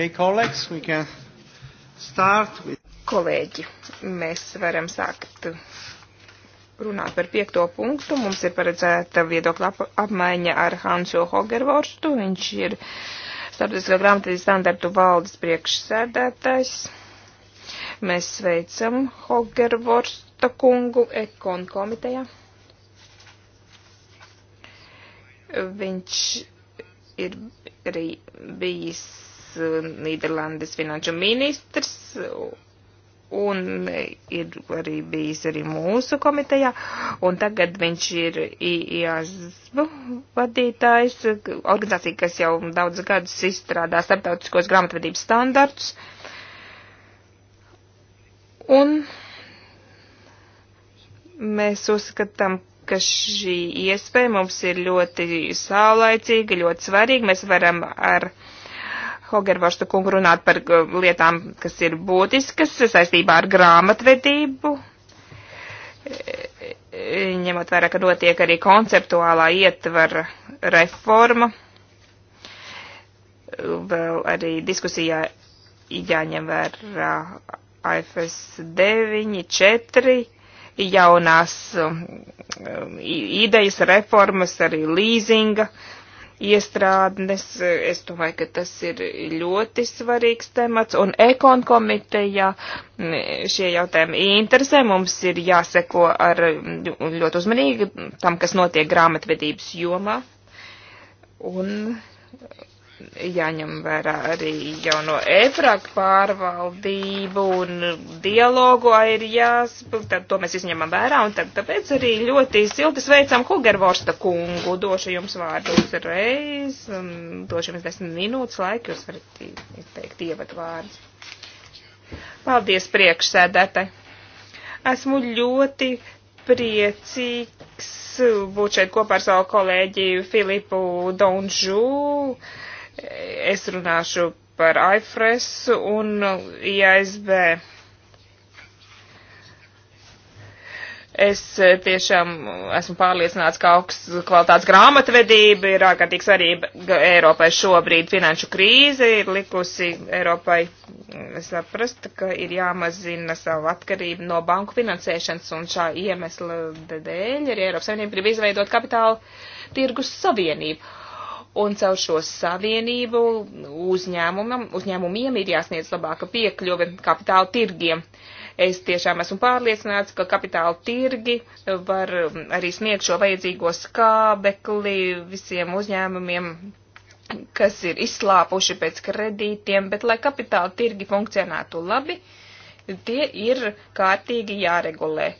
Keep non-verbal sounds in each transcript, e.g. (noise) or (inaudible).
Okay, colleagues, we can start with... Kolēģi, mēs varam sākt runāt par piekto punktu. Mums ir paredzēta viedokļa ap apmaiņa ar Hansu Hogervorstu. Viņš ir starptautiskā grāmatīs standartu valdes priekšsēdētājs. Mēs sveicam Hogervorsta kungu Ekon komitejā. Viņš ir arī bijis Eh, Nīderlandes finanšu ministrs, un ir arī bijis arī mūsu komitejā, un tagad viņš ir IASB vadītājs, organizācija, kas jau daudz gadus izstrādā starptautiskos grāmatvedības standartus. Un mēs uzskatām, ka šī iespēja mums ir ļoti saulaicīga, ļoti svarīga. Mēs varam ar uh, Hogervorsta kungu runāt par uh, lietām, kas ir būtiskas saistībā ar grāmatvedību, e, ņemot vērā, ka notiek arī konceptuālā ietvara reforma. Vēl arī diskusijā jāņem vērā AFS 9, 4, jaunās um, idejas reformas, arī līzinga iestrādnes. Es domāju, ka tas ir ļoti svarīgs temats, un ekon komiteja šie jautājumi interesē. Mums ir jāseko ar ļoti uzmanīgi tam, kas notiek grāmatvedības jomā. Un jāņem vērā arī jauno EFRAK pārvaldību un dialogu ir jāspēl, tad to mēs izņemam vērā, un tad, tāpēc arī ļoti silti sveicam Kugervorsta kungu, došu jums vārdu uzreiz, un um, došu jums desmit minūtes laika, jūs varat izteikt ievadu vārdus. Paldies priekšsēdētāji! Esmu ļoti priecīgs būt šeit kopā ar savu kolēģi Filipu Donžu. Uh, Es runāšu par IFRS un IASB. Es tiešām esmu pārliecināts, ka augsts kvalitātes grāmatvedība ir ārkārtīgi svarīga Eiropai šobrīd. Finanšu krīze ir likusi Eiropai saprast, ka ir jāmazina savu atkarību no banku finansēšanas un šā iemesla dēļ arī Eiropas Savienība grib izveidot kapitāla tirgus savienību. Un caur šo savienību uzņēmumam, uzņēmumiem ir jāsniedz labāka piekļuve kapitāla tirgiem. Es tiešām esmu pārliecināts, ka kapitāla tirgi var um, arī sniegt šo vajadzīgo skābekli visiem uzņēmumiem, kas ir izslāpuši pēc kredītiem, bet lai kapitāla tirgi funkcionētu labi, tie ir kārtīgi jāregulē.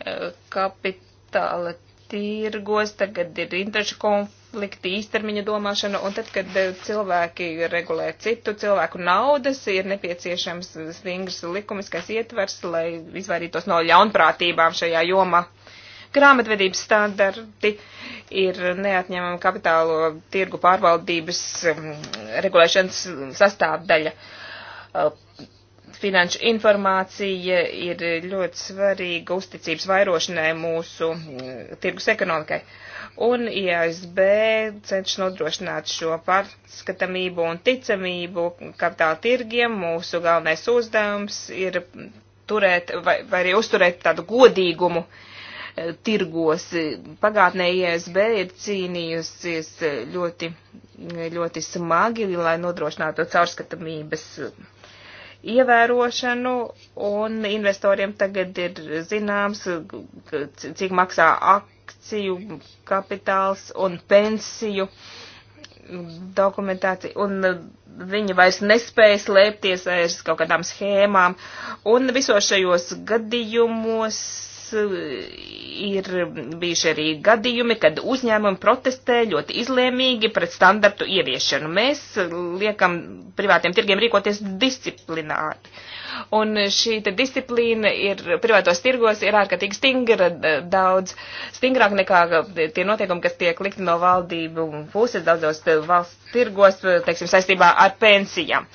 Uh, kapitāla tirgos tagad ir interešu konflikts likt īstermiņa domāšanu, un tad, kad eh, cilvēki regulē citu cilvēku naudas, ir nepieciešams stingrs likumiskais ietvers, lai izvairītos no ļaunprātībām šajā jomā. Grāmatvedības standarti ir neatņemama kapitālo tirgu pārvaldības mm, regulēšanas sastāvdaļa finanšu informācija ir ļoti svarīga uzticības vairošanai mūsu mm, tirgus ekonomikai. Un IASB cenšas nodrošināt šo pārskatamību un ticamību kapitāla tirgiem. Mūsu galvenais uzdevums ir turēt vai, vai arī uzturēt tādu godīgumu eh, tirgos. Pagātnē ISB ir cīnījusies ļoti, ļoti smagi, lai nodrošinātu caurskatamības ievērošanu, un investoriem tagad ir zināms, cik maksā akciju kapitāls un pensiju dokumentācija, un viņi vairs nespēja slēpties aiz kaut kādām schēmām, un visos šajos gadījumos ir bijuši arī gadījumi, kad uzņēmumi protestē ļoti izlēmīgi pret standartu ieviešanu. Mēs liekam privātiem tirgiem rīkoties disciplināti. Un šī disciplīna ir privātos tirgos ir ārkārtīgi stingra, daudz stingrāk nekā tie noteikumi, kas tiek likti no valdību puses daudzos valsts tirgos, teiksim, saistībā ar pensijām.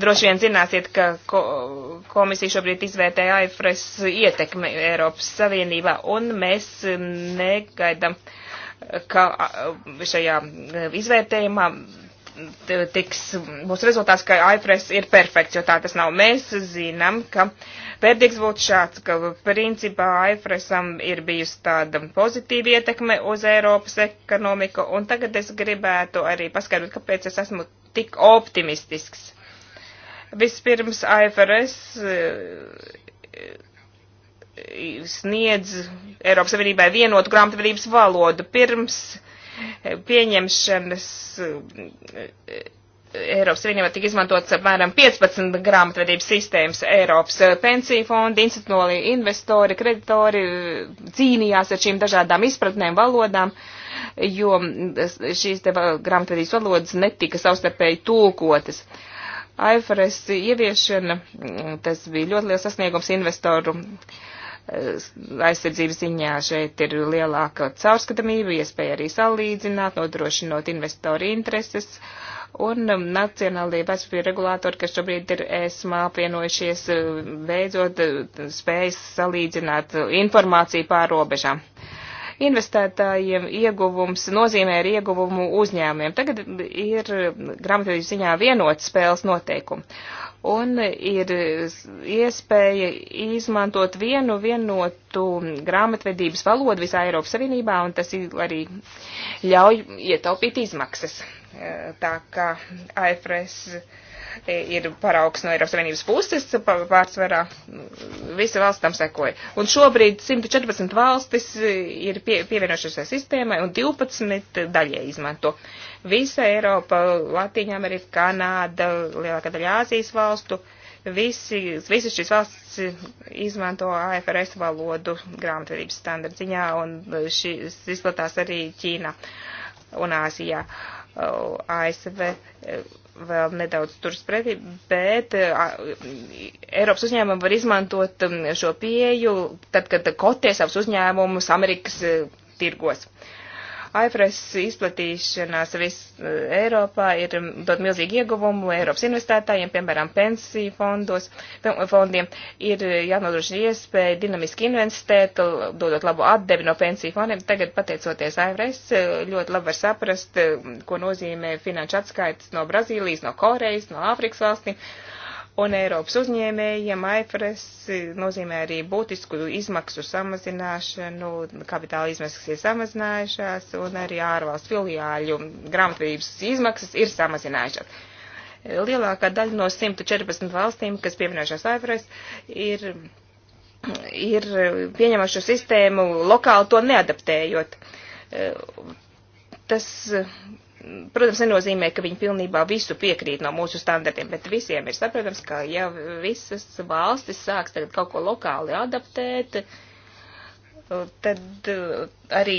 Droši vien zināsiet, ka ko, komisija šobrīd izvērtē AIFRES ietekmi Eiropas Savienībā, un mēs um, negaidām, ka uh, šajā uh, izvērtējumā tiks būs rezultāts, ka iPress ir perfekts, jo tā tas nav. Mēs zinām, ka pēdīgs būtu šāds, ka principā iPressam ir bijusi tāda pozitīva ietekme uz Eiropas ekonomiku, un tagad es gribētu arī paskaidrot, kāpēc es esmu tik optimistisks. Vispirms iPress sniedz Eiropas Savienībai vienotu grāmatvedības valodu pirms pieņemšanas. Eh, Eiropas Savienībā tika izmantots apmēram 15 grāmatvedības sistēmas. Eiropas eh, pensiju fondi, institucionāli investori, kreditori eh, cīnījās ar šīm dažādām izpratnēm, valodām, jo šīs te grāmatvedības valodas netika savstarpēji tulkotas. IFRS ieviešana, mm, tas bija ļoti liels sasniegums investoru uh, Eh, aizsardzības ziņā šeit ir lielāka caurskatamība, iespēja arī salīdzināt, nodrošinot investoru intereses. Un um, nacionālajie vecpapīra regulātori, kas šobrīd ir ESMA apvienojušies, eh, beidzot eh, spējas salīdzināt informāciju pār robežām investētājiem ieguvums nozīmē arī ieguvumu uzņēmumiem. Tagad ir grāmatvedības ziņā vienots spēles noteikumi un ir iespēja izmantot vienu vienotu grāmatvedības valodu visā Eiropas Savienībā, un tas arī ļauj ietaupīt izmaksas. E, Tā kā AFRS e, ir paraugs no Eiropas Savienības puses, pārsvarā visa valsts tam sekoja. Un šobrīd 114 valstis ir pie, pievienojušās sistēmai, un 12 daļai izmanto. Uh, Visa Eiropa, Latīņa Amerika, Kanāda, lielākā daļa Āzijas valstu, visi, visas šīs valsts izmanto AFRS valodu grāmatvedības standarta ziņā, un šis izplatās arī Ķīnā un Āzijā. ASV vēl nedaudz turas pretī, bet Eiropas uzņēmumi var izmantot um, šo pieju, tad, kad kotē savus uzņēmumus Amerikas uh, tirgos. Uh, AIFRES izplatīšanās vis eh, Eiropā ir mm, dod milzīgi ieguvumu Eiropas investētājiem, piemēram, pensiju fondos, fondiem ir eh, jānodrošina iespēja dinamiski investēt, dodot labu atdevi no pensiju fondiem. Tagad, pateicoties AIFRES, eh, ļoti labi var saprast, ko nozīmē finanšu atskaites no Brazīlijas, no Korejas, no Āfrikas valstīm un Eiropas uzņēmējiem AFRS nozīmē arī būtisku izmaksu samazināšanu, kapitāla izmaksas ir samazinājušās un arī ārvalstu filiāļu grāmatvedības izmaksas ir samazinājušās. Lielākā daļa no 114 valstīm, kas pieminējušās AFRS, ir, ir pieņemušo sistēmu lokāli to neadaptējot. Tas protams, nenozīmē, ka viņi pilnībā visu piekrīt no mūsu standartiem, bet visiem ir saprotams, ka ja visas valstis sāks tagad kaut ko lokāli adaptēt, tad uh, arī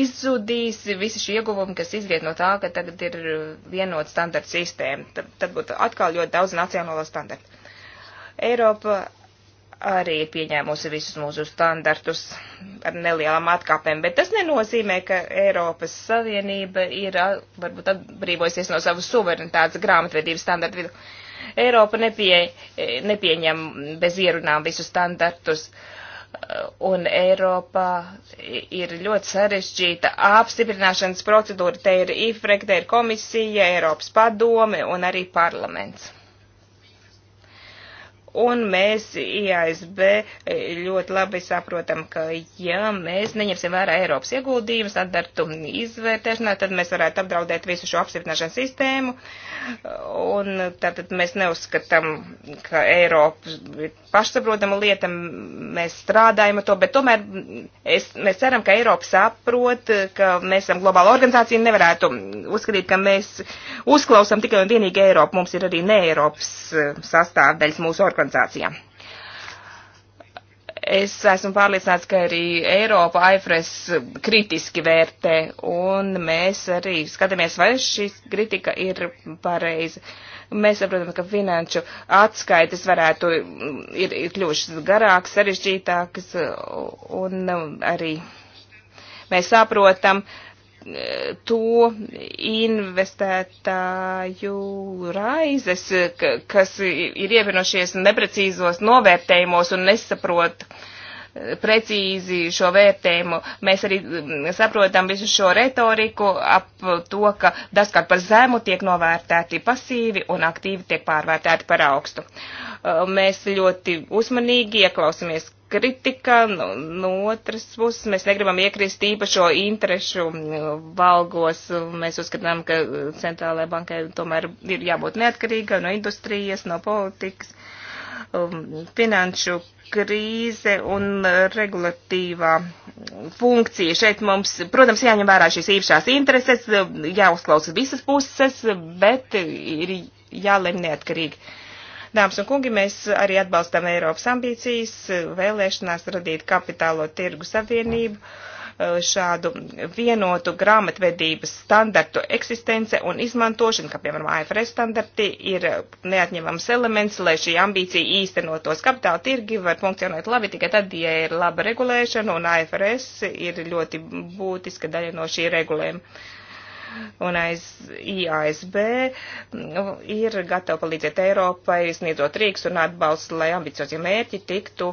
izzudīs visi šie ieguvumi, kas izriet no tā, ka tagad ir vienot standarta sistēma. Tad, tad būtu atkal ļoti daudz nacionālo standartu. Eiropa arī ir pieņēmusi visus mūsu standartus ar nelielām atkāpēm, bet tas nenozīmē, ka Eiropas Savienība ir varbūt atbrīvojusies no savas suverenitātes grāmatvedības standartu vidu. Eiropa nepie, nepieņem bez ierunām visus standartus. Un Eiropā ir ļoti sarežģīta apstiprināšanas procedūra. Te ir IFREK, te ir komisija, Eiropas padome un arī parlaments Un mēs IASB ļoti labi saprotam, ka ja mēs neņemsim vērā Eiropas ieguldījumus standartu izvērtēšanā, tad mēs varētu apdraudēt visu šo apstiprināšanas sistēmu. Un tātad mēs neuzskatām, ka Eiropa ir pašsaprotama lieta, mēs strādājam ar to, bet tomēr es, mēs ceram, ka Eiropa saprot, ka mēs esam globāla organizācija un nevarētu uzskatīt, ka mēs uzklausām tikai un vienīgi Eiropu. Mums ir arī ne Eiropas sastāvdaļas mūsu organizācija organizācijām. Es esmu pārliecināts, ka arī Eiropa AFRES kritiski vērtē, un mēs arī skatāmies, vai šī kritika ir pareiza. Mēs saprotam, ka finanšu atskaites varētu ir, ir kļuvušas garākas, sarežģītākas, un arī mēs saprotam, uh, to investētāju raizes, kas ir ievienošies neprecīzos novērtējumos un nesaprot eh, precīzi šo vērtējumu. Mēs arī mm, saprotam visu šo retoriku ap to, ka dažkārt par zemu tiek novērtēti pasīvi un aktīvi tiek pārvērtēti par augstu. Eh, mēs ļoti uzmanīgi ieklausamies, kritika, no, nu, no otras puses mēs negribam iekrist īpašo interešu mm, valgos. Mēs uzskatām, ka centrālajai bankai tomēr ir jābūt neatkarīga no industrijas, no politikas, um, finanšu krīze un regulatīvā funkcija. Šeit mums, protams, jāņem vērā šīs īpašās intereses, jāuzklausa visas puses, bet ir jālem neatkarīgi Dāmas un kungi, mēs arī atbalstam Eiropas ambīcijas, vēlēšanās radīt kapitālo tirgu savienību eh, šādu vienotu grāmatvedības standartu eksistence un izmantošana, kā piemēram AFRS standarti, ir neatņemams elements, lai šī ambīcija īstenotos. Kapitāla tirgi var funkcionēt labi tikai tad, ja ir laba regulēšana, un AFRS ir ļoti būtiska daļa no šī regulējuma un aiz IASB nu, ir gatava palīdzēt Eiropai, sniedzot rīks un atbalstu, lai ambiciozie mērķi tiktu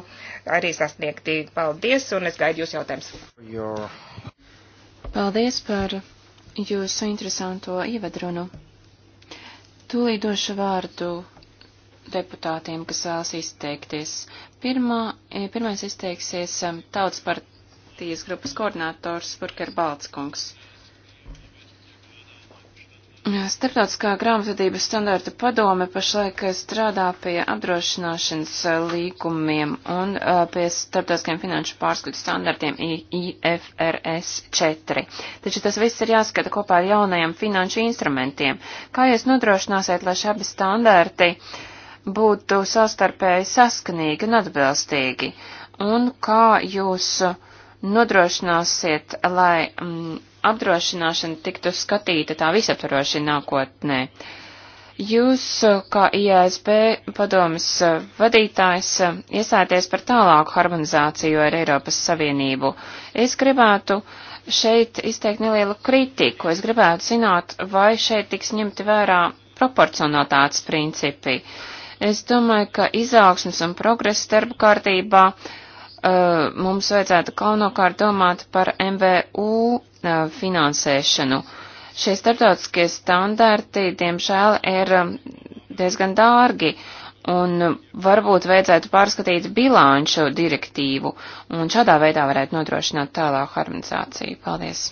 arī sasniegti. Paldies, un es gaidu jūs jautājums. Your... Paldies par jūsu interesanto ievadrunu. Tūlīt došu vārdu deputātiem, kas vēlas izteikties. Pirmā, e, pirmais izteiksies um, tautas partijas grupas koordinātors Burker Baltskungs. Starptautiskā grāmatvedības standarta padome pašlaik strādā pie apdrošināšanas eh, līgumiem un eh, pie starptautiskiem finanšu pārskatu standartiem IFRS 4. Taču tas viss ir jāskata kopā ar jaunajiem finanšu instrumentiem. Kā jūs nodrošināsiet, lai šie abi standarti būtu savstarpēji saskanīgi un atbilstīgi? Un kā jūs nodrošināsiet, lai. Mm, apdrošināšana tiktu skatīta tā visaptvaroši nākotnē. Jūs, eh, kā IASB padomas eh, vadītājs, eh, iestāties par tālāku harmonizāciju ar Eiropas Savienību. Es gribētu šeit izteikt nelielu kritiku. Es gribētu zināt, vai šeit tiks ņemti vērā proporcionalitātes principi. Es domāju, ka izaugsmas un progresa darba kārtībā uh, Uh, mums vajadzētu galvenokārt domāt par MVU uh, finansēšanu. Šie starptautiskie standarti, diemžēl, ir um, diezgan dārgi, un varbūt vajadzētu pārskatīt bilanču direktīvu, un šādā veidā varētu nodrošināt tālāku harmonizāciju. Paldies!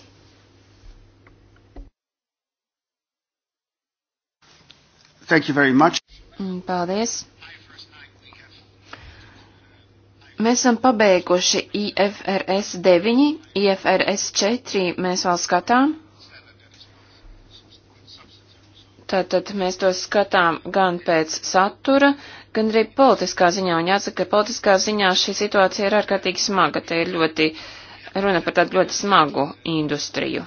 Thank you very much. Mm, paldies! Mēs esam pabeiguši IFRS 9, IFRS 4 mēs vēl skatām. Tātad mēs to skatām gan pēc satura, gan arī politiskā ziņā. Un jāsaka, ka politiskā ziņā šī situācija ir ārkārtīgi smaga. Te ir ļoti runa par tādu ļoti smagu industriju.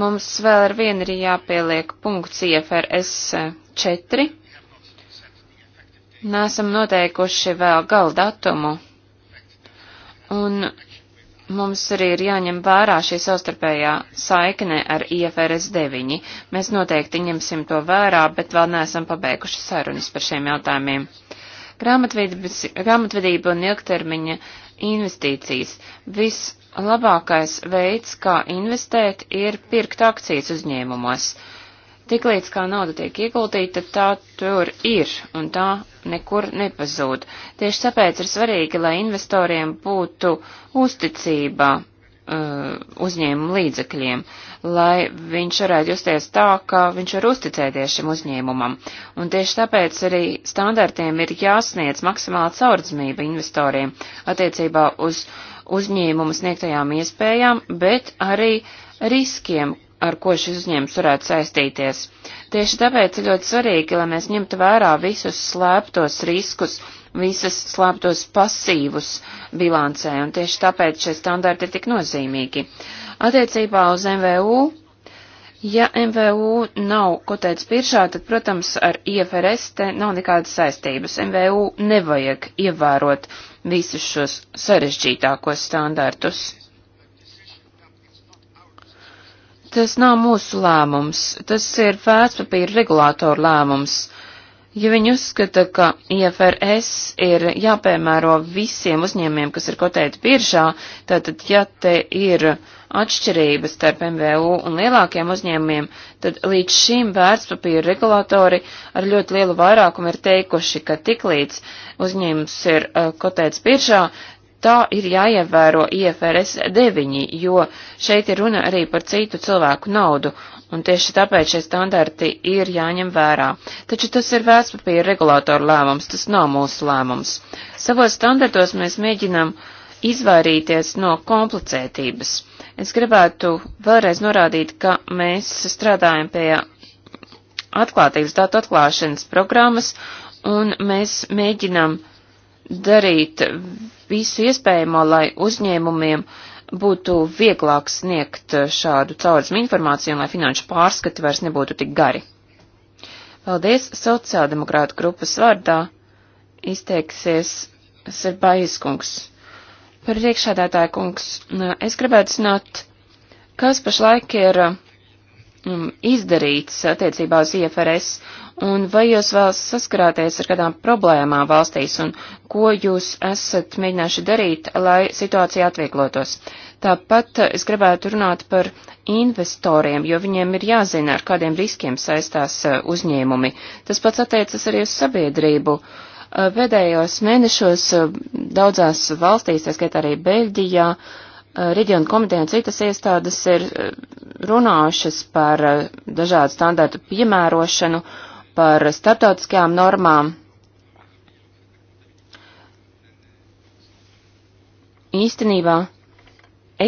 Mums vēl ar vienu ir jāpieliek punkts IFRS 4. Nesam noteikuši vēl galu datumu, un mums arī ir jāņem vērā šī savstarpējā saikne ar IFRS 9. Mēs noteikti ņemsim to vērā, bet vēl neesam pabeiguši sarunas par šiem jautājumiem. Grāmatvedība un ilgtermiņa investīcijas. Vislabākais veids, kā investēt, ir pirkt akcijas uzņēmumos. Uh, Tiklīdz kā nauda tiek ieguldīta, tā tur ir un tā nekur nepazūd. Tieši tāpēc ir svarīgi, lai investoriem būtu uzticība uh, uzņēmumu līdzekļiem, lai viņš varētu justies tā, ka viņš var uzticēties šim uzņēmumam. Un tieši tāpēc arī standartiem ir jāsniedz maksimāla caurdzmība investoriem attiecībā uz uzņēmumu sniegtajām iespējām, bet arī riskiem, ar ko šis uzņēmums varētu saistīties. Tieši tāpēc ir ļoti svarīgi, lai mēs ņemtu vērā visus slēptos riskus, visas slēptos pasīvus bilancē, un tieši tāpēc šie standarti ir tik nozīmīgi. Attiecībā uz MVU, ja MVU nav kotēts piršā, tad, protams, ar IFRS te nav nekādas saistības. MVU nevajag ievērot visus šos sarežģītākos standartus. Tas nav mūsu lēmums, tas ir vērtspapīra regulātoru lēmums. Ja viņi uzskata, ka IFRS ir jāpiemēro visiem uzņēmiem, kas ir kotēti biržā, tātad, ja te ir atšķirības starp MVU un lielākiem uzņēmumiem, tad līdz šim vērtspapīra regulātori ar ļoti lielu vairākumu ir teikuši, ka tiklīdz uzņēmums ir uh, kotēts biržā, tā ir jāievēro IFRS 9, jo šeit ir runa arī par citu cilvēku naudu, un tieši tāpēc šie standarti ir jāņem vērā. Taču tas ir vēstpapīra regulātoru lēmums, tas nav mūsu lēmums. Savos standartos mēs mēģinām izvairīties no komplicētības. Es gribētu vēlreiz norādīt, ka mēs strādājam pie atklātības datu atklāšanas programmas, un mēs mēģinām darīt visu iespējamo, lai uzņēmumiem būtu vieglāk sniegt eh, šādu caurumu informāciju un lai finanšu pārskati vairs nebūtu tik gari. Paldies sociāldemokrāta grupas vārdā izteiksies Serbaijas kungs. Par priekšādātāju kungs, eh, es gribētu zināt, kas pašlaik ir Mm, izdarīts attiecībā uz IFRS, un vai jūs vēl saskarāties ar kādām problēmām valstīs, un ko jūs esat mēģinājuši darīt, lai situācija atvieglotos. Tāpat es gribētu runāt par investoriem, jo viņiem ir jāzina, ar kādiem riskiem saistās uh, uzņēmumi. Tas pats attiecas arī uz sabiedrību. Uh, pēdējos mēnešos uh, daudzās valstīs, tā skaitā arī Beļģijā, uh, Eh, reģionu komiteja un citas iestādes ir eh, runājušas par eh, dažādu standārtu piemērošanu, par starptautiskajām normām. Īstenībā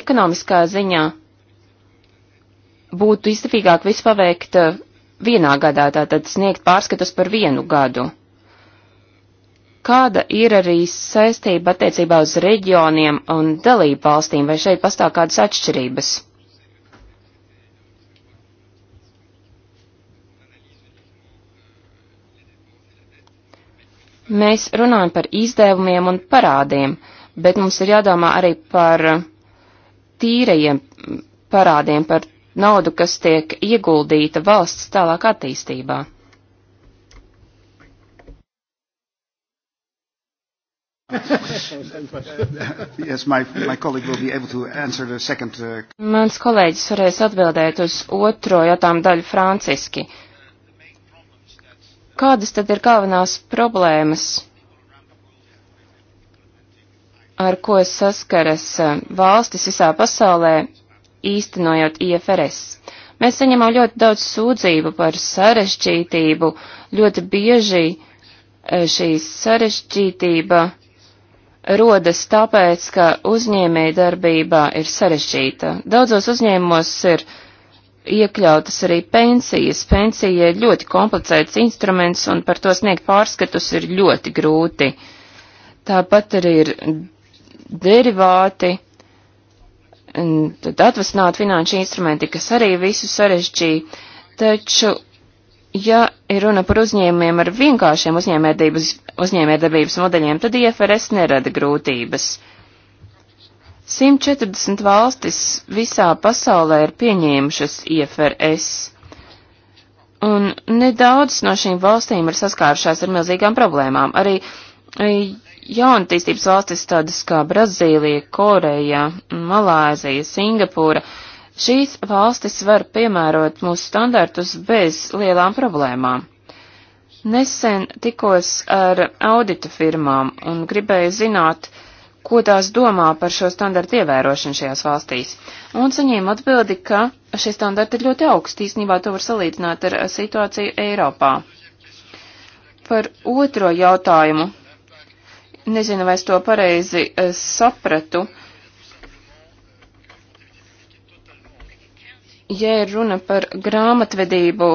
ekonomiskā ziņā būtu izdevīgāk visu paveikt vienā gadā, tātad sniegt pārskatus par vienu gadu. Kāda ir arī saistība attiecībā uz reģioniem un dalību valstīm, vai šeit pastāv kādas atšķirības? Mēs runājam par izdevumiem un parādiem, bet mums ir jādomā arī par tīrajiem parādiem, par naudu, kas tiek ieguldīta valsts tālāk attīstībā. (laughs) yes, my, my colleague will be able to answer the second. Uh... Mans kolēģis varēs atbildēt uz otro jautājumu daļu franciski. Kādas tad ir galvenās problēmas, ar ko saskaras uh, valstis visā pasaulē, īstenojot IFRS? Mēs saņemam ļoti daudz sūdzību par sarežģītību, ļoti bieži uh, šī sarežģītība rodas tāpēc, ka uzņēmēja darbībā ir sarežģīta. Daudzos uzņēmumos ir iekļautas arī pensijas. Pensija ir ļoti komplicēts instruments un par to sniegt pārskatus ir ļoti grūti. Tāpat arī ir derivāti, tad atvasināt finanšu instrumenti, kas arī visu sarežģīja. Taču Ja ir runa par uzņēmumiem ar vienkāršiem uzņēmējdarbības modeļiem, tad IFRS nerada grūtības. 140 valstis visā pasaulē ir pieņēmušas IFRS, un nedaudz no šīm valstīm ir saskārušās ar milzīgām problēmām. Arī e, jaunatīstības valstis tādas kā Brazīlija, Koreja, Malāzija, Singapūra Šīs valstis var piemērot mūsu standartus bez lielām problēmām. Nesen tikos ar audita firmām un gribēju zināt, ko tās domā par šo standartu ievērošanu šajās valstīs, un saņēma atbildi, ka šie standarti ir ļoti augsti, īsnībā to var salīdzināt ar situāciju Eiropā. Par otro jautājumu, nezinu, vai es to pareizi eh, sapratu, uh, ja ir runa par grāmatvedību,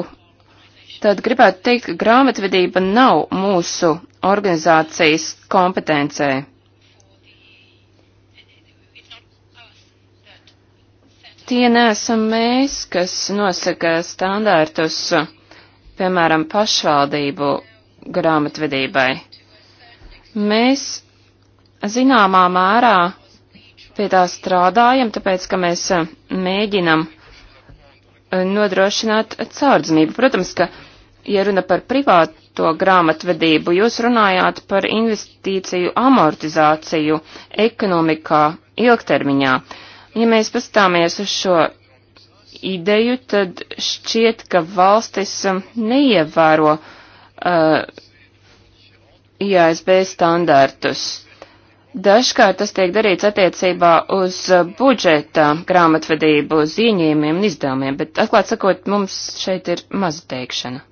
tad gribētu teikt, ka grāmatvedība nav mūsu organizācijas kompetencē. Tie neesam mēs, kas nosaka standārtus, piemēram, pašvaldību grāmatvedībai. Mēs zināmā mērā pie tā strādājam, tāpēc, ka mēs mēģinam Eh, nodrošināt caurdzamību. Protams, ka, ja runa par privāto grāmatvedību, jūs runājāt par investīciju amortizāciju ekonomikā ilgtermiņā. Ja mēs pastāmies uz šo ideju, tad šķiet, ka valstis eh, neievēro uh, eh, IASB standartus. Dažkārt tas tiek darīts attiecībā uz uh, budžeta grāmatvedību, uz ieņēmiem un izdevumiem, bet atklāt sakot, mums šeit ir maza teikšana.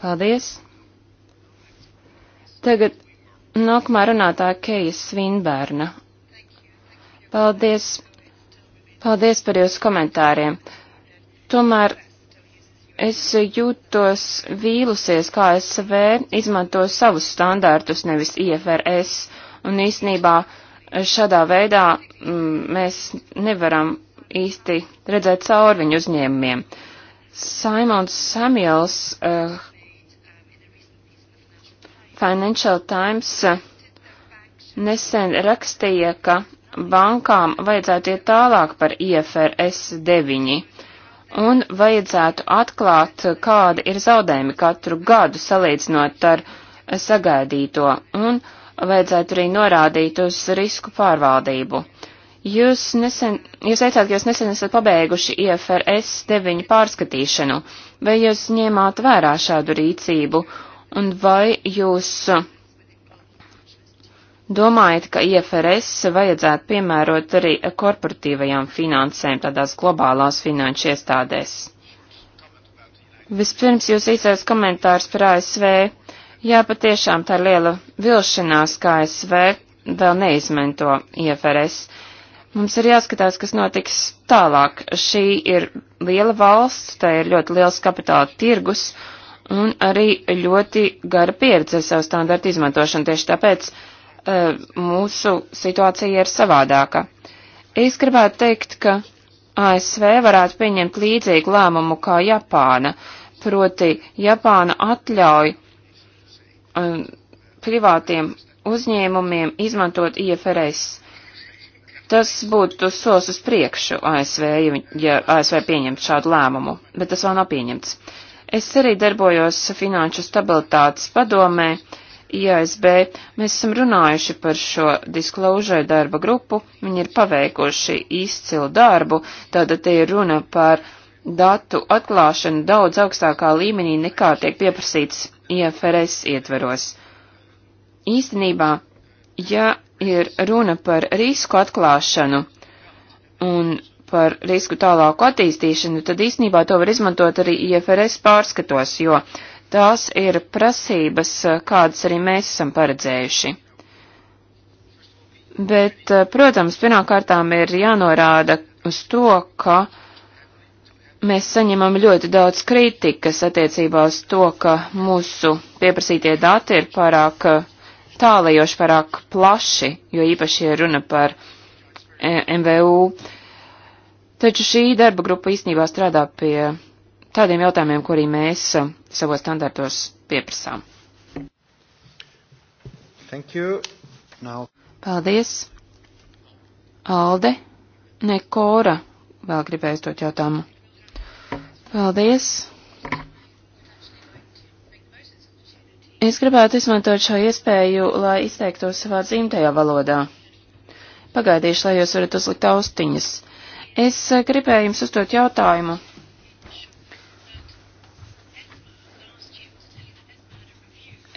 Paldies. Tagad nākamā runātāja Keija Svinbērna. Paldies. Paldies par jūsu komentāriem. Tomēr Es jūtos vīlusies, kā SV izmanto savus standārtus, nevis IFRS, un īsnībā šādā veidā m, mm, mēs nevaram īsti redzēt cauri viņu uzņēmumiem. Simons Samuels uh, Financial Times uh, nesen rakstīja, ka bankām vajadzētu iet tālāk par IFRS 9 un vajadzētu atklāt, kādi ir zaudējumi katru gadu salīdzinot ar sagaidīto, un vajadzētu arī norādīt uz risku pārvaldību. Jūs nesen, jūs teicāt, ka jūs nesen esat pabeiguši IFRS 9 pārskatīšanu, vai jūs ņēmāt vērā šādu rīcību, un vai jūs Domājat, ka IFRS vajadzētu piemērot arī korporatīvajām finansēm tādās globālās finanšu iestādēs? Vispirms jūs īsais komentārs par ASV. Jā, patiešām tā ir liela vilšanās, ka ASV vēl neizmanto IFRS. Mums ir jāskatās, kas notiks tālāk. Šī ir liela valsts, tā ir ļoti liels kapitāla tirgus un arī ļoti gara pieredze savu standartu izmantošanu. Tieši tāpēc Eh, mūsu situācija ir savādāka. Es gribētu teikt, ka ASV varētu pieņemt līdzīgu lēmumu kā Japāna, proti Japāna atļauj um, privātiem uzņēmumiem izmantot IFRS. Tas būtu solis uz priekšu ASV, ja, ja ASV pieņemtu šādu lēmumu, bet tas vēl nav pieņemts. Es arī darbojos Finanšu stabilitātes padomē, uh, IASB. Mēs esam runājuši par šo disclosure darba grupu. Viņi ir paveikuši izcilu darbu, tātad te ir runa par datu atklāšanu daudz augstākā līmenī nekā tiek pieprasīts IFRS ietveros. Īstenībā, ja ir runa par risku atklāšanu un par risku tālāku attīstīšanu, tad īstenībā to var izmantot arī IFRS pārskatos, jo uh, Tās ir prasības, kādas arī mēs esam paredzējuši. Bet, eh, protams, pirmkārtām ir jānorāda uz to, ka mēs saņemam ļoti daudz kritikas attiecībā uz to, ka mūsu pieprasītie dati ir pārāk eh, tālajoši, pārāk plaši, jo īpaši ir runa par eh, MVU. Taču šī darba grupa īstenībā strādā pie tādiem jautājumiem, ko arī mēs eh, savos standartos pieprasām. Thank you. Now. Paldies. Alde, ne Kora, vēl gribēju uzdot jautājumu. Paldies. Es gribētu izmantot šo iespēju, lai izteiktos savā dzimtajā valodā. Pagaidīšu, lai jūs varat uzlikt austiņas. Es eh, gribēju jums uzdot jautājumu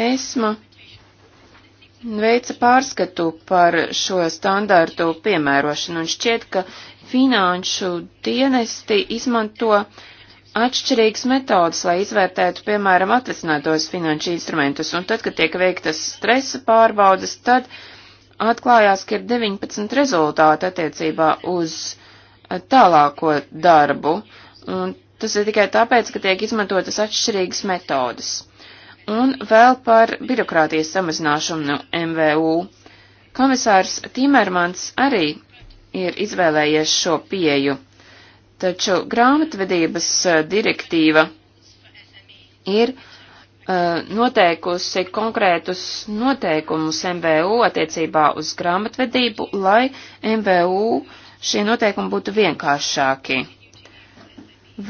ESMA veica pārskatu par šo standārtu piemērošanu un šķiet, ka finanšu dienesti izmanto atšķirīgas metodas, lai izvērtētu, piemēram, atvesinātos finanšu instrumentus, un tad, kad tiek veiktas stresa pārbaudas, tad atklājās, ka ir 19 rezultāti attiecībā uz eh, tālāko darbu, un tas ir tikai tāpēc, ka tiek izmantotas atšķirīgas metodas. Un vēl par birokrātijas samazināšanu no MVU. Komisārs Timermans arī ir izvēlējies šo pieju, taču grāmatvedības eh, direktīva ir uh, noteikusi konkrētus noteikumus MVU attiecībā uz grāmatvedību, lai MVU šie noteikumi būtu vienkāršāki.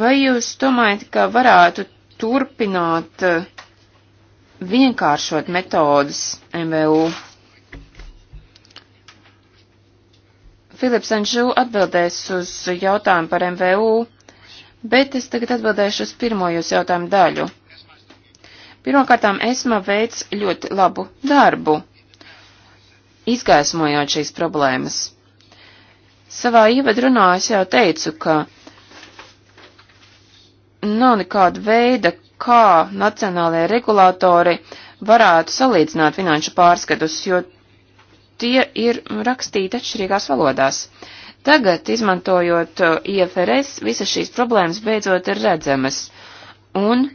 Vai jūs domājat, ka varētu turpināt uh, vienkāršot metodas MVU. Filips Anžū atbildēs uz jautājumu par MVU, bet es tagad atbildēšu uz pirmo jūsu jautājumu daļu. Pirmkārtām, ESMA veic ļoti labu darbu, izgaismojot šīs problēmas. Savā ievadrunā es jau teicu, ka nav nekāda veida, kā nacionālajie regulātori varētu salīdzināt finanšu pārskatus, jo tie ir rakstīti atšķirīgās valodās. Tagad, izmantojot uh, IFRS, visas šīs problēmas beidzot ir redzamas, un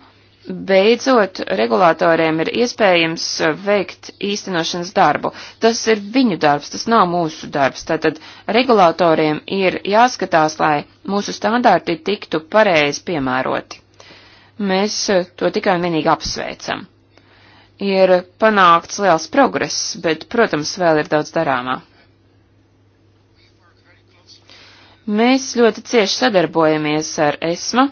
beidzot regulātoriem ir iespējams uh, veikt īstenošanas darbu. Tas ir viņu darbs, tas nav mūsu darbs. Tātad regulātoriem ir jāskatās, lai mūsu standārti tiktu pareizi piemēroti. Mēs eh, to tikai un vienīgi apsveicam. Ir panākts liels progress, bet, protams, vēl ir daudz darāmā. Mēs ļoti cieši sadarbojamies ar ESMA.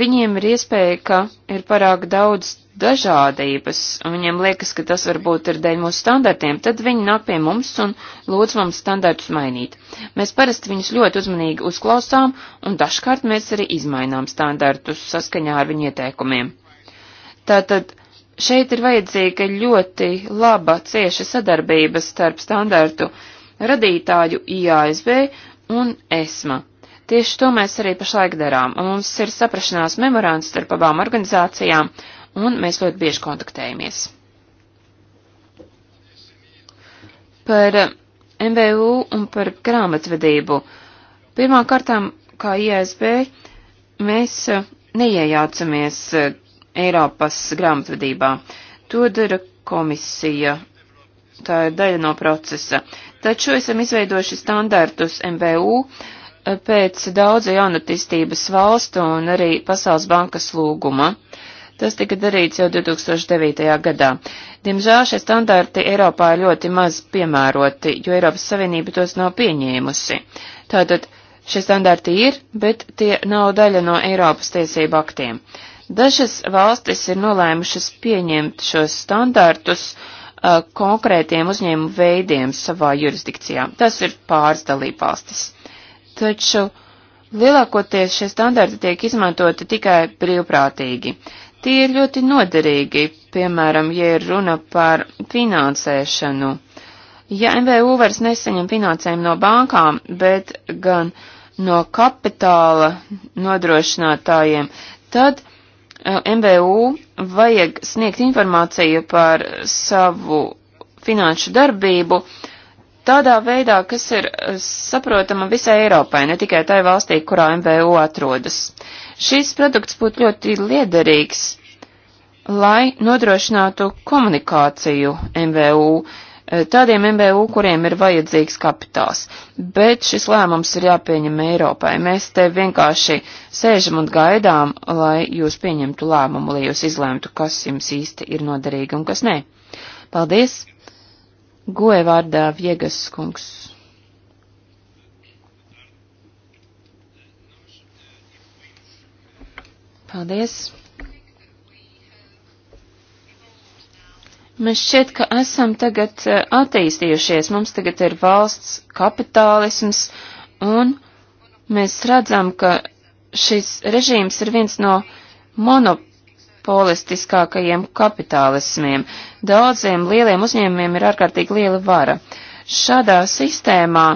Viņiem ir iespēja, ka ir pārāk daudz dažādības, un viņiem liekas, ka tas varbūt ir dēļ mūsu standartiem, tad viņi nāk pie mums un lūdz mums standartus mainīt. Mēs parasti viņus ļoti uzmanīgi uzklausām, un dažkārt mēs arī izmainām standartus saskaņā ar viņu ieteikumiem. Tātad šeit ir vajadzīga ļoti laba, cieša sadarbība starp standartu radītāju IASB un ESMA. Tieši to mēs arī pašlaik darām, un mums ir saprašanās memorands starp abām organizācijām, un mēs ļoti bieži kontaktējamies. Par eh, MVU un par grāmatvedību. Pirmā kārtām, kā ISB, mēs eh, neiejaucamies eh, Eiropas grāmatvedībā. To dara komisija. Tā ir daļa no procesa. Taču esam izveidojuši standartus MVU pēc daudzu jaunatistības valstu un arī Pasaules bankas lūguma. Tas tika darīts jau 2009. gadā. Diemžēl šie standarti Eiropā ir ļoti maz piemēroti, jo Eiropas Savienība tos nav pieņēmusi. Tātad šie standarti ir, bet tie nav daļa no Eiropas tiesību aktiem. Dažas valstis ir nolēmušas pieņemt šos standartus uh, konkrētiem uzņēmumu veidiem savā jurisdikcijā. Tas ir pāris dalībvalstis. Taču lielākoties šie standarti tiek izmantoti tikai brīvprātīgi. Tie ir ļoti noderīgi, piemēram, ja ir runa par finansēšanu. Ja MVU vairs nesaņem finansējumu no bankām, bet gan no kapitāla nodrošinātājiem, tad uh, MVU vajag sniegt informāciju par savu finanšu darbību tādā veidā, kas ir uh, saprotama visai Eiropai, ne tikai tai valstī, kurā MVU atrodas. Šis produkts būtu ļoti liederīgs, lai nodrošinātu komunikāciju MVU, e, tādiem MVU, kuriem ir vajadzīgs kapitāls. Bet šis lēmums ir jāpieņem Eiropai. Mēs te vienkārši sēžam un gaidām, lai jūs pieņemtu lēmumu, lai jūs izlēmtu, kas jums īsti ir noderīgi un kas nē. Paldies! Goe vārdā Viegas kungs. Paldies! Mēs šķiet, ka esam tagad eh, attīstījušies. Mums tagad ir valsts kapitālisms, un mēs redzam, ka šis režīms ir viens no monopolistiskākajiem kapitālismiem. Daudziem lieliem uzņēmumiem ir ārkārtīgi liela vara. Šādā sistēmā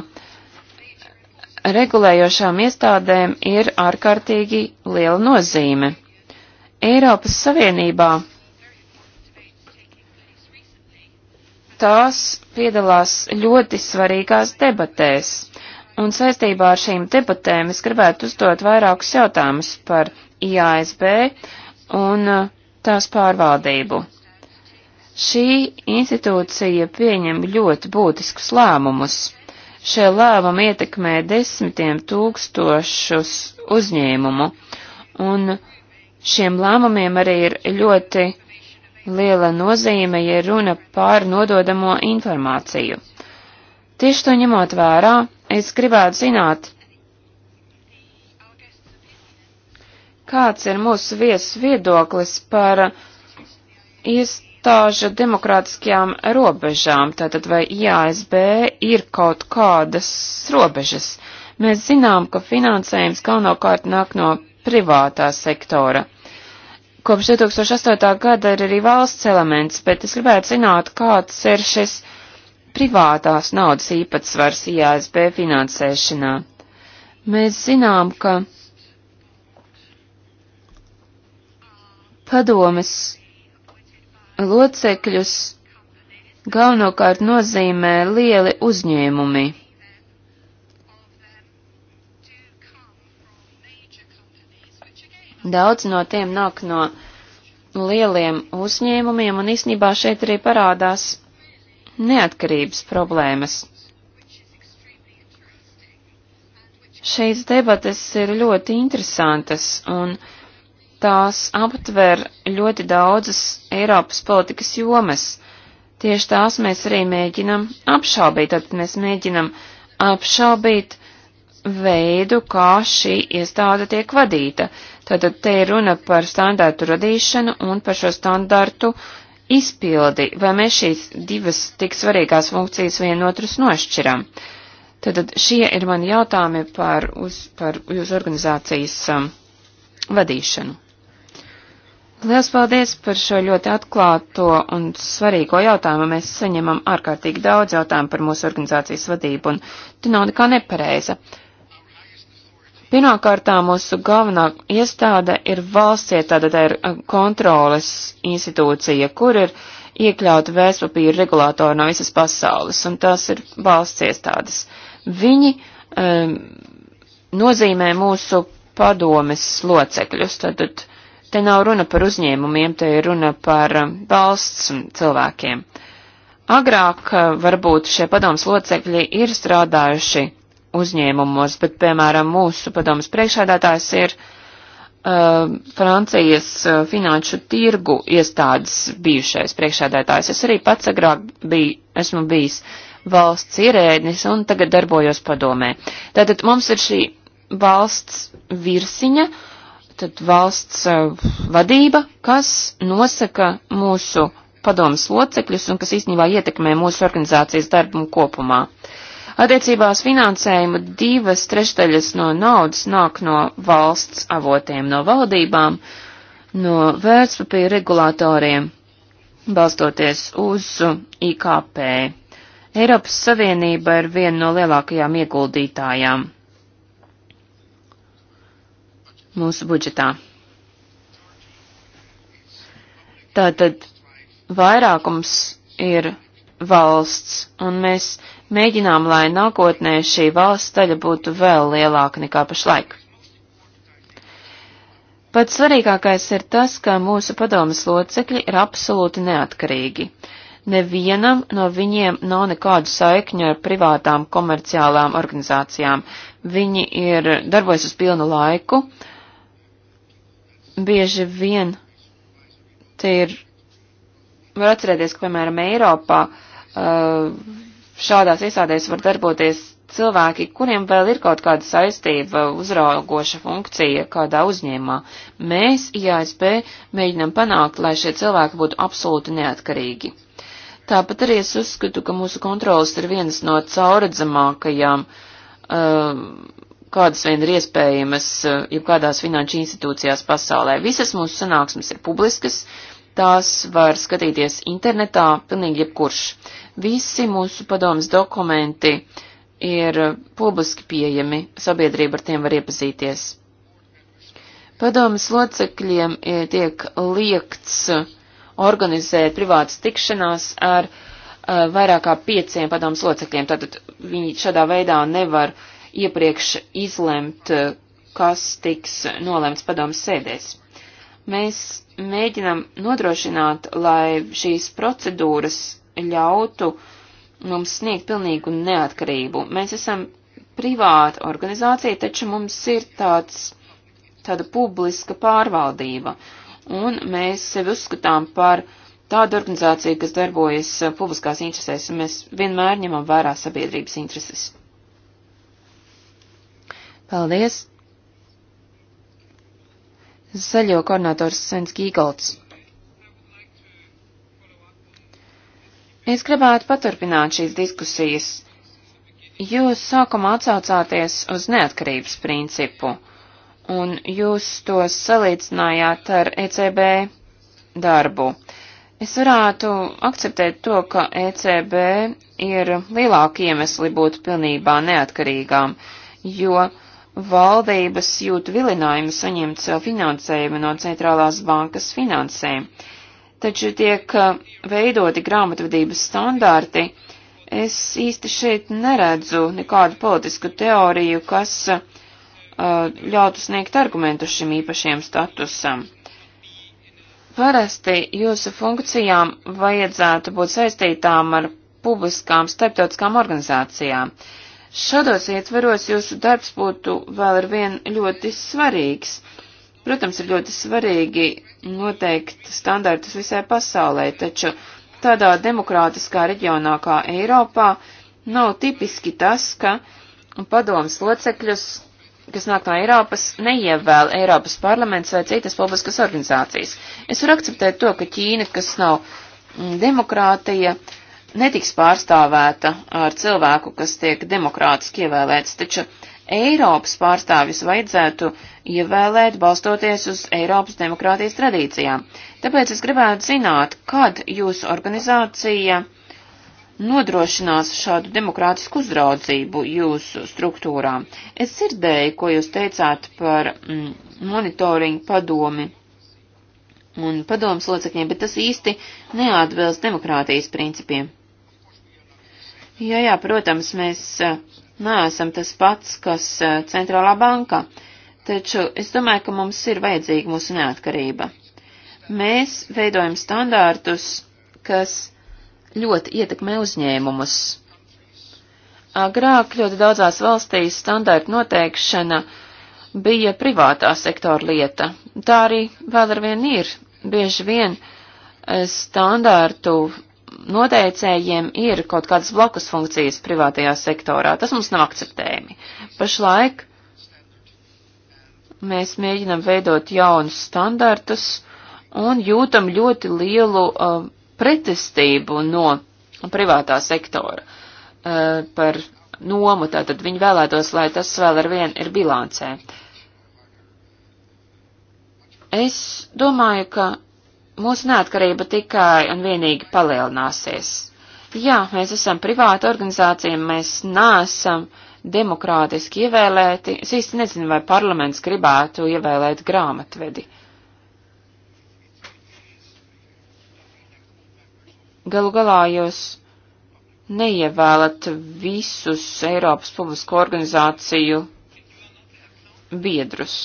regulējošām iestādēm ir ārkārtīgi liela nozīme. Eiropas Savienībā tās piedalās ļoti svarīgās debatēs, un saistībā ar šīm debatēm es gribētu uzdot vairākus jautājumus par IASB un uh, tās pārvaldību. Šī institūcija pieņem ļoti būtiskus lēmumus Šie lēmumi ietekmē desmitiem tūkstošus uzņēmumu, un šiem lēmumiem arī ir ļoti liela nozīme, ja runa pār nododamo informāciju. Tieši to ņemot vērā, es gribētu zināt, kāds ir mūsu viesu viedoklis par iest iestāžu demokrātiskajām robežām, tātad vai IASB ir kaut kādas robežas. Mēs zinām, ka finansējums galvenokārt nāk no privātā sektora. Kopš 2008. gada ir arī valsts elements, bet es gribētu zināt, kāds ir šis privātās naudas īpatsvars IASB finansēšanā. Mēs zinām, ka padomes locekļus galvenokārt nozīmē lieli uzņēmumi. Daudz no tiem nāk no lieliem uzņēmumiem, un īsnībā šeit arī parādās neatkarības problēmas. Šīs debates ir ļoti interesantas, un uh, tās aptver ļoti daudzas Eiropas politikas jomas. Tieši tās mēs arī mēģinam apšaubīt, tad mēs mēģinam apšaubīt veidu, kā šī iestāde tiek vadīta. Tātad te ir runa par standārtu radīšanu un par šo standārtu izpildi, vai mēs šīs divas tik svarīgās funkcijas vienotrus nošķiram. Tātad šie ir mani jautājumi par, uz, par jūsu organizācijas um, vadīšanu. Liels paldies par šo ļoti atklāto un svarīgo jautājumu. Mēs saņemam ārkārtīgi daudz jautājumu par mūsu organizācijas vadību, un tu nav nekā nepareiza. Pirmkārtā mūsu galvenā iestāde ir valsts iestāde, tā ir kontroles institūcija, kur ir iekļauta vēstpapīra regulātori no visas pasaules, un tās ir valsts iestādes. Viņi um, nozīmē mūsu padomes locekļus, tad, tad Te nav runa par uzņēmumiem, te ir runa par um, valsts cilvēkiem. Agrāk uh, varbūt šie padomas locekļi ir strādājuši uzņēmumos, bet, piemēram, mūsu padomas priekšādātājs ir uh, Francijas uh, finanšu tirgu iestādes bijušais priekšādātājs. Es arī pats agrāk biju, esmu bijis valsts ierēdnis un tagad darbojos padomē. Tātad mums ir šī valsts virsiņa, tad valsts uh, vadība, kas nosaka mūsu padomas locekļus un kas īstenībā ietekmē mūsu organizācijas darbu kopumā. Attiecībās finansējumu divas trešdaļas no naudas nāk no valsts avotiem, no valdībām, no vērtspapīra regulātoriem, balstoties uz IKP. Eiropas Savienība ir viena no lielākajām ieguldītājām mūsu budžetā. Tātad vairākums ir valsts, un mēs mēģinām, lai nākotnē šī valsts daļa būtu vēl lielāka nekā pašlaik. Pats svarīgākais ir tas, ka mūsu padomas locekļi ir absolūti neatkarīgi. Nevienam no viņiem nav nekādu saikņu ar privātām komerciālām organizācijām. Viņi ir darbojas uz pilnu laiku, uh, bieži vien te ir, var atcerēties, ka, piemēram, Eiropā uh, šādās iestādēs var darboties cilvēki, kuriem vēl ir kaut kāda saistība, uzraugoša funkcija kādā uzņēmumā. Mēs, IASB, mēģinam panākt, lai šie cilvēki būtu absolūti neatkarīgi. Tāpat arī es uzskatu, ka mūsu kontrolas ir vienas no cauredzamākajām um, uh, kādas vien ir iespējamas eh, jebkādās finanšu institūcijās pasaulē. Visas mūsu sanāksmes ir publiskas, tās var skatīties internetā pilnīgi jebkurš. Visi mūsu padomas dokumenti ir publiski pieejami, sabiedrība ar tiem var iepazīties. Padomas locekļiem eh, tiek liekts eh, organizēt privātas tikšanās ar vairāk kā pieciem padomas locekļiem, tātad viņi šādā veidā nevar uh, iepriekš izlemt, eh, kas tiks nolemts padomas sēdēs. Mēs mēģinam nodrošināt, lai šīs procedūras ļautu mums sniegt pilnīgu neatkarību. Mēs esam privāta organizācija, taču mums ir tāds, tāda publiska pārvaldība, un mēs sevi uzskatām par tādu organizāciju, kas darbojas publiskās interesēs, un mēs vienmēr ņemam vērā sabiedrības intereses. Paldies! Zaļo koordinators Sens Gīgolds. Es gribētu paturpināt šīs diskusijas. Jūs sākumā atsaucāties uz neatkarības principu, un jūs to salīdzinājāt ar ECB darbu. Es varētu akceptēt to, ka ECB ir lielāka iemesli būt pilnībā neatkarīgām, jo uh, valdības jūt vilinājumu saņemt sev finansējumu no centrālās bankas finansēm, taču tiek uh, veidoti grāmatvedības standarti, es īsti šeit neredzu nekādu politisku teoriju, kas uh, ļautu sniegt argumentu šim īpašiem statusam. Parasti jūsu funkcijām vajadzētu būt saistītām ar publiskām starptautiskām organizācijām. Uh, Šādos ietvaros jūsu darbs būtu vēl ar vien ļoti svarīgs. Protams, ir ļoti svarīgi noteikt standartus visai pasaulē, taču tādā demokrātiskā reģionā kā Eiropā nav tipiski tas, ka padomas locekļus, kas nāk no Eiropas, neievēl Eiropas parlaments vai citas publiskas organizācijas. Es varu akceptēt to, ka Ķīna, kas nav mm, demokrātija, uh, netiks pārstāvēta ar cilvēku, kas tiek demokrātiski ievēlēts, taču Eiropas pārstāvis vajadzētu ievēlēt balstoties uz Eiropas demokrātijas tradīcijām. Tāpēc es gribētu zināt, kad jūsu organizācija nodrošinās šādu demokrātisku uzraudzību jūsu struktūrām. Es dzirdēju, ko jūs teicāt par mm, monitoringu padomi un padomas locekļiem, bet tas īsti neatbilst demokrātijas principiem. Jā, jā, protams, mēs neesam tas pats, kas centrālā banka, taču es domāju, ka mums ir vajadzīga mūsu neatkarība. Mēs veidojam standārtus, kas ļoti ietekmē uzņēmumus. Agrāk ļoti daudzās valstīs standārtu noteikšana bija privātā sektora lieta. Tā arī vēl ar vien ir. Bieži vien standārtu noteicējiem ir kaut kādas blakus funkcijas privātajā sektorā. Tas mums nav akceptējami. Pašlaik mēs mēģinam veidot jaunus standartus un jūtam ļoti lielu uh, pretestību no privātā sektora uh, par nomu, tātad viņi vēlētos, lai tas vēl ar vienu ir bilancē. Es domāju, ka mūsu neatkarība tikai un vienīgi palielināsies. Jā, mēs esam privāta organizācija, mēs neesam demokrātiski ievēlēti. Es īsti nezinu, vai parlaments gribētu ievēlēt grāmatvedi. Galu galā jūs neievēlat visus Eiropas publisko organizāciju biedrus.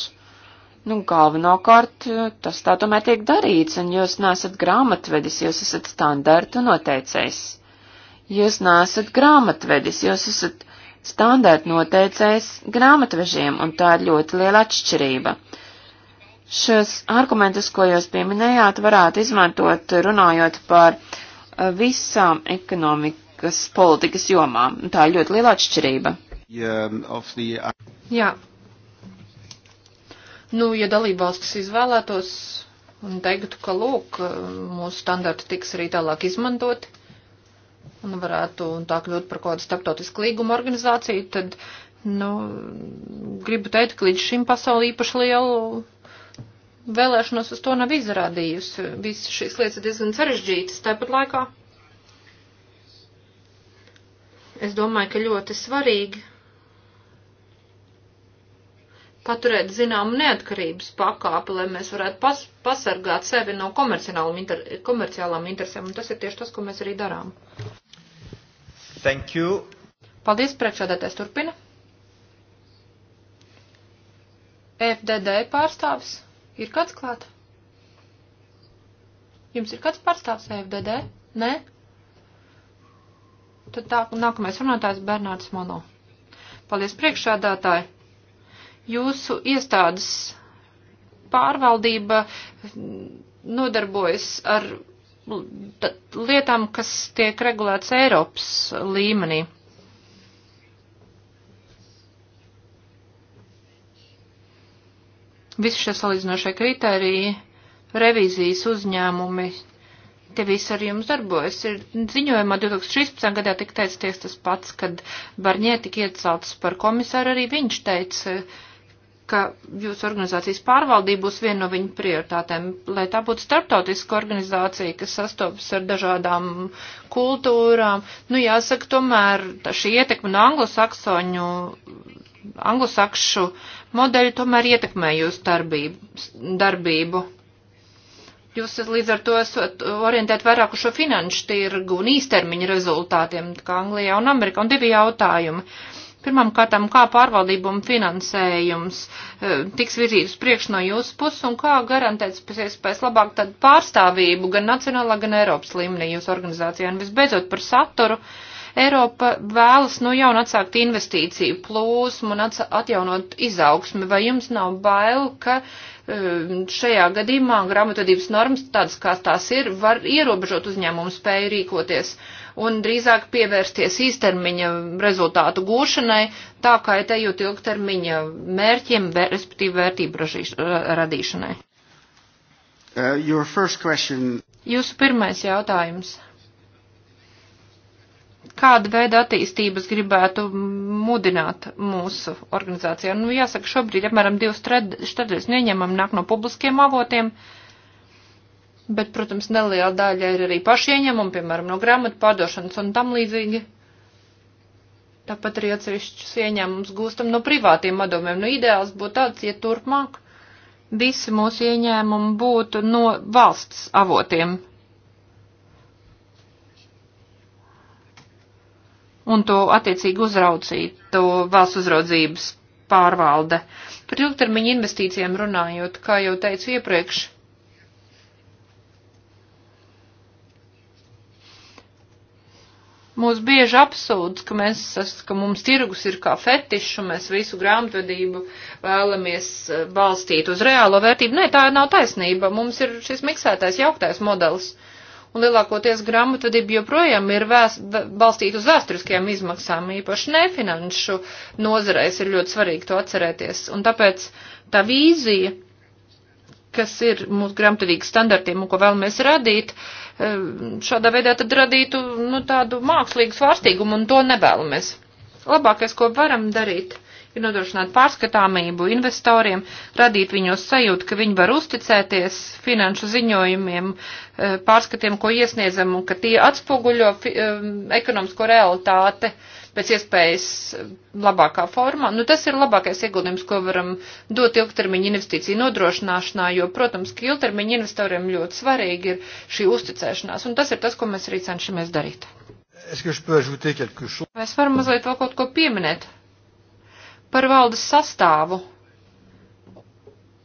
Nu, galvenokārt eh, tas tā tomēr tiek darīts, un jūs nesat grāmatvedis, jūs esat standartu noteicējs. Jūs nesat grāmatvedis, jūs esat standartu noteicējs grāmatvežiem, un tā ir ļoti liela atšķirība. Šos argumentus, ko jūs pieminējāt, varētu izmantot runājot par eh, visām ekonomikas politikas jomām. Tā ir ļoti liela atšķirība. Yeah, Jā, Nu, ja dalībvalstis izvēlētos un teiktu, ka lūk, mūsu standarti tiks arī tālāk izmantoti un varētu tā kļūt par kādu starptautisku līgumu organizāciju, tad, nu, gribu teikt, ka līdz šim pasauli īpaši lielu vēlēšanos uz to nav izrādījusi. Visas šīs lietas ir diezgan sarežģītas tāpat laikā. Es domāju, ka ļoti svarīgi paturēt zināmu neatkarības pakāpi, lai mēs varētu pas, pasargāt sevi no inter, komerciālām interesēm, un tas ir tieši tas, ko mēs arī darām. Thank you. Paldies, priekšādātais turpina. FDD pārstāvis. Ir kāds klāt? Jums ir kāds pārstāvis FDD? Nē? Tad tā, nākamais runātājs Bernārds Mono. Paldies, priekšādātāji jūsu iestādes pārvaldība nodarbojas ar lietām, kas tiek regulētas Eiropas līmenī. Visi šie salīdzinošie kriteriji, revīzijas uzņēmumi, te visi ar jums darbojas. Ir ziņojumā 2013. gadā tika teicis tas pats, kad Barņē tika iecelts par komisāru, arī viņš teica, uh, ka jūsu organizācijas pārvaldība būs viena no viņu prioritātēm, lai tā būtu starptautiska organizācija, kas sastopas ar dažādām kultūrām. Nu, jāsaka, tomēr šī ietekme no anglosaksoņu, anglosakšu modeļa tomēr ietekmē jūsu darbību. darbību. Jūs līdz ar to esat orientēti vairāk uz šo finanšu tirgu un īstermiņa rezultātiem, kā Anglijā un Amerikā. Un divi jautājumi. Uh, Pirmām kārtām, kā pārvaldība un finansējums e, tiks virzīts priekš no jūsu puses un kā garantēts pēc labāk tad pārstāvību gan nacionālā, gan Eiropas līmenī jūsu organizācijā. Un visbeidzot par saturu, Eiropa vēlas no jauna atsākt investīciju plūsmu un atjaunot izaugsmi. Vai jums nav bail, ka e, šajā gadījumā grāmatvedības normas, tādas kā tās ir, var ierobežot uzņēmumu spēju rīkoties? Uh, un drīzāk pievērsties īstermiņa rezultātu gūšanai, tā kā etējot ilgtermiņa mērķiem, respektīvi vērtību radīšanai. Uh, Jūsu pirmais jautājums. Kāda veida attīstības gribētu mudināt mūsu organizācijā? Nu, jāsaka, šobrīd apmēram divas trešdaļas neņemam nāk no publiskiem avotiem. Uh, bet, protams, neliela daļa ir arī pašieņemumi, piemēram, no grāmatu pārdošanas un tam līdzīgi. Tāpat arī atsevišķus ieņēmumus gūstam no privātiem padomiem. Nu, ideāls būtu tāds, ja turpmāk visi mūsu ieņēmumi būtu no valsts avotiem. Un to attiecīgi uzraucītu valsts uzraudzības pārvalde. Par ilgtermiņa investīcijiem runājot, kā jau teicu iepriekš, Mūs bieži apsūdz, ka, mēs, ka mums tirgus ir kā fetišs un mēs visu grāmatvedību vēlamies e, balstīt uz reālo vērtību. Nē, tā nav taisnība. Mums ir šis miksētais jauktais modelis. Un lielākoties grāmatvedība joprojām ir vēst, balstīta uz vēsturiskajām izmaksām, īpaši nefinanšu nozareis ir ļoti svarīgi to atcerēties. Un tāpēc tā vīzija kas ir mūsu grāmatvedīgas standartiem un ko vēlamies radīt, eh, šādā veidā tad radītu nu, tādu mākslīgu svārstīgumu un to nevēlamies. Labākais, ko varam darīt, ir nodrošināt pārskatāmību investoriem, radīt viņos sajūtu, ka viņi var uzticēties finanšu ziņojumiem, eh, pārskatiem, ko iesniedzam, un ka tie atspoguļo eh, ekonomisko realitāti. Uh, pēc iespējas labākā formā. Nu, tas ir labākais ieguldījums, ko varam dot ilgtermiņa investīciju nodrošināšanā, jo, protams, ka ilgtermiņa investoriem ļoti svarīgi ir šī uzticēšanās, un tas ir tas, ko mēs arī cenšamies darīt. Mēs varam mazliet vēl kaut ko pieminēt par valdes sastāvu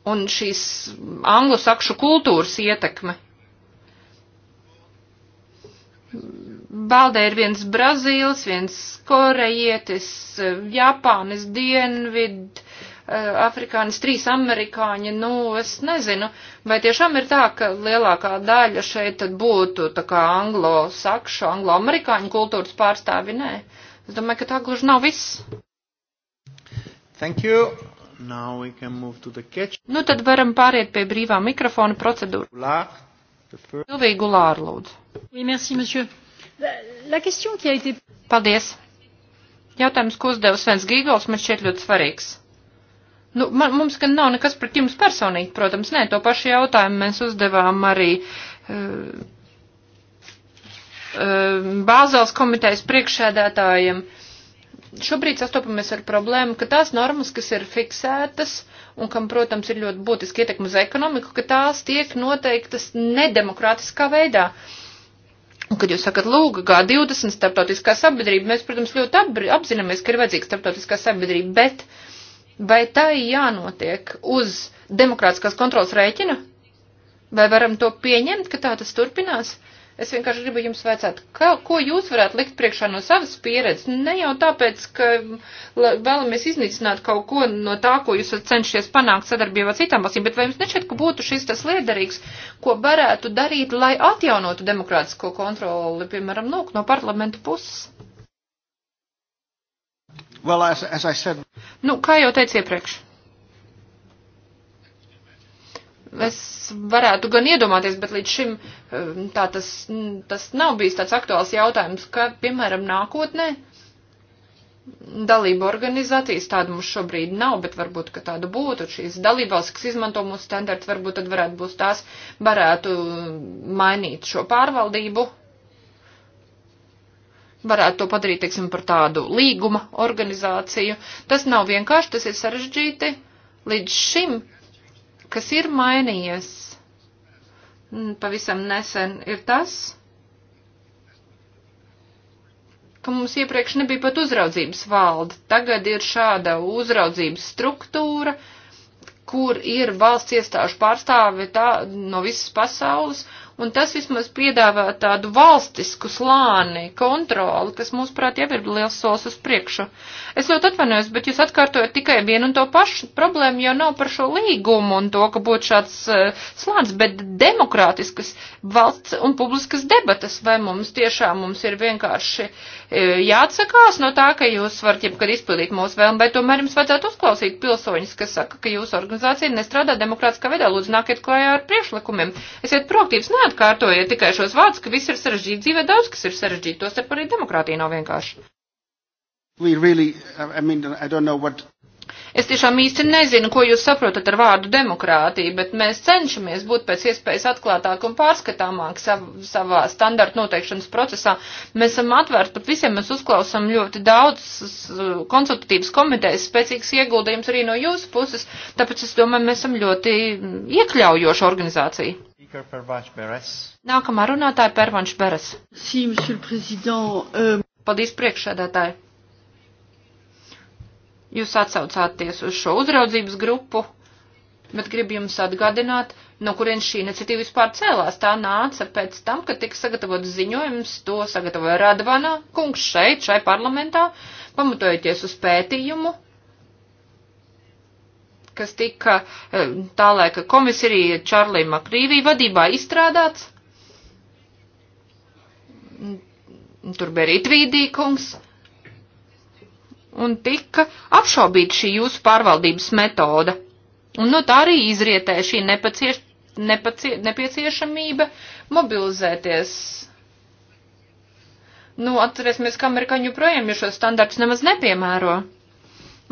un šīs anglosakšu kultūras ietekme. Baldē ir viens brazīls, viens korejietis, eh, Japānis, Dienvid, eh, Afrikānis, trīs amerikāņi. Nu, es nezinu, vai tiešām ir tā, ka lielākā daļa šeit tad būtu tā kā anglo-sakšu, anglo-amerikāņu kultūras pārstāvi. Nē, es domāju, ka tā gluži nav viss. Thank you. Now we can move to the catch. Nu, tad varam pāriet pie brīvā mikrofona procedūru. Silvija Gulāra, lūdzu. Oui, merci, monsieur. Paldies. Jautājums, ko uzdeva Svens Gīgols, man šķiet ļoti svarīgs. Nu, man, mums gan nav nekas pret jums personīgi, protams, nē, to pašu jautājumu mēs uzdevām arī uh, uh, Bāzels komitejas priekšsēdētājiem. Šobrīd sastopamies ar problēmu, ka tās normas, kas ir fiksētas un kam, protams, ir ļoti būtiski ietekmi uz ekonomiku, ka tās tiek noteiktas nedemokrātiskā veidā. Uh, Un, kad jūs sakat, lūk, G20 starptautiskā sabiedrība, mēs, protams, ļoti ap, apzināmies, ka ir vajadzīga starptautiskā sabiedrība, bet vai tā jānotiek uz demokrātiskās kontrolas rēķina? Vai varam to pieņemt, ka tā tas turpinās? Es vienkārši gribu jums vaicāt, kā, ko jūs varētu likt priekšā no savas pieredzes? Ne jau tāpēc, ka vēlamies iznīcināt kaut ko no tā, ko jūs cenšies panākt sadarbībā ar citām valstīm, bet vai jums nešķiet, ka būtu šis tas liederīgs, ko varētu darīt, lai atjaunotu demokrātisko kontroli, piemēram, lūk, no parlamenta puses? Well, as, as said... Nu, kā jau teicu iepriekš. Es varētu gan iedomāties, bet līdz šim eh, tā tas, tas nav bijis tāds aktuāls jautājums, ka, piemēram, nākotnē dalību organizācijas tāda mums šobrīd nav, bet varbūt, ka tāda būtu. Šīs dalībvalsts, kas izmanto mūsu standarts, varbūt tad varētu būt tās, varētu mainīt šo pārvaldību, varētu to padarīt, teiksim, par tādu līguma organizāciju. Tas nav vienkārši, tas ir sarežģīti. Līdz šim kas ir mainījies mm, pavisam nesen, ir tas, ka mums iepriekš nebija pat uzraudzības valde. Tagad ir šāda uzraudzības struktūra, kur ir valsts iestāžu pārstāvi tā, no visas pasaules, un tas vismaz piedāvā tādu valstisku slāni, kontroli, kas, mūsuprāt, jau ir liels solis uz priekšu. Es ļoti atvainojos, bet jūs atkārtojat tikai vienu un to pašu. Problēma jau nav par šo līgumu un to, ka būtu šāds uh, slānis, bet demokrātiskas valsts un publiskas debatas, vai mums tiešām mums ir vienkārši uh, E, jāatsakās no tā, ka jūs varat jebkad izpildīt mūsu vēlmu, bet tomēr jums vajadzētu uzklausīt pilsoņus, kas saka, ka jūsu organizācija nestrādā demokrātiskā veidā. Lūdzu, nākiet klājā ar priekšlikumiem. Esiet proaktīvs, neatkārtojiet tikai šos vārdus, ka viss ir sarežģīti dzīvē, daudz kas ir sarežģīti, tos ar arī demokrātija nav vienkārši. We really, I mean, I don't know what Es tiešām īsti nezinu, ko jūs saprotat ar vārdu demokrātija, bet mēs cenšamies būt pēc iespējas atklātāk un pārskatāmāk sav, savā standartu noteikšanas procesā. Mēs esam atvērti pat visiem, mēs uzklausām ļoti daudz konsultatīvas komitejas, spēcīgs ieguldījums arī no jūsu puses, tāpēc es domāju, mēs esam ļoti iekļaujoša organizācija. Nākamā runātāja Pervanš Beres. Euh, Paldies priekšsēdētāji. Jūs atsaucāties uz šo uzraudzības grupu, bet gribu jums atgādināt, no kurien šī iniciatīva vispār cēlās. Tā nāca pēc tam, kad tika sagatavots ziņojums, to sagatavoja Radvana kungs šeit, šai parlamentā, pamatojoties uz pētījumu, kas tika eh, tā laika komisija Čārlī Makrīvī vadībā izstrādāts. Tur bija arī Tvīdī kungs un tika apšaubīta šī jūsu pārvaldības metoda. Un no tā arī izrietēja šī nepacieš, nepacie, nepieciešamība mobilizēties. Nu, atcerēsimies, ka amerikāņu projām jau šo standartus nemaz nepiemēro.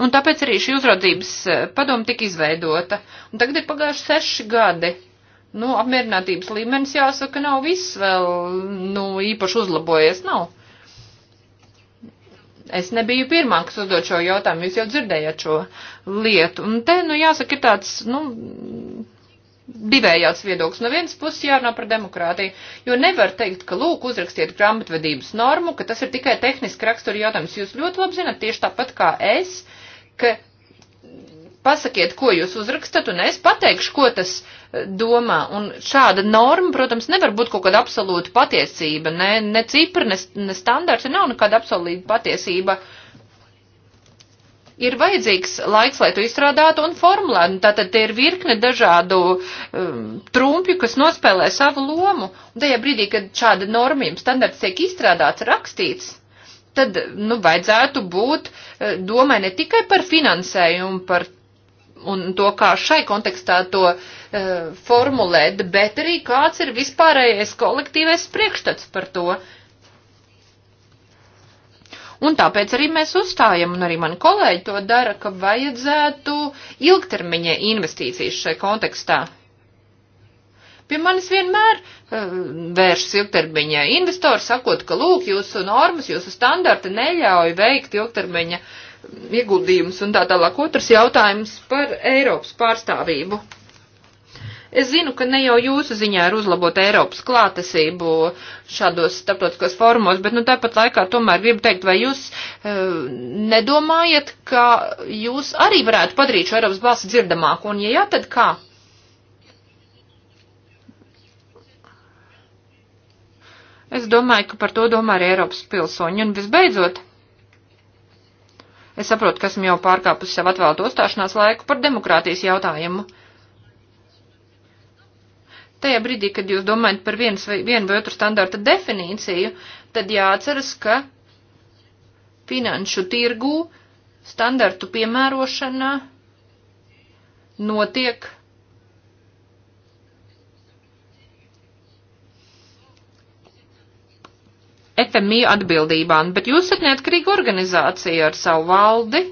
Un tāpēc arī šī uzraudzības eh, padoma tika izveidota. Un tagad ir pagājuši seši gadi. Nu, apmierinātības līmenis jāsaka nav viss vēl, nu, īpaši uzlabojies nav. Es nebiju pirmā, kas uzdod šo jautājumu, jūs jau dzirdējāt šo lietu. Un te, nu, jāsaka, ir tāds, nu, divējāds viedoklis. No vienas puses jārunā par demokrātiju, jo nevar teikt, ka lūk, uzrakstiet grāmatvedības normu, ka tas ir tikai tehniski rakstura jautājums. Jūs ļoti labi zinat, tieši tāpat kā es, ka Pasakiet, ko jūs uzrakstat, un es pateikšu, ko tas eh, domā. Un šāda norma, protams, nevar būt kaut kāda absolūta patiesība. Ne, ne cipri, ne, ne standarti nav nekāda absolūta patiesība. Ir vajadzīgs laiks, lai to izstrādātu un formulētu. Tātad te ir virkne dažādu um, trumpju, kas nospēlē savu lomu. Un tajā brīdī, kad šāda norma jums standarts tiek izstrādāts, rakstīts, tad, nu, vajadzētu būt eh, domai ne tikai par finansējumu, par un to, kā šai kontekstā to uh, formulēt, bet arī kāds ir vispārējais kolektīvais priekšstats par to. Un tāpēc arī mēs uzstājam, un arī mani kolēģi to dara, ka vajadzētu ilgtermiņa investīcijas šai kontekstā. Pie manis vienmēr uh, vēršas ilgtermiņa investori, sakot, ka lūk, jūsu normas, jūsu standarti neļauj veikt ilgtermiņa uh, ieguldījumus un tā tālāk. Otrs jautājums par Eiropas pārstāvību. Es zinu, ka ne jau jūsu ziņā ir uzlabot Eiropas klātesību šādos starptautiskos formos, bet nu tāpat laikā tomēr gribu teikt, vai jūs e, nedomājat, ka jūs arī varētu padarīt šo Eiropas balsi dzirdamāku, un ja jā, tad kā? Es domāju, ka par to domā arī Eiropas pilsoņi, un visbeidzot. Es saprotu, ka esmu jau pārkāpusi savu atvēltu uzstāšanās laiku par demokrātijas jautājumu. Tajā brīdī, kad jūs domājat par vienu vai, vienu vai otru standarta definīciju, tad jāatceras, ka finanšu tirgū standartu piemērošana notiek FMI atbildībām, bet jūs esat neatkarīga organizācija ar savu valdi,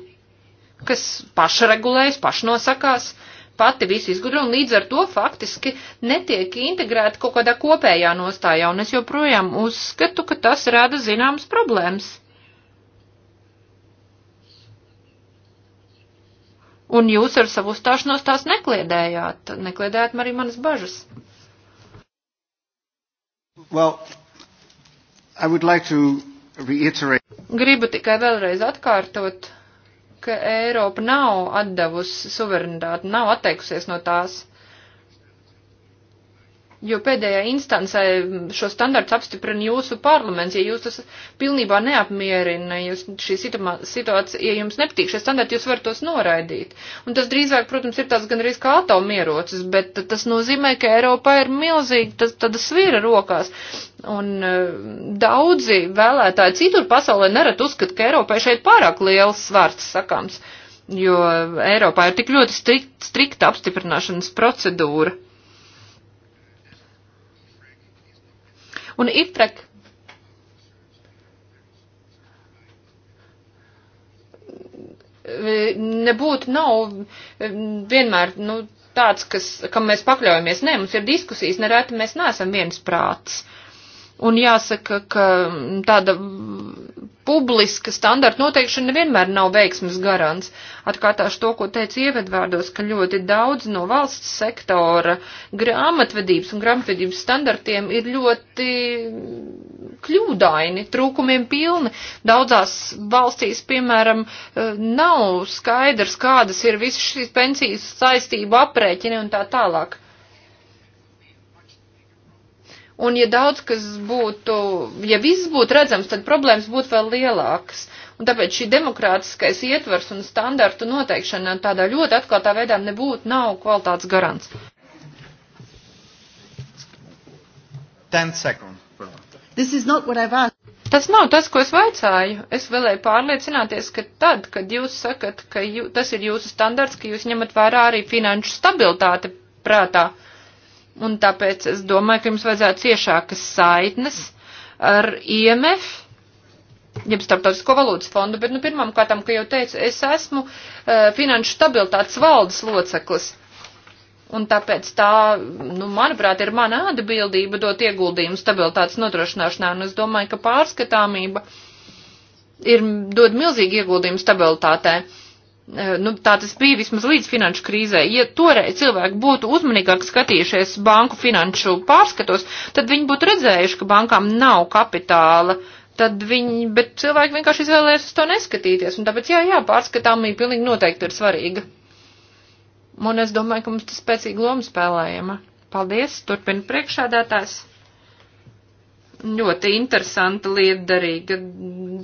kas pašregulējas, pašnosakās, pati visu izgudro, un līdz ar to faktiski netiek integrēta kaut kādā kopējā nostājā, un es joprojām uzskatu, ka tas rada zināmas problēmas. Un jūs ar savu stāšanos tās nekliedējāt, nekliedējāt arī manas bažas. Well, Gribu tikai vēlreiz atkārtot, ka Eiropa nav atdevusi suverenitāti, nav atteikusies no tās. Jo pēdējā instancē šo standartu apstiprina jūsu parlaments. Ja jūs tas pilnībā neapmierina, jūs šī situācija, ja jums nepatīk šie standarti, jūs varat tos noraidīt. Un tas drīzāk, protams, ir tāds gan arī kā atomierocis, bet tas nozīmē, ka Eiropā ir milzīgi tas, tāda svira rokās. Un e, daudzi vēlētāji citur pasaulē nerad uzskata, ka Eiropai šeit pārāk liels svārts sakāms, jo Eiropā ir tik ļoti strikta strikt apstiprināšanas procedūra. Un Ifrek nebūtu nav e, vienmēr, nu, tāds, kas, kam mēs pakļaujamies. Nē, mums ir diskusijas, nereti mēs neesam viens prāts. Uh, Un jāsaka, ka tāda publiska standarta noteikšana vienmēr nav veiksmes garants. Atkārtāšu to, ko teicu ievedvārdos, ka ļoti daudz no valsts sektora grāmatvedības un grāmatvedības standartiem ir ļoti kļūdaini, trūkumiem pilni. Daudzās valstīs, piemēram, nav skaidrs, kādas ir visas šīs pensijas saistību aprēķini un tā tālāk. Un ja daudz kas būtu, ja viss būtu redzams, tad problēmas būtu vēl lielākas. Un tāpēc šī demokrātiskais ietvers un standartu noteikšana tādā ļoti atklātā veidā nebūtu, nav kvalitātes garants. 10 seconds. This is not what I've asked. Tas nav tas, ko es vaicāju. Es vēlēju pārliecināties, ka tad, kad jūs sakat, ka jū, tas ir jūsu standarts, ka jūs ņemat vērā arī finanšu stabilitāti prātā. Uh, Un tāpēc es domāju, ka jums vajadzētu ciešākas saitnes ar IMF, jeb starptautisko valūtas fondu, bet, nu, pirmām kārtām, ka jau teicu, es esmu uh, finanšu stabilitātes valdes loceklis. Un tāpēc tā, nu, manuprāt, ir mana atbildība dot ieguldījumu stabilitātes nodrošināšanā, un es domāju, ka pārskatāmība ir dod milzīgi ieguldījumu stabilitātē. Uh, Eh, nu, tā tas bija vismaz līdz finanšu krīzē. Ja toreiz cilvēki būtu uzmanīgāk skatījušies banku finanšu pārskatos, tad viņi būtu redzējuši, ka bankām nav kapitāla. Tad viņi, bet cilvēki vienkārši izvēlējās uz to neskatīties, un tāpēc jā, jā, pārskatāmība pilnīgi noteikti ir svarīga. Un es domāju, ka mums tas spēcīgi loma spēlējama. Paldies, turpina priekšādātājs. Ļoti interesanta, liederīga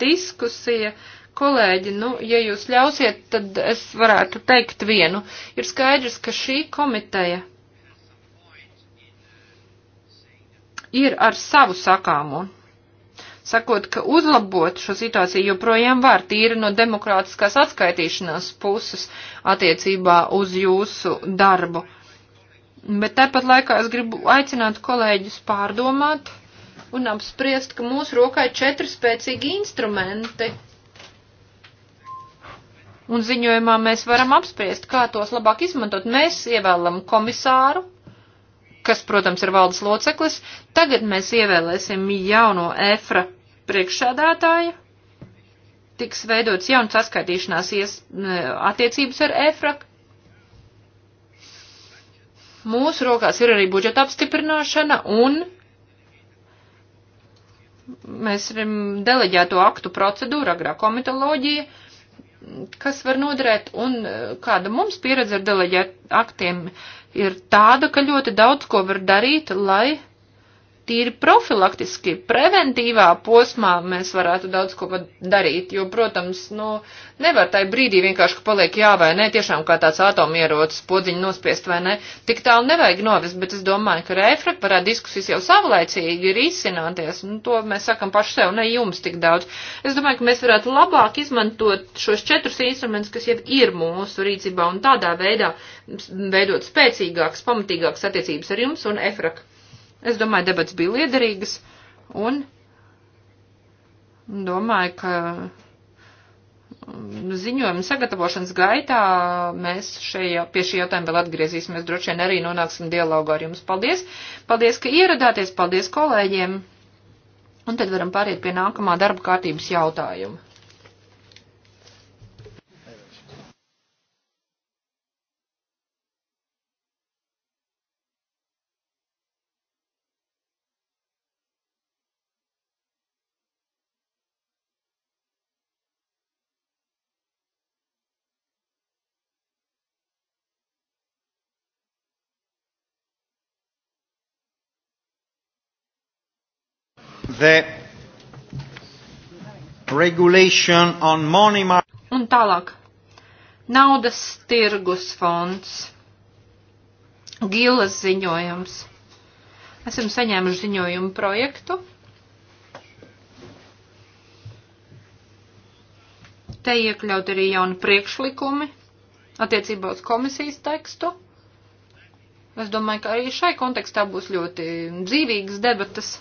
diskusija. Uh, Kolēģi, nu, ja jūs ļausiet, tad es varētu teikt vienu. Ir skaidrs, ka šī komiteja ir ar savu sakāmu. Sakot, ka uzlabot šo situāciju joprojām var tīri no demokrātiskās atskaitīšanās puses attiecībā uz jūsu darbu. Bet tāpat laikā es gribu aicināt kolēģus pārdomāt un apspriest, ka mūsu rokā ir četri spēcīgi instrumenti Un ziņojumā mēs varam apspriest, kā tos labāk izmantot. Mēs ievēlam komisāru, kas, protams, ir valdes loceklis. Tagad mēs ievēlēsim jauno EFRA priekšsēdētāju. Tiks veidots jauns atskaitīšanās ies, attiecības ar EFRA. Mūsu rokās ir arī budžeta apstiprināšana un mēs deleģēto aktu procedūra, agrā komitoloģija kas var noderēt, un eh, kāda mums pieredze ar deleģēt aktiem ir tāda, ka ļoti daudz ko var darīt, lai tīri profilaktiski, preventīvā posmā mēs varētu daudz ko darīt, jo, protams, nu, nevar tai brīdī vienkārši, ka paliek jā vai nē, tiešām kā tāds atomierocis podziņu nospiest vai nē, tik tālu nevajag novest, bet es domāju, ka refrekt varētu diskusijas jau savlaicīgi ir izcināties, nu, to mēs sakam paši sev, ne jums tik daudz. Es domāju, ka mēs varētu labāk izmantot šos četrus instrumentus, kas jau ir mūsu rīcībā un tādā veidā veidot spēcīgākas, pamatīgākas attiecības ar jums un efrakt. Es domāju, debats bija liederīgas un domāju, ka mm, ziņojuma sagatavošanas gaitā mēs šajā, pie šī jautājuma vēl atgriezīsimies, droši vien arī nonāksim dialogu ar jums. Paldies! Paldies, ka ieradāties, paldies kolēģiem! Un tad varam pāriet pie nākamā darba kārtības jautājuma. the regulation on money market. Un tālāk. Naudas tirgus fonds. Gilas ziņojums. Esam saņēmuši ziņojumu projektu. Te iekļaut arī jauni priekšlikumi attiecībā uz komisijas tekstu. Es domāju, ka arī šai kontekstā būs ļoti dzīvīgas debatas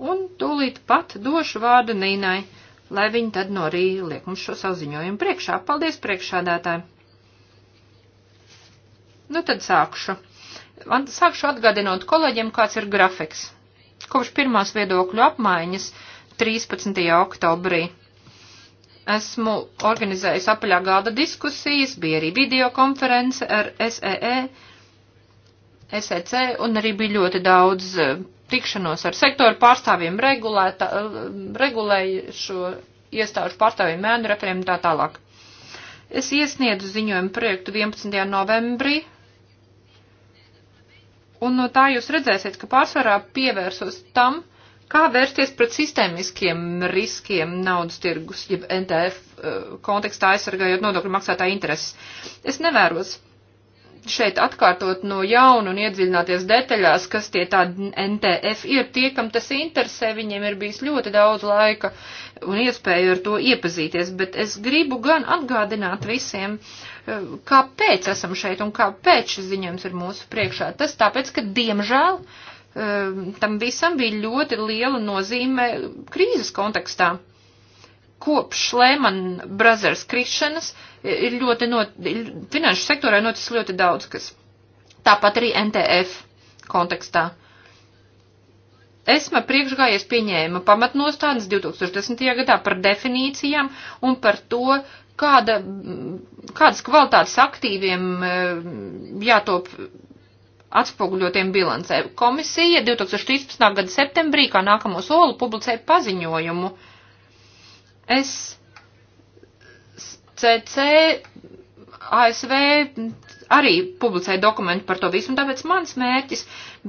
un tūlīt pat došu vārdu Nīnai, lai viņa tad no rīta liek mums šo saziņojumu priekšā. Paldies priekšādātājiem! Nu tad sākšu. Sākšu atgādinot kolēģiem, kāds ir grafiks. Kopš pirmās viedokļu apmaiņas 13. oktobrī esmu organizējis apaļā gada diskusijas, bija arī videokonference ar SEE, SEC, un arī bija ļoti daudz eh, tikšanos ar sektoru pārstāvjiem, regulēta, regulēju šo iestāžu pārstāvjiem, mēnu referiem un tā tālāk. Es iesniedzu ziņojumu projektu 11. novembrī, un no tā jūs redzēsiet, ka pārsvarā pievērsos tam, kā vērsties pret sistēmiskiem riskiem naudas tirgus, jeb NTF eh, kontekstā aizsargājot nodokļu maksātāju intereses. Es nevēros šeit atkārtot no jauna un iedziļināties detaļās, kas tie tādi NTF ir. Tie, kam tas interesē, viņiem ir bijis ļoti daudz laika un iespēju ar to iepazīties, bet es gribu gan atgādināt visiem, eh, kāpēc esam šeit un kāpēc šis ziņojums ir mūsu priekšā. Tas tāpēc, ka diemžēl eh, tam visam bija ļoti liela nozīme krīzes kontekstā kopš Lehman Brothers krišanas ir ļoti, not, finanšu sektorā noticis ļoti daudz kas. Tāpat arī NTF kontekstā. ESMA priekšgājies pieņēma pamatnostādes 2010. gadā par definīcijām un par to, kāda, kādas kvalitātes aktīviem e, jātop atspoguļotiem bilancē. Komisija 2013. gada septembrī, kā nākamo soli, publicēja paziņojumu, uh, SCC ASV arī publicēja dokumentu par to visu, un tāpēc mans mērķis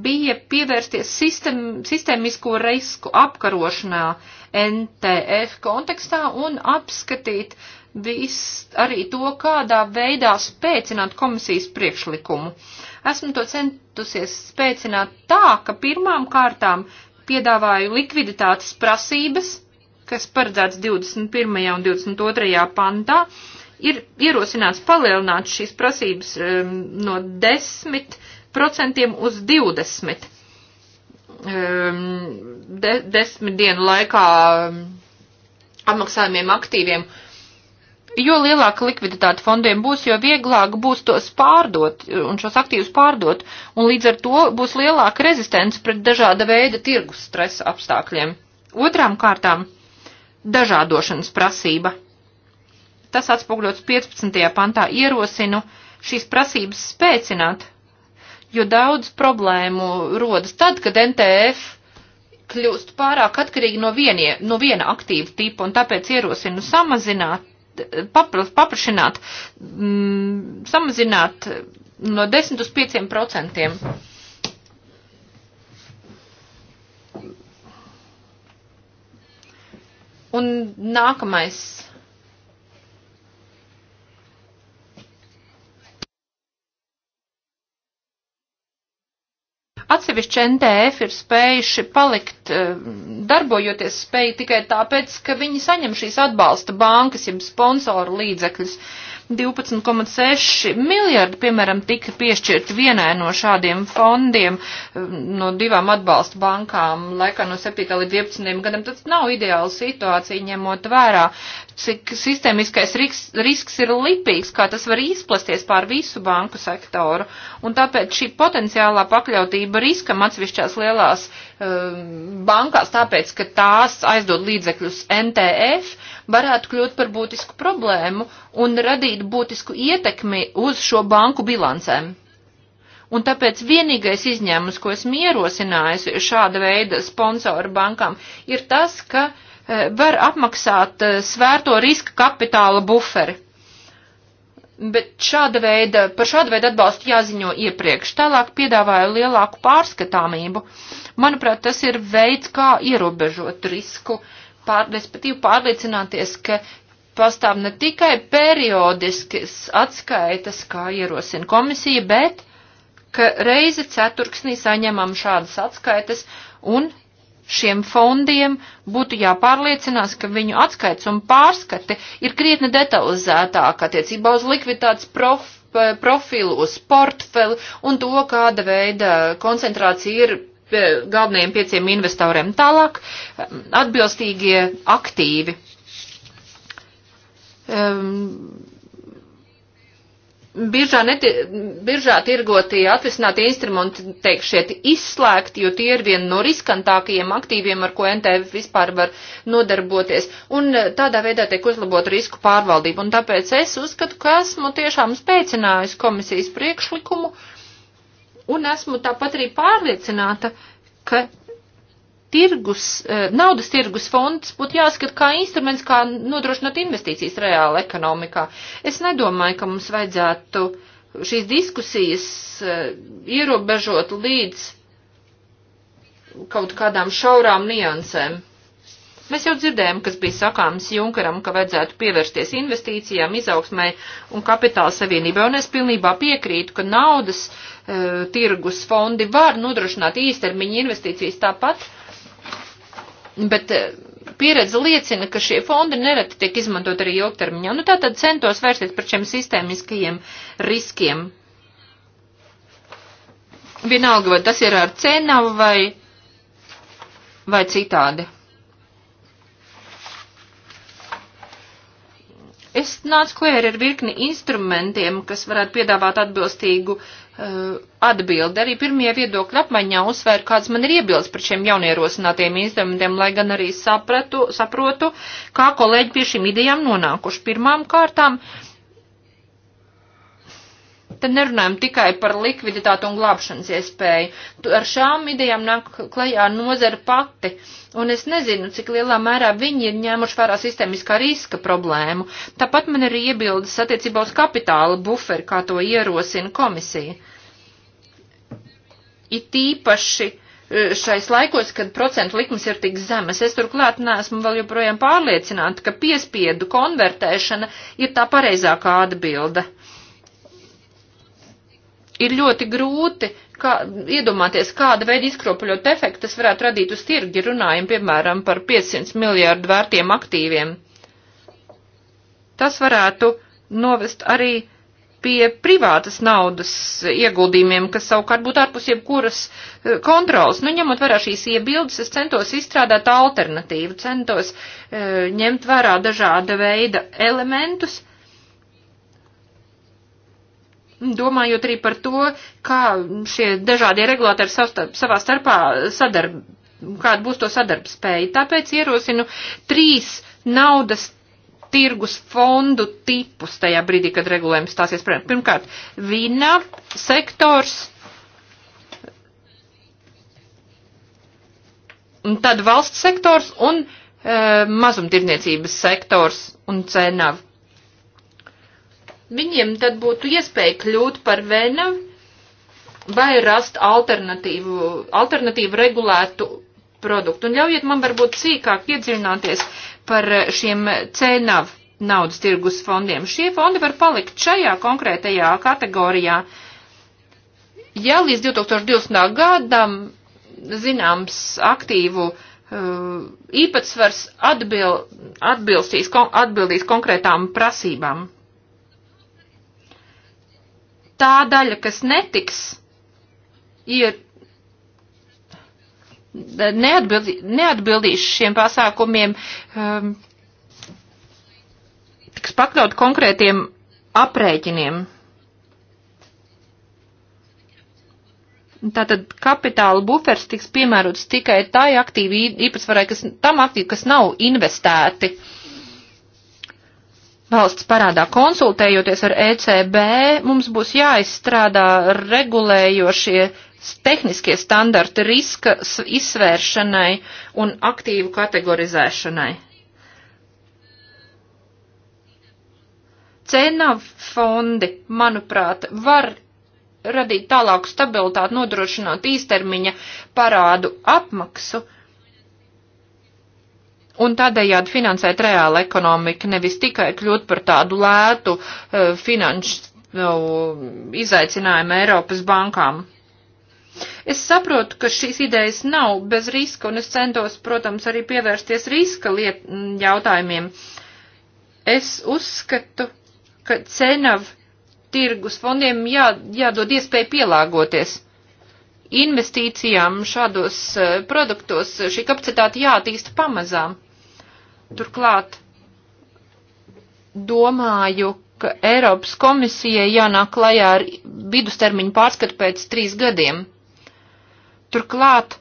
bija pievērsties sistem, sistemisko risku apkarošanā NTF kontekstā un apskatīt vis, arī to, kādā veidā spēcināt komisijas priekšlikumu. Esmu to centusies spēcināt tā, ka pirmām kārtām piedāvāju likviditātes prasības kas paredzēts 21. un 22. pantā, ir ierosināts palielināt šīs prasības um, no 10% uz 20. Um, de, desmit dienu laikā um, apmaksājumiem aktīviem. Jo lielāka likviditāte fondiem būs, jo vieglāk būs tos pārdot un šos aktīvus pārdot, un līdz ar to būs lielāka rezistence pret dažāda veida tirgus stresa apstākļiem. Otrām kārtām dažādošanas prasība. Tas atspogļots 15. pantā ierosinu šīs prasības spēcināt, jo daudz problēmu rodas tad, kad NTF kļūst pārāk atkarīgi no, vienie, no viena aktīva tipa, un tāpēc ierosinu samazināt, papra, paprašināt, mm, samazināt no 10 uz 5 procentiem Un nākamais. Atsevišķi NDF ir spējuši palikt, eh, darbojoties spēju tikai tāpēc, ka viņi saņem šīs atbalsta bankas, jeb sponsoru līdzekļus. Uh, 12,6 miljardi, piemēram, tika piešķirt vienai no šādiem fondiem, um, no divām atbalsta bankām laikā no 7. līdz 12. gadam. Tas nav ideāla situācija, ņemot vērā, cik sistēmiskais risks, risks ir lipīgs, kā tas var izplasties pār visu banku sektoru. Un tāpēc šī potenciālā pakļautība riskam atsevišķās lielās um, bankās, tāpēc, ka tās aizdod līdzekļus NTF, varētu kļūt par būtisku problēmu un radīt būtisku ietekmi uz šo banku bilancēm. Un tāpēc vienīgais izņēmums, ko esmu ierosinājusi šāda veida sponsoru bankām, ir tas, ka e, var apmaksāt e, svērto riska kapitāla buferi. Bet šāda veida, par šādu veidu atbalstu jāziņo iepriekš. Tālāk piedāvāju lielāku pārskatāmību. Manuprāt, tas ir veids, kā ierobežot risku uh, pār, respektīvi pārliecināties, ka pastāv ne tikai periodiskas atskaitas, kā ierosina komisija, bet ka reizi ceturksnī saņemam šādas atskaitas un šiem fondiem būtu jāpārliecinās, ka viņu atskaits un pārskati ir krietni detalizētāk attiecībā uz likviditātes prof, profilu, uz portfeli un to, kāda veida koncentrācija ir galvenajiem pieciem investoriem. Tālāk atbilstīgie aktīvi. Um, Biržā, neti, biržā tirgotie atvisinātie instrumenti tiek šiet izslēgti, jo tie ir viena no riskantākajiem aktīviem, ar ko NTF vispār var nodarboties. Un eh, tādā veidā tiek uzlabot risku pārvaldību. Un tāpēc es uzskatu, ka esmu tiešām spēcinājis komisijas priekšlikumu uh, un esmu tāpat arī pārliecināta, ka tirgus, eh, naudas tirgus fonds būtu jāskat kā instruments, kā nodrošināt investīcijas reāli ekonomikā. Es nedomāju, ka mums vajadzētu šīs diskusijas eh, ierobežot līdz kaut kādām šaurām niansēm. Mēs jau dzirdējām, kas bija sakāms Junkaram, ka vajadzētu pievērsties investīcijām, izaugsmai un kapitāla savienībai, un es pilnībā piekrītu, ka naudas e, tirgus fondi var nodrošināt īstermiņa investīcijas tāpat, bet e, pieredze liecina, ka šie fondi nereti tiek izmantot arī ilgtermiņā. Nu tātad centos vērsties par šiem sistēmiskajiem riskiem. Vienalga, vai tas ir ar cenavu vai, vai citādi. Es nācu klēri ar virkni instrumentiem, kas varētu piedāvāt atbilstīgu uh, atbildi. Arī pirmie viedokļu apmaiņā uzsvēru, kāds man ir iebildes par šiem jaunierosinātiem instrumentiem, lai gan arī sapratu, saprotu, kā kolēģi pie šīm idejām nonākuši. Pirmām kārtām. Uh, te nerunājam tikai par likviditātu un glābšanas iespēju. Ar šām idejām nāk klajā nozara pati. Un es nezinu, cik lielā mērā viņi ir ņēmuši vērā sistēmiskā riska problēmu. Tāpat man ir iebildes attiecībā uz kapitāla buferi, kā to ierosina komisija. It īpaši e, šais laikos, kad procentu likmes ir tik zemes. Es turklāt neesmu vēl joprojām pārliecināta, ka piespiedu konvertēšana ir tā pareizākā atbilde ir ļoti grūti kā, iedomāties, kāda veida izkropļot efektu tas varētu radīt uz tirgi, ja runājam, piemēram, par 500 miljārdu vērtiem aktīviem. Tas varētu novest arī pie privātas naudas ieguldījumiem, kas savukārt būtu ārpus jebkuras eh, kontrols. Nu, ņemot vērā šīs iebildes, es centos izstrādāt alternatīvu, centos e, ņemt vērā dažāda veida elementus, domājot arī par to, kā šie dažādie regulātori savā starpā sadarb, kāda būs to sadarbspēja. Tāpēc ierosinu trīs naudas tirgus fondu tipus tajā brīdī, kad regulējums stāsies. Pirmkārt, vīna sektors. Un tad valsts sektors un e, mazumtirdzniecības sektors un cenavu viņiem tad būtu iespēja kļūt par venavu vai rast alternatīvu, alternatīvu regulētu produktu. Un ļaujiet man varbūt sīkāk iedzināties par šiem cēnavu naudas tirgus fondiem. Šie fondi var palikt šajā konkrētajā kategorijā, ja līdz 2020. gadam zināms aktīvu uh, īpatsvars atbil, atbilstīs, kon, atbildīs konkrētām prasībām tā daļa, kas netiks, ir neatbildi, neatbildīs šiem pasākumiem, um, tiks pakļaut konkrētiem aprēķiniem. Tātad kapitāla bufers tiks piemērots tikai tai aktīvi īpatsvarai, kas tam aktīvi, kas nav investēti. Uh, valsts parādā konsultējoties ar ECB, mums būs jāizstrādā regulējošie tehniskie standarti riska izsvēršanai un aktīvu kategorizēšanai. Cenav fondi, manuprāt, var radīt tālāku stabilitāti, nodrošināt īstermiņa parādu apmaksu, uh, un tādējādi finansēt reālu ekonomiku, nevis tikai kļūt par tādu lētu uh, finanšu uh, izaicinājumu Eiropas bankām. Es saprotu, ka šīs idejas nav bez riska, un es centos, protams, arī pievērsties riska liet, jautājumiem. Es uzskatu, ka cenav tirgus fondiem jā, jādod iespēja pielāgoties investīcijām šādos e, produktos šī kapacitāte jātīsta pamazām. Turklāt domāju, ka Eiropas komisijai jānāk klajā ar vidustermiņu pārskatu pēc trīs gadiem. Turklāt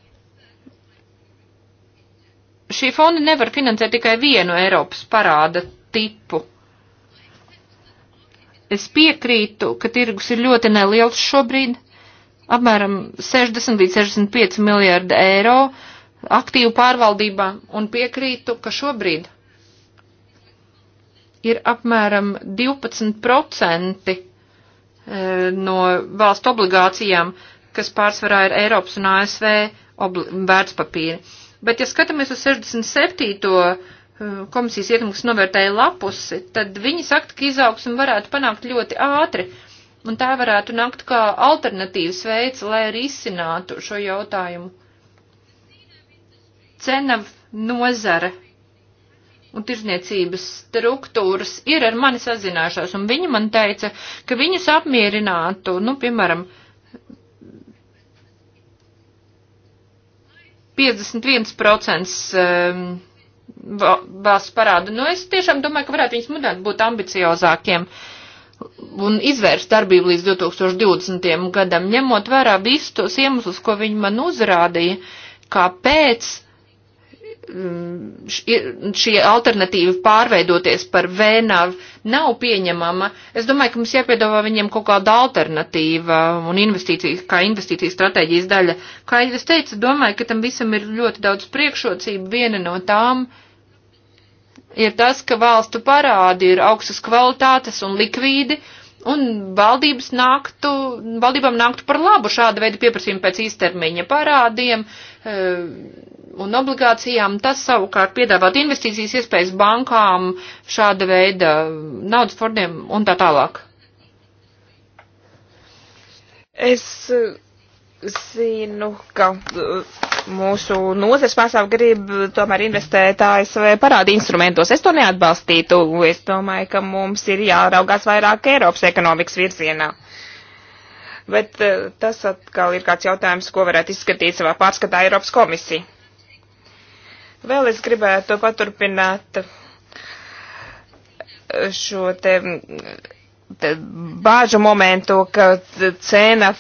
šī fonda nevar finansēt tikai vienu Eiropas parāda tipu. Es piekrītu, ka tirgus ir ļoti neliels šobrīd, apmēram 60 līdz 65 miljārdi eiro, aktīvu pārvaldībā un piekrītu, ka šobrīd ir apmēram 12% e, no valstu obligācijām, kas pārsvarā ir Eiropas un ASV vērtspapīri. Bet, ja skatāmies uz 67. E, komisijas ietmuks novērtēja lapusi, tad viņi saka, ka izaugsmu varētu panākt ļoti ātri, un tā varētu nākt kā alternatīvas veids, lai risinātu šo jautājumu cenam nozare un tirzniecības struktūras ir ar mani sazinājušās, un viņi man teica, ka viņus apmierinātu, nu, piemēram, 51% um, valsts parādu. Nu, es tiešām domāju, ka varētu viņus mudināt būt ambiciozākiem un izvērst darbību līdz 2020. gadam, ņemot vērā visus tos iemeslus, ko viņi man uzrādīja, kāpēc šī alternatīva pārveidoties par vēnavu nav pieņemama. Es domāju, ka mums jāpiedāvā viņiem kaut kāda alternatīva un investīcija, kā investīcija stratēģijas daļa. Kā jau es teicu, domāju, ka tam visam ir ļoti daudz priekšrocību. Viena no tām ir tas, ka valstu parādi ir augstas kvalitātes un likvīdi. Un valdības nāktu, valdībām nāktu par labu šāda veida pieprasījumu pēc īstermiņa parādiem, uh, Eh, un obligācijām. Tas savukārt piedāvāt investīcijas iespējas bankām, šāda veida naudas fondiem un tā tālāk. Es eh, zinu, ka eh, mūsu nozars pārstāv grib tomēr investēt ASV parādi instrumentos. Es to neatbalstītu. Es domāju, ka mums ir jāraugās vairāk Eiropas ekonomikas virzienā. Uh, bet eh, tas atkal ir kāds jautājums, ko varētu izskatīt savā pārskatā Eiropas komisija. Vēl es gribētu paturpināt eh, šo te bāžu momentu, ka cena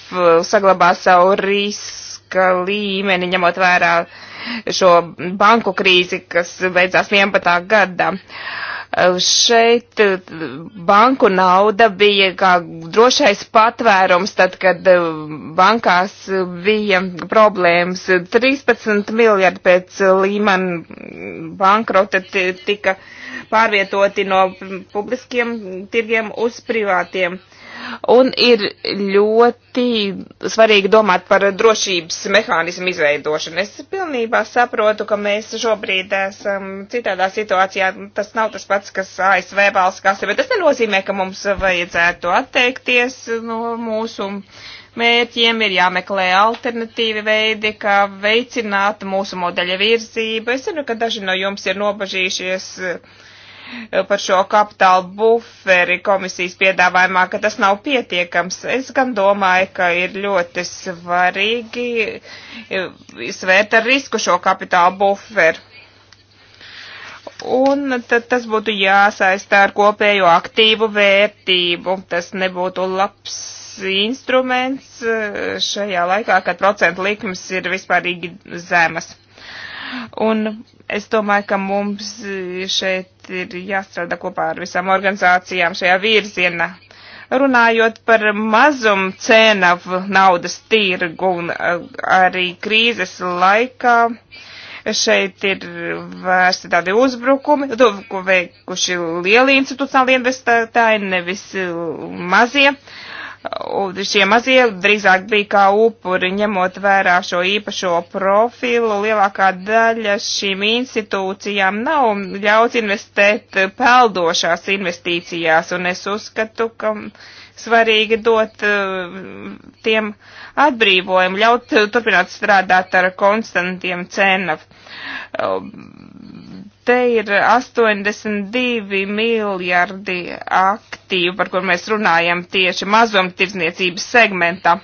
saglabā savu riska līmeni, ņemot vērā šo banku krīzi, kas beidzās 11. gadā. Uh, Šeit e, banku nauda bija kā drošais patvērums, tad, kad e, bankās bija problēmas. 13 miljardi pēc Līman bankrota tika pārvietoti no publiskiem tirgiem uz privātiem Un ir ļoti svarīgi domāt par drošības mehānismu izveidošanu. Es pilnībā saprotu, ka mēs šobrīd esam citādā situācijā. Tas nav tas pats, kas ASV valsts kase, bet tas nenozīmē, ka mums vajadzētu atteikties no mūsu mērķiem. Ir jāmeklē alternatīvi veidi, kā veicināt mūsu modeļa virzību. Es zinu, ka daži no jums ir nobažījušies. Uh, par šo kapitālu buferi komisijas piedāvājumā, ka tas nav pietiekams. Es gan domāju, ka ir ļoti svarīgi e, svērt ar risku šo kapitālu buferu. Un tad tas būtu jāsaistā ar kopējo aktīvu vērtību. Tas nebūtu labs instruments e, šajā laikā, kad procentu likmes ir vispārīgi zemas. Un Es domāju, ka mums šeit ir jāstrādā kopā ar visām organizācijām šajā virzienā. Runājot par mazumu cēnavu naudas tirgu un eh, arī krīzes laikā, šeit ir vērsti tādi uzbrukumi, ko veikuši lieli institucionāli investētāji, nevis mazie. Uh, šie mazie drīzāk bija kā upuri, ņemot vērā šo īpašo profilu. Lielākā daļa šīm institūcijām nav ļauts investēt peldošās investīcijās, un es uzskatu, ka svarīgi dot uh, tiem atbrīvojumu, ļaut turpināt strādāt ar konstantiem cenu. Uh, te ir 82 miljardi aktīvu, par kur mēs runājam tieši mazumtirdzniecības segmentā.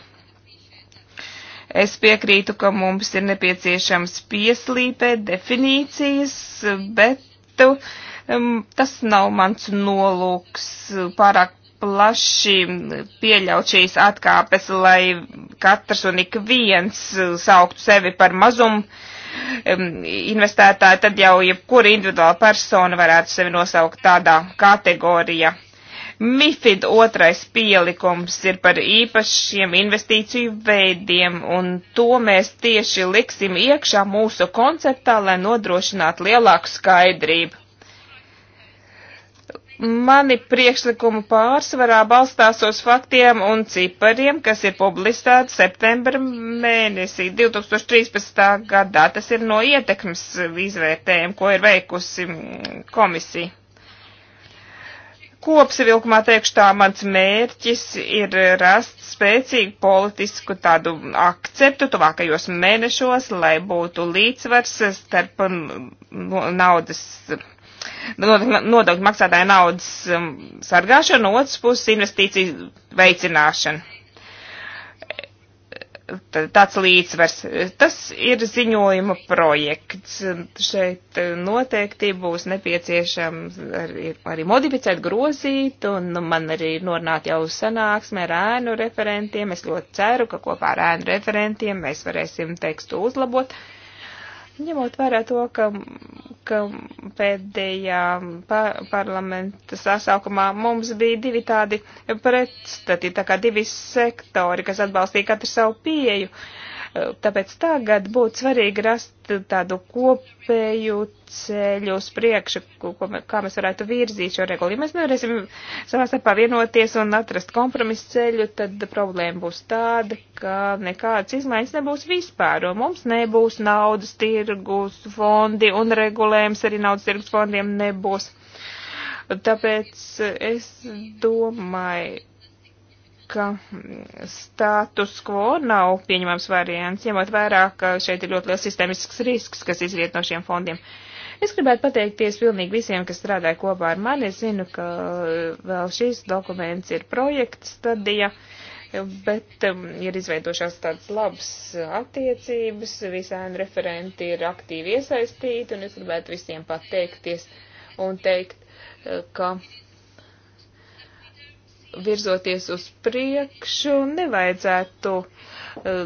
Es piekrītu, ka mums ir nepieciešams pieslīpēt definīcijas, bet um, tas nav mans nolūks pārāk plaši pieļaut šīs atkāpes, lai katrs un ik viens sauktu sevi par mazumu investētāji, tad jau jebkura individuāla persona varētu sevi nosaukt tādā kategorijā. MIFID otrais pielikums ir par īpašiem investīciju veidiem, un to mēs tieši liksim iekšā mūsu konceptā, lai nodrošinātu lielāku skaidrību. Mani priekšlikumu pārsvarā balstās uz faktiem un cipariem, kas ir publicēti septembra mēnesī 2013. gadā. Tas ir no ietekmes izvērtējuma, ko ir veikusi komisija. Kopsavilkumā teikšu tā, mans mērķis ir rast spēcīgu politisku tādu akceptu tuvākajos mēnešos, lai būtu līdzsvars starp naudas nodokļu maksātāja naudas um, sargāšana, no otras puses investīciju veicināšana. Tāds līdzsvers. Tas ir ziņojuma projekts. Šeit uh, noteikti būs nepieciešams arī, arī modificēt, grozīt, un nu, man arī norunāt jau sanāksmē ar ēnu referentiem. Es ļoti ceru, ka kopā ar ēnu referentiem mēs varēsim tekstu uzlabot. Uh, Ņemot vērā to, ka, ka pēdējā pa, parlamenta sasaukumā mums bija divi tādi pretstati, tā kā divi sektori, kas atbalstīja katru savu pieju. Uh, Tāpēc tagad būtu svarīgi rast tādu kopēju ceļu uz priekšu, ko, kā mēs varētu virzīt šo regulu. Ja mēs nevarēsim savā starpā vienoties un atrast kompromisu ceļu, tad problēma būs tāda, ka nekādas izmaiņas nebūs vispār, un mums nebūs naudas tirgus fondi, un regulējums arī naudas tirgus fondiem nebūs. Tāpēc es domāju, ka status quo nav pieņemams variants, ņemot vērā, ka šeit ir ļoti liels sistēmisks risks, kas izriet no šiem fondiem. Es gribētu pateikties pilnīgi visiem, kas strādāja kopā ar mani. Es zinu, ka uh, vēl šīs dokuments ir projekts stadija, bet um, ir izveidošās tādas labas attiecības, visām referenti ir aktīvi iesaistīti, un es gribētu visiem pateikties un teikt, uh, ka virzoties uz priekšu, nevajadzētu uh, Eh,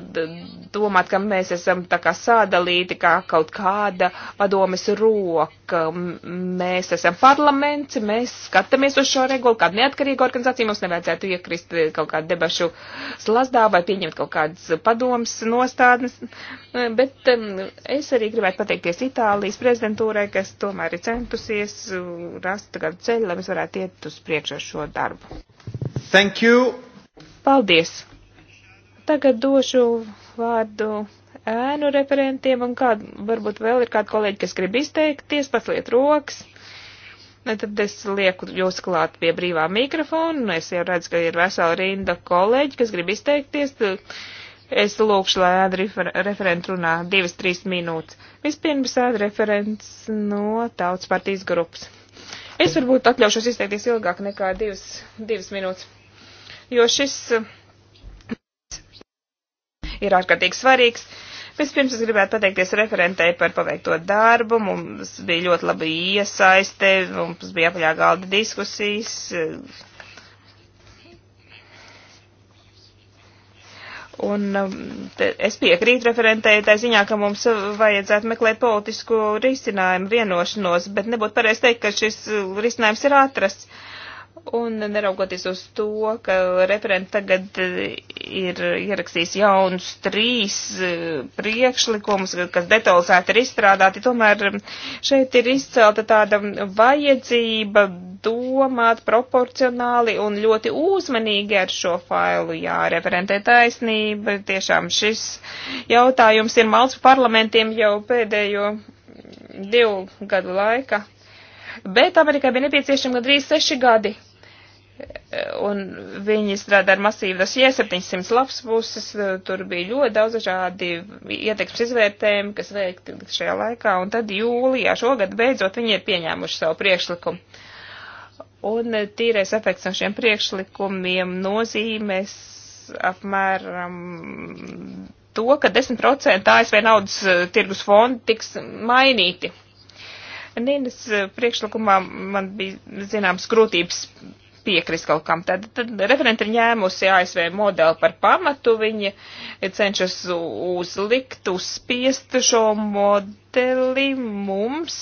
domāt, ka mēs esam tā kā sādalīti, kā kaut kāda padomes roka. Mēs esam parlaments, mēs skatāmies uz šo regulu, kādu neatkarīgu organizāciju mums nevajadzētu iekrist eh, kaut kādu debašu slazdā vai pieņemt kaut kādas padomes nostādnes. Eh, bet es arī gribētu pateikties Itālijas prezidentūrai, kas tomēr ir centusies rast kādu ceļu, lai mēs varētu iet uz priekšu ar šo darbu. Thank you. Paldies! Tagad došu vārdu ēnu referentiem un kādu, varbūt vēl ir kādi kolēģi, kas grib izteikties, paceliet rokas. Nu, tad es lieku jūs klāt pie brīvā mikrofona. Es jau redzu, ka ir vesela rinda kolēģi, kas grib izteikties. Es lūkšu, lai ēda refer referenta runā divas, trīs minūtes. Vispirms ēda referents no tautas partijas grupas. Es varbūt atļaušos izteikties ilgāk nekā divas, divas minūtes, jo šis uh, ir ārkārtīgi svarīgs. Vispirms es gribētu pateikties referentei par paveikto darbu. Mums bija ļoti labi iesaiste, mums bija apaļā galda diskusijas. Un um, te, es piekrītu referentēju tā ziņā, ka mums vajadzētu meklēt politisku risinājumu vienošanos, bet nebūtu pareizi teikt, ka šis uh, risinājums ir atrasts. Uh, Un neraugoties uz to, ka referents tagad ir ierakstījis jaunus trīs e, priekšlikumus, kas detalizēti ir izstrādāti, tomēr e, šeit ir izcelta tāda vajadzība domāt proporcionāli un ļoti uzmanīgi ar šo failu. Jā, referentē taisnība, tiešām šis jautājums ir malts parlamentiem jau pēdējo divu gadu laikā. Bet Amerikai bija nepieciešami gandrīz seši gadi, un viņi strādā ar masīvu dosie 700 lapspuses, tur bija ļoti daudz dažādi ieteiksmes izvērtējumi, kas veikti šajā laikā, un tad jūlijā šogad beidzot viņi ir pieņēmuši savu priekšlikumu. Un tīrais efekts no šiem priekšlikumiem nozīmēs apmēram to, ka 10% ASV naudas eh, tirgus fondi tiks mainīti. Nīnas eh, priekšlikumā man bija zināms grūtības piekrist kaut kam. Tad, tad referenti ir ņēmusi ASV modeli par pamatu, viņi cenšas uzlikt, uzspiest šo modeli mums,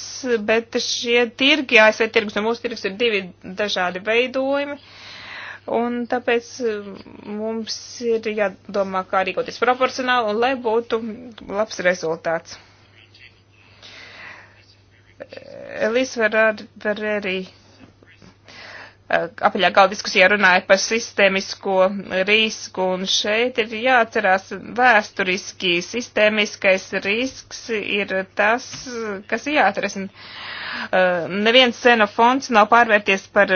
bet šie tirgi, ASV tirgus un mūsu tirgus ir divi dažādi veidojumi. Un tāpēc um, mums ir jādomā, kā rīkoties proporcionāli un lai būtu labs rezultāts. Elis var, var arī Eh, apaļā galda diskusijā runāja par sistēmisko risku, un šeit ir jāatcerās vēsturiski sistēmiskais risks ir tas, kas jāatrisina. Eh, neviens xenofonds nav pārvērties par,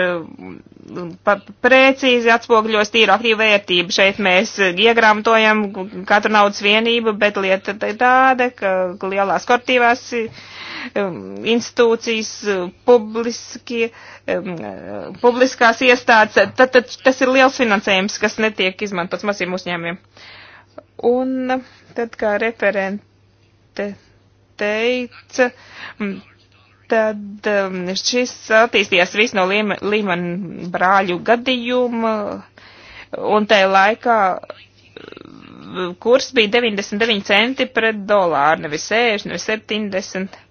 par precīzi atspogļos tīru aktīvu vērtību. Šeit mēs iegrāmatojam katru naudas vienību, bet lieta ir tāda, ka lielās kortīvās ir Um, institūcijas, um, publiskie, um, uh, publiskās iestādes, tad, tad tas ir liels finansējums, kas netiek izmantots maziem uzņēmiem. Un tad, kā referente teica, tad šis attīstījās viss no Līman brāļu gadījuma, un tajā laikā uh, kurs bija 99 centi pret dolāru, nevis 60, nevis 70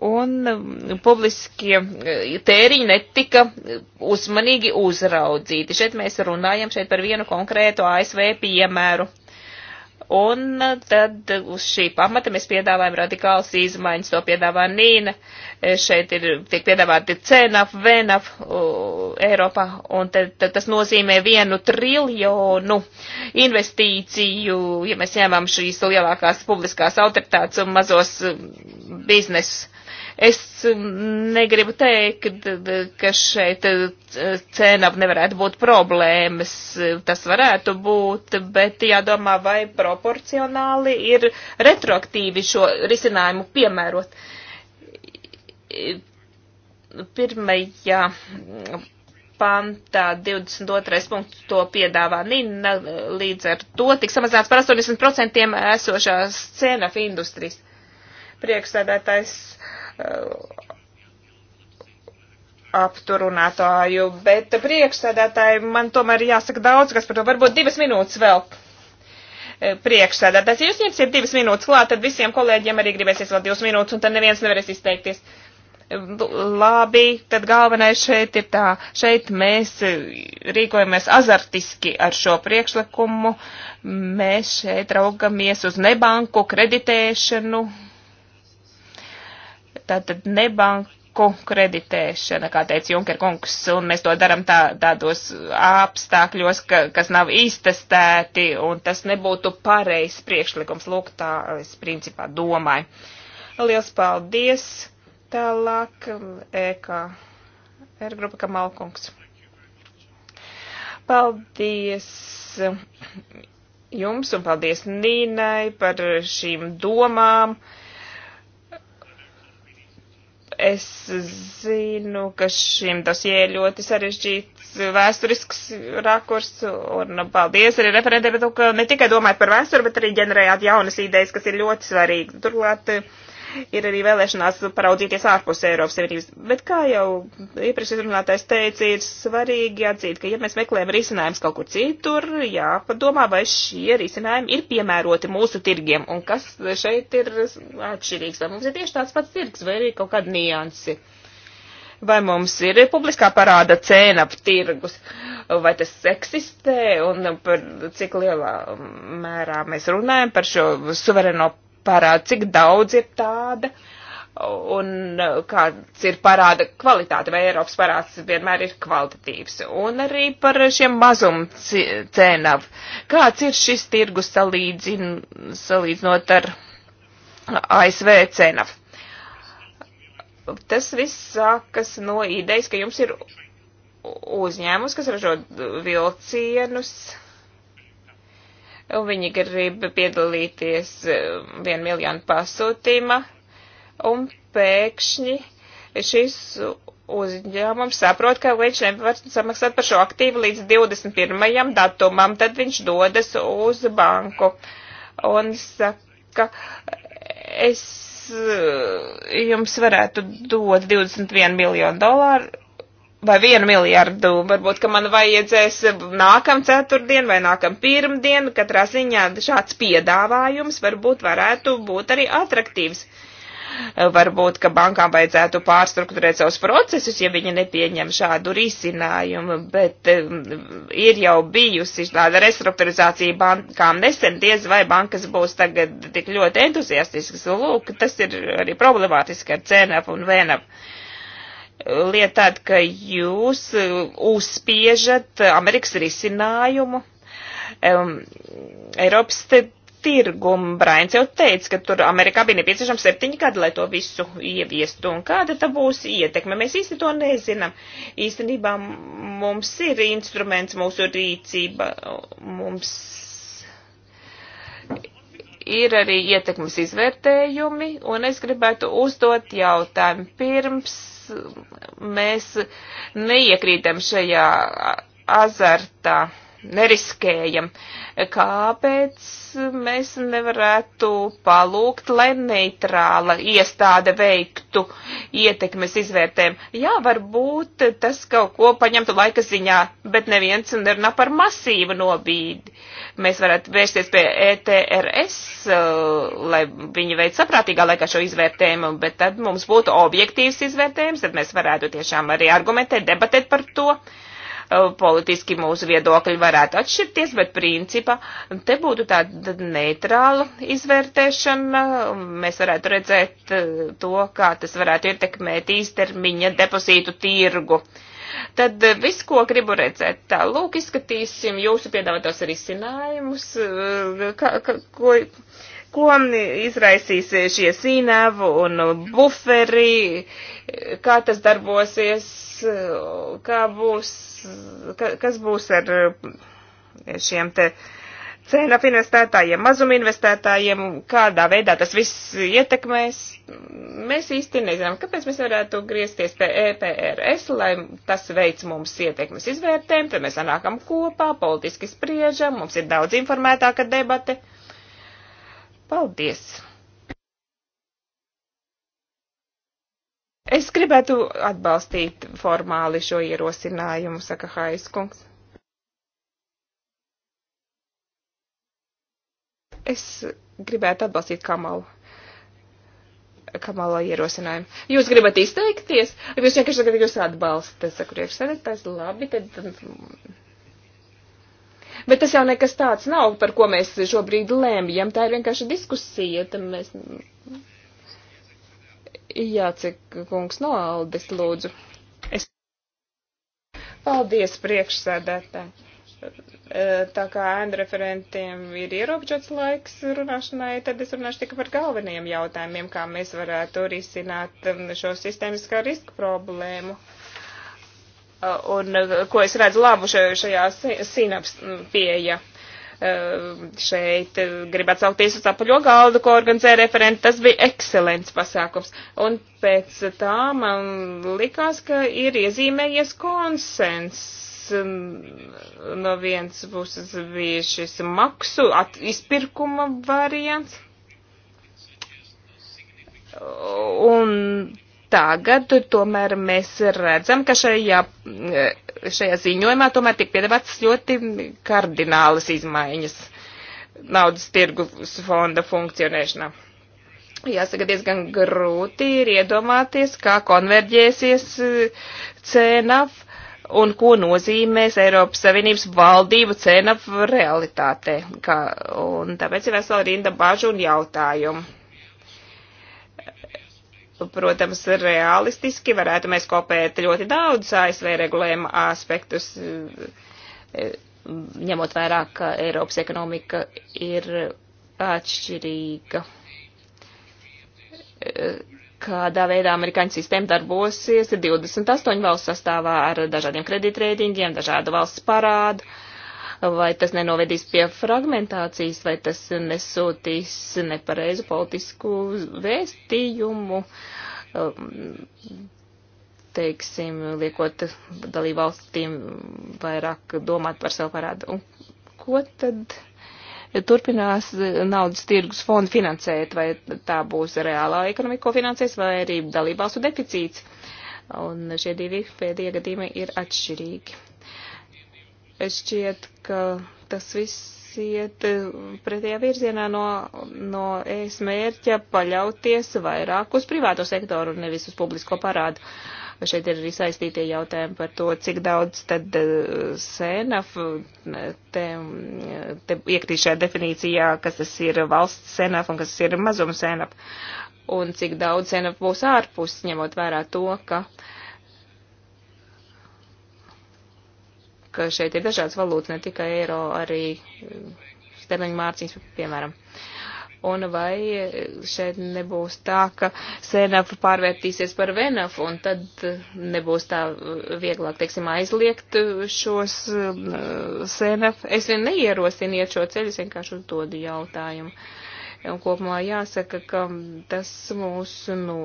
un um, publiskie e, tēriņi netika uzmanīgi uzraudzīti. Šeit mēs runājam šeit par vienu konkrētu ASV piemēru. Un e, tad uz šī pamata mēs piedāvājam radikālas izmaiņas, to piedāvā Nīna, e, šeit ir, tiek piedāvāti CENAF, VENAF uh, Eiropā, un tad, tad tas nozīmē vienu triljonu investīciju, ja mēs ņemam šīs lielākās publiskās autoritātes un mazos biznesus. Es negribu teikt, ka šeit e, cēna nevarētu būt problēmas. Tas varētu būt, bet jādomā, vai proporcionāli ir retroaktīvi šo risinājumu piemērot. Pirmajā pantā 22. punkts to piedāvā Nina, līdz ar to tiks samazināts par 80% esošās cēna industrijas. Priekšsēdētājs apturunātāju, bet priekšsēdētāji man tomēr jāsaka daudz, kas par to varbūt divas minūtes vēl e, priekšsēdētājs. Ja jūs ņemsiet divas minūtes klāt, tad visiem kolēģiem arī gribēsies vēl divas minūtes, un tad neviens nevarēs izteikties. E, labi, tad galvenais šeit ir tā, šeit mēs e, rīkojamies azartiski ar šo priekšlikumu, mēs šeit raugamies uz nebanku kreditēšanu, Tātad nebanku kreditēšana, kā teica Junker kungs, un mēs to daram tā, tādos apstākļos, ka, kas nav īstestēti, un tas nebūtu pareizs priekšlikums. Lūk, tā es principā domāju. Liels paldies! Tālāk, ēkā, um, e ir grupa Kamalkungs. Paldies! jums un paldies Nīnai par šīm domām. Es zinu, ka šim dosie ir ļoti sarežģīts vēsturisks rakurs, un paldies arī referentiem, ka ne tikai domājat par vēsturi, bet arī ģenerējāt jaunas idejas, kas ir ļoti svarīgi. Turklāt, uh, ir arī vēlēšanās paraudzīties ārpus Eiropas Savienības. Bet kā jau iepriekš izrunātais teica, ir svarīgi atzīt, ka ja mēs meklējam risinājumus kaut kur citur, jāpadomā, vai šie risinājumi ir piemēroti mūsu tirgiem un kas šeit ir atšķirīgs. Vai mums ir tieši tāds pats tirgs vai arī kaut kāda niansi? Vai mums ir publiskā parāda cēna ap tirgus, vai tas eksistē un par cik lielā mērā mēs runājam par šo suvereno parāda, cik daudz ir tāda un kāds ir parāda kvalitāte, vai Eiropas parāds vienmēr ir kvalitatīvs. Un arī par šiem mazumu cēnavu. Kāds ir šis tirgus salīdzin, salīdzinot ar ASV cēnavu? Tas viss sākas no idejas, ka jums ir uzņēmums, kas ražo vilcienus Viņi grib piedalīties um, vienu miljonu pasūtījumā, un pēkšņi šis uzņēmums saprot, ka viņš nevar samaksāt par šo aktīvu līdz 21. datumam, tad viņš dodas uz banku un saka, es uh, jums varētu dot 21 miljonu dolāru, vai vienu miljardu. Varbūt, ka man vajadzēs nākam ceturtdien vai nākam pirmdien. Katrā ziņā šāds piedāvājums varbūt varētu būt arī atraktīvs. Varbūt, ka bankām vajadzētu pārstrukturēt savus procesus, ja viņi nepieņem šādu risinājumu, bet um, ir jau bijusi tāda restruktūrizācija bankām nesen, diez vai bankas būs tagad tik ļoti entuziastiskas. Lūk, tas ir arī problemātiski ar CNF un VNF lietāt, ka jūs uh, uzspiežat Amerikas risinājumu um, Eiropas tirgumu. Brains jau teica, ka tur Amerikā bija nepieciešams septiņi gadi, lai to visu ieviestu. Un kāda tā būs ietekme? Mēs īsti to nezinām. Īstenībā mums ir instruments, mūsu rīcība, mums ir arī ietekmes izvērtējumi, un es gribētu uzdot jautājumu pirms mēs neiekrītam šajā azartā neriskējam. Kāpēc mēs nevarētu palūgt, lai neitrāla iestāde veiktu ietekmes izvērtēm? Jā, varbūt tas kaut ko paņemtu laika ziņā, bet neviens nerunā par masīvu nobīdi. Mēs varētu vērsties pie ETRS, uh, lai viņi veic saprātīgā laikā šo izvērtējumu, bet tad mums būtu objektīvs izvērtējums, tad mēs varētu tiešām arī argumentēt, debatēt par to. Uh, Uh, politiski mūsu viedokļi varētu atšķirties, bet principā te būtu tāda neitrāla izvērtēšana. Mēs varētu redzēt uh, to, kā tas varētu ietekmēt īstermiņa depozītu tirgu. Tad uh, viss, ko gribu redzēt, tā, lūk, izskatīsim jūsu piedāvātos risinājumus, ka, ka, ko, ko izraisīs šie sīnēvu un buferi, kā tas darbosies, kā būs kas būs ar eh, šiem te cenu apinvestētājiem, mazuminvestētājiem, kādā veidā tas viss ietekmēs. Mēs īsti nezinām, kāpēc mēs varētu griezties pie EPRS, lai tas veic mums ietekmes izvērtējumu, tad mēs sanākam kopā, politiski spriežam, mums ir daudz informētāka debate. Paldies! Es gribētu atbalstīt formāli šo ierosinājumu, saka Haiskungs. Es gribētu atbalstīt Kamalu. Kamala ierosinājumu. Jūs gribat izteikties? Jūs vienkārši sakat, jūs atbalstat, saku priekšsēdētājs, labi, tad. Bet tas jau nekas tāds nav, par ko mēs šobrīd lēmjam. Tā ir vienkārši diskusija, tad mēs Jācik kungs no Aldis, lūdzu. Es... Paldies priekšsēdētāji. E, tā kā ēnu referentiem ir ierobežots laiks runāšanai, tad es runāšu tikai par galvenajiem jautājumiem, kā mēs varētu risināt um, šo sistēmiskā riska problēmu. E, un e, ko es redzu labu šajā sinaps pieeja. Eh, šeit eh, gribētu saukties uz apaļo galdu, ko organizē referenti. Tas bija ekscelents pasākums. Un pēc tā man um, likās, ka ir iezīmējies konsens. Um, no vienas puses bija šis maksu at, izpirkuma variants. Un tagad tomēr mēs redzam, ka šajā, šajā ziņojumā tomēr tiek piedāvāts ļoti kardinālas izmaiņas naudas tirgus fonda funkcionēšanā. Jāsaka, diezgan grūti ir iedomāties, kā konverģēsies eh, CNF un ko nozīmēs Eiropas Savienības valdību CNF realitātē. Kā, un tāpēc ir vesela rinda bažu un jautājumu protams, realistiski varētu mēs kopēt ļoti daudz ASV regulējuma aspektus, e, e, ņemot vērā, ka Eiropas ekonomika ir atšķirīga. E, kādā veidā amerikāņu sistēma darbosies, ir 28 valsts sastāvā ar dažādiem kredītrēdingiem, dažādu valsts parādu. Uh, vai tas nenovedīs pie fragmentācijas, vai tas nesūtīs nepareizu politisku vēstījumu, um, teiksim, liekot dalībvalstīm vairāk domāt par savu parādu. Un ko tad turpinās naudas tirgus fondu finansēt, vai tā būs reālā ekonomika, ko finansēs, vai arī dalībvalstu deficīts? Un šie divi pēdējie gadījumi ir atšķirīgi šķiet, ka tas viss iet eh, pretējā virzienā no, no ES mērķa paļauties vairāk uz privāto sektoru un nevis uz publisko parādu. Šeit ir arī saistītie jautājumi par to, cik daudz tad eh, sēnaf te, te iekrīt šajā definīcijā, kas tas ir valsts sēnaf un kas tas ir mazums sēnaf, un cik daudz sēnaf būs ārpus, ņemot vērā to, ka uh, ka šeit ir dažādas valūtas, ne tikai eiro, arī eh, sterliņu mārciņas, piemēram. Un vai šeit nebūs tā, ka sēnafu pārvērtīsies par venafu, un tad eh, nebūs tā eh, vieglāk, teiksim, aizliegt šos sēnafu. Es vien neierosinu iet šo ceļu, es vienkārši uzdodu jautājumu. Un kopumā jāsaka, ka tas mūs, nu,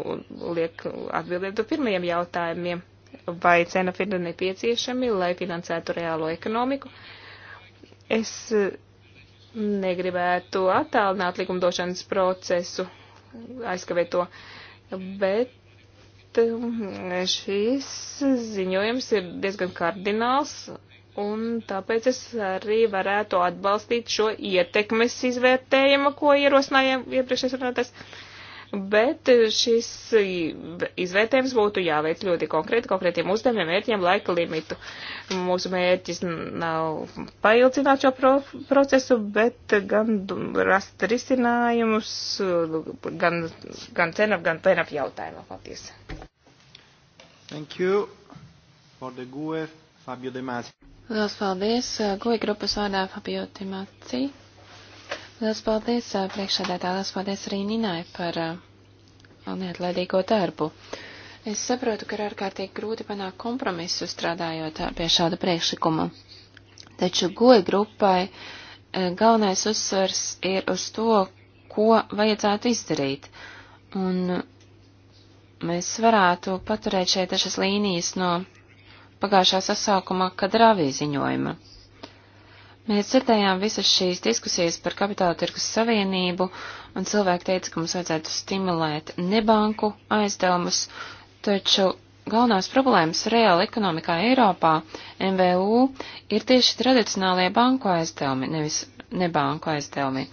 liek atbildēt par pirmajiem jautājumiem vai cenafi ir nepieciešami, lai finansētu reālo ekonomiku. Es eh, negribētu attālināt likumdošanas procesu, aizkavēt to, bet eh, šīs ziņojums ir diezgan kardināls, un tāpēc es arī varētu atbalstīt šo ietekmes izvērtējumu, ko ierosināja iepriekšējais runātājs. Ja bet šis izvērtējums būtu jāveic ļoti konkrēti, konkrētiem uzdevumiem, mērķiem, laika limitu. Mūsu mērķis nav pailcināt šo pro procesu, bet gan rast risinājumus gan, gan cenap, gan penap jautājumā. Paldies! Thank you for the GUE Fabio De Masi. Lielas paldies. Goja e grupas vārdā Fabio De Masi. Lielas paldies priekšsēdētā, lielas paldies arī Ninai par neatlaidīgo darbu. Es saprotu, ka ir ārkārtīgi grūti panākt kompromisu strādājot pie šāda priekšlikuma. Taču goja grupai galvenais uzsvers ir uz to, ko vajadzētu izdarīt. Un mēs varētu paturēt šeit dažas līnijas no pagājušā sasākuma, kad rāvīja ziņojuma. Mēs dzirdējām visas šīs diskusijas par kapitāla tirkus savienību, un cilvēki teica, ka mums vajadzētu stimulēt nebanku aizdevumus, taču galvenās problēmas reāla ekonomikā Eiropā, MVU, ir tieši tradicionālie banku aizdevumi, nevis nebanku aizdevumi.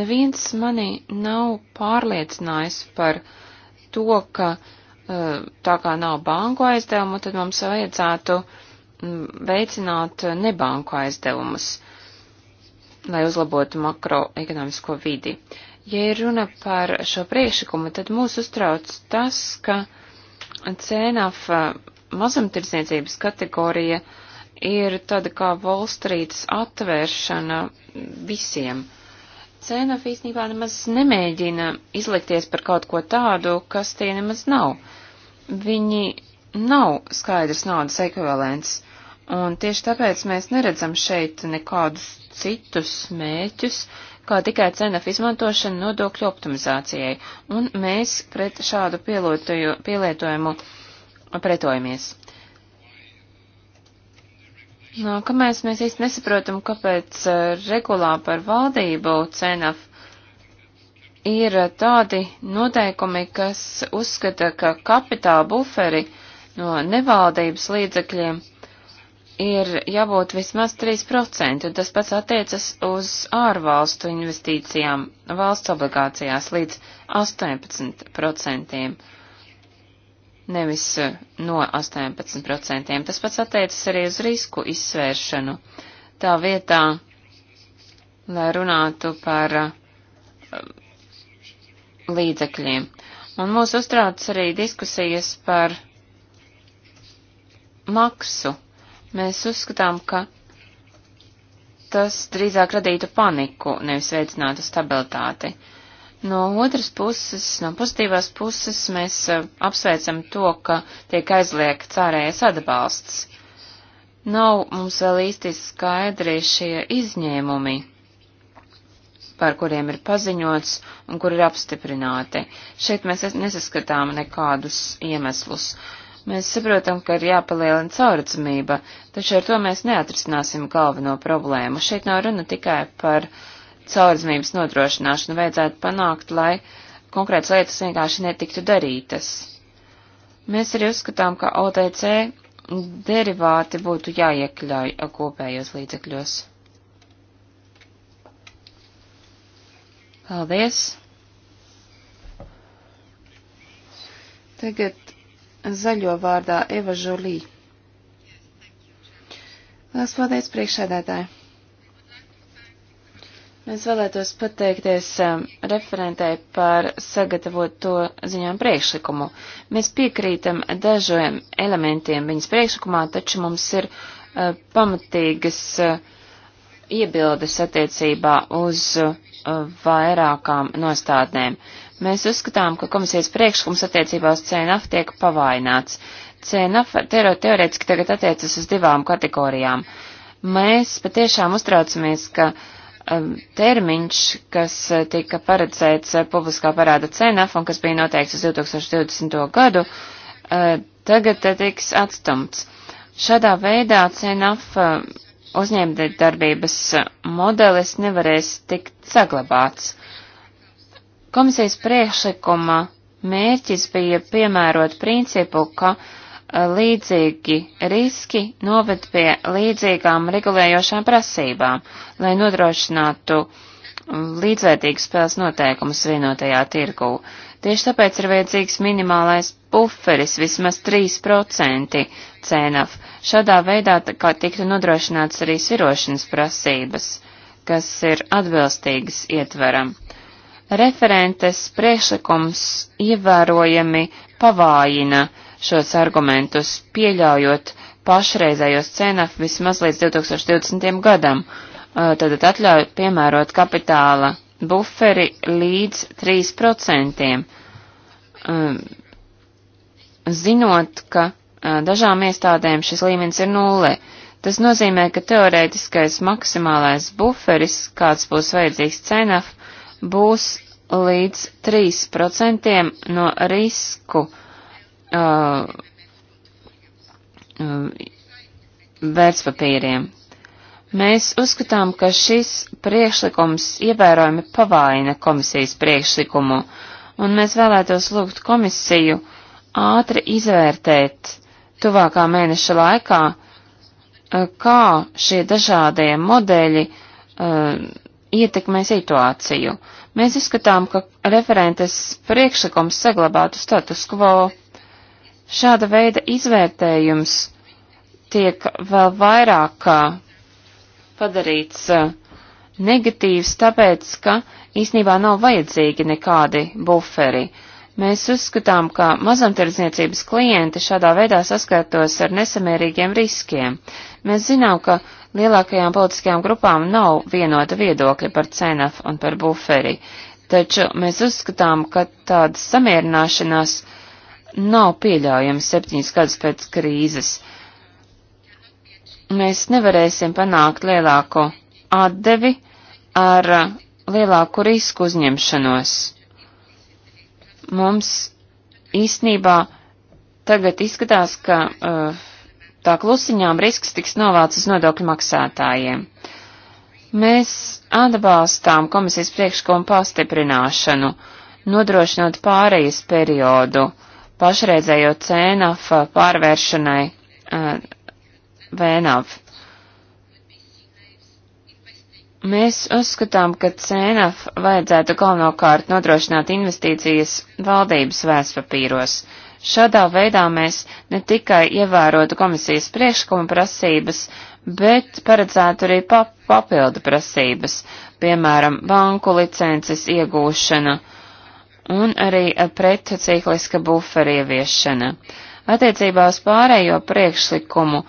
Neviens mani nav pārliecinājis par to, ka eh, tā kā nav banku aizdevumu, tad mums vajadzētu mm, veicināt nebanku aizdevumus lai uzlabotu makroekonomisko vidi. Ja ir runa par šo priekšlikumu, tad mūs uztrauc tas, ka CNF uh, mazumtirdzniecības kategorija ir tāda kā Volstrītas atvēršana visiem. CNF īstenībā nemaz nemēģina izlikties par kaut ko tādu, kas tie nemaz nav. Viņi nav skaidrs naudas ekvivalents. Un tieši tāpēc mēs neredzam šeit nekādus citus mēķus, kā tikai cenafu izmantošanu nodokļu optimizācijai, un mēs pret šādu pielietojumu pretojamies. Nākamais mēs īsti nesaprotam, kāpēc eh, regulā par valdību cenaf ir tādi noteikumi, kas uzskata, ka kapitāla buferi no nevaldības līdzekļiem ir jābūt vismaz 3%, un tas pats attiecas uz ārvalstu investīcijām valsts obligācijās līdz 18%, nevis no 18%. Tas pats attiecas arī uz risku izsvēršanu. Tā vietā, lai runātu par uh, līdzekļiem. Un mūs uztrauc arī diskusijas par maksu Mēs uzskatām, ka tas drīzāk radītu paniku, nevis veicinātu stabilitāti. No otras puses, no pozitīvās puses, mēs eh, apsveicam to, ka tiek aizliegts ārējais atbalsts. Nav mums vēl īsti skaidri šie izņēmumi, par kuriem ir paziņots un kur ir apstiprināti. Šeit mēs nesaskatām nekādus iemeslus. Uh, Mēs saprotam, ka ir jāpalielina caurdzamība, taču ar to mēs neatrisināsim galveno problēmu. Šeit nav runa tikai par caurdzamības nodrošināšanu, vajadzētu panākt, lai konkrētas lietas vienkārši netiktu darītas. Mēs arī uzskatām, ka OTC derivāti būtu jāiekļauj kopējos līdzekļos. Paldies! Tagad zaļo vārdā Eva Žolī. Lielas paldies priekšsēdētāji. Mēs vēlētos pateikties um, referentei par sagatavoto ziņām priekšlikumu. Mēs piekrītam dažiem elementiem viņas priekšlikumā, taču mums ir uh, pamatīgas uh, iebildes attiecībā uz uh, vairākām nostādnēm. Mēs uzskatām, ka komisijas priekšlikums attiecībā uz CNF tiek pavaināts. CNF teorētiski tagad attiecas uz divām kategorijām. Mēs patiešām uztraucamies, ka um, termiņš, kas uh, tika paredzēts uh, publiskā parāda CNF un kas bija noteikts uz 2020. gadu, uh, tagad uh, tiks atstumts. Šādā veidā CNF uzņēmdarbības modelis nevarēs tikt saglabāts. Komisijas priekšlikuma mērķis bija piemērot principu, ka e, līdzīgi riski noved pie līdzīgām regulējošām prasībām, lai nodrošinātu līdzvērtīgas spēles noteikumus vienotajā tirgū. Tieši tāpēc ir vajadzīgs minimālais buferis vismaz 3% cēnaf. Šādā veidā kā tiktu nodrošināts arī svirošanas prasības, kas ir atbilstīgas ietveram. Referentes priekšlikums ievērojami pavājina šos argumentus, pieļaujot pašreizējos cenaf vismaz līdz 2020. gadam, tad atļauj piemērot kapitāla buferi līdz 3%, zinot, ka dažām iestādēm šis līmenis ir nulle. Tas nozīmē, ka teorētiskais maksimālais buferis, kāds būs vajadzīgs cenaf, būs līdz 3% no risku uh, uh, vērtspapīriem. Mēs uzskatām, ka šis priekšlikums ievērojami pavaina komisijas priekšlikumu, un mēs vēlētos lūgt komisiju ātri izvērtēt tuvākā mēneša laikā, uh, kā šie dažādie modeļi uh, ietekmē situāciju. Mēs izskatām, ka referentes priekšlikums saglabātu status quo. Šāda veida izvērtējums tiek vēl vairāk padarīts negatīvs, tāpēc, ka īsnībā nav vajadzīgi nekādi buferi. Mēs uzskatām, ka mazumtirdzniecības klienti šādā veidā saskartos ar nesamērīgiem riskiem. Mēs zinām, ka Lielākajām politiskajām grupām nav vienota viedokļa par cenafu un par buferi, taču mēs uzskatām, ka tāda samierināšanās nav pieļaujama septiņas gadus pēc krīzes. Mēs nevarēsim panākt lielāko atdevi ar lielāku risku uzņemšanos. Mums īstenībā tagad izskatās, ka uh, tā klusiņām risks tiks novāc uz nodokļu maksātājiem. Mēs atbalstām komisijas priekšlikumu pastiprināšanu, nodrošinot pārejas periodu pašreizējo cēnaf pārvēršanai uh, eh, vēnav. Mēs uzskatām, ka cēnaf vajadzētu galvenokārt nodrošināt investīcijas valdības vēstpapīros, Šādā veidā mēs ne tikai ievērotu komisijas priekšlikuma prasības, bet paredzētu arī pap papildu prasības, piemēram, banku licences iegūšana un arī eh, pretcīkliska buferi ieviešana. Attiecībā uz pārējo priekšlikumu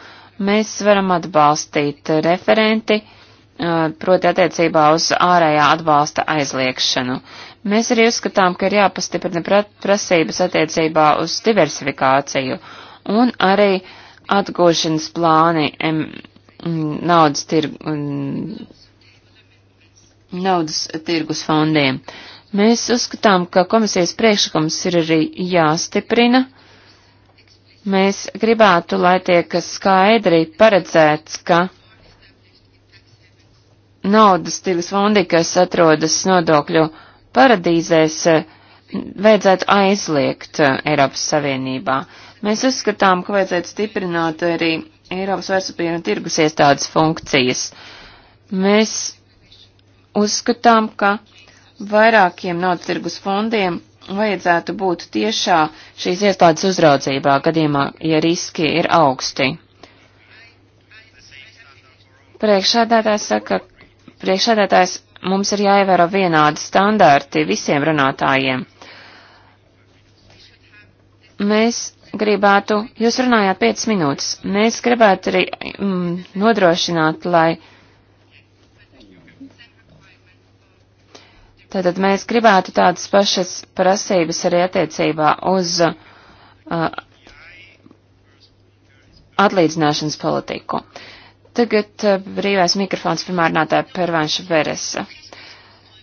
mēs varam atbalstīt referenti, eh, proti attiecībā uz ārējā atbalsta aizliekšanu. Mēs arī uzskatām, ka ir jāpastiprina prasības attiecībā uz diversifikāciju un arī atgūšanas plāni em, mm, naudas, tirg, um, mm, naudas tirgus fondiem. Mēs uzskatām, ka komisijas priekšlikums ir arī jāstiprina. Mēs gribētu, lai tiek skaidri paredzēts, ka naudas tirgus fondi, kas atrodas nodokļu paradīzēs eh, vajadzētu aizliegt eh, Eiropas Savienībā. Mēs uzskatām, ka vajadzētu stiprināt arī Eiropas vērtspapīra tirgus iestādes funkcijas. Mēs uzskatām, ka vairākiem naudas tirgus fondiem vajadzētu būt tiešā šīs iestādes uzraudzībā gadījumā, ja riski ir augsti. Priekšādātājs saka, priekšādātājs mums ir jāievēro vienādi standarti visiem runātājiem. Mēs gribētu, jūs runājāt 5 minūtes, mēs gribētu arī mm, nodrošināt, lai. Tātad mēs gribētu tādas pašas prasības arī attiecībā uz uh, atlīdzināšanas politiku. Uh, Tagad eh, brīvais mikrofons pirmā runātāja Pervanša Veresa.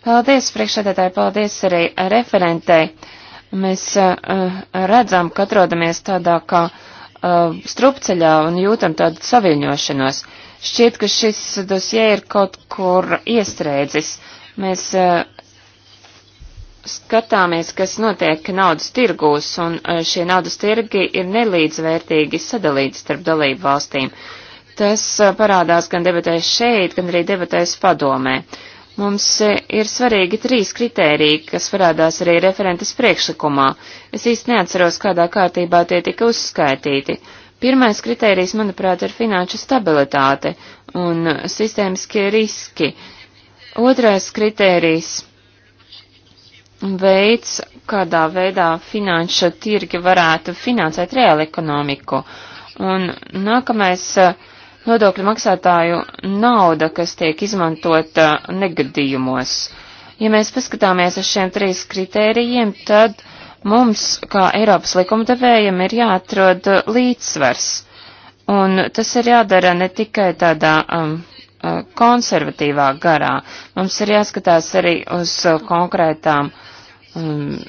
Paldies, priekšsēdētāji, paldies arī referentei. Mēs uh, redzam, ka atrodamies tādā kā uh, strupceļā un jūtam tādu saviņošanos. Šķiet, ka šis dosie ir kaut kur iestrēdzis. Mēs uh, skatāmies, kas notiek naudas tirgūs, un šie naudas tirgi ir nelīdzvērtīgi sadalīti starp dalību valstīm. Uh, Tas eh, parādās gan debatēs šeit, gan arī debatēs padomē. Mums eh, ir svarīgi trīs kritēriji, kas parādās arī referentes priekšlikumā. Es īsti neatceros, kādā kārtībā tie tika uzskaitīti. Pirmais kritērijs, manuprāt, ir finanšu stabilitāte un sistēmiskie riski. Otrais kritērijs - veids, kādā veidā finanšu tirgi varētu finansēt reāli ekonomiku. Un nākamais uh, nodokļu maksātāju nauda, kas tiek izmantota negadījumos. Ja mēs paskatāmies uz šiem trīs kritērijiem, tad mums, kā Eiropas likumdevējiem, ir jāatrod līdzsvars. Un tas ir jādara ne tikai tādā um, uh, konservatīvā garā. Mums ir jāskatās arī uz konkrētām um,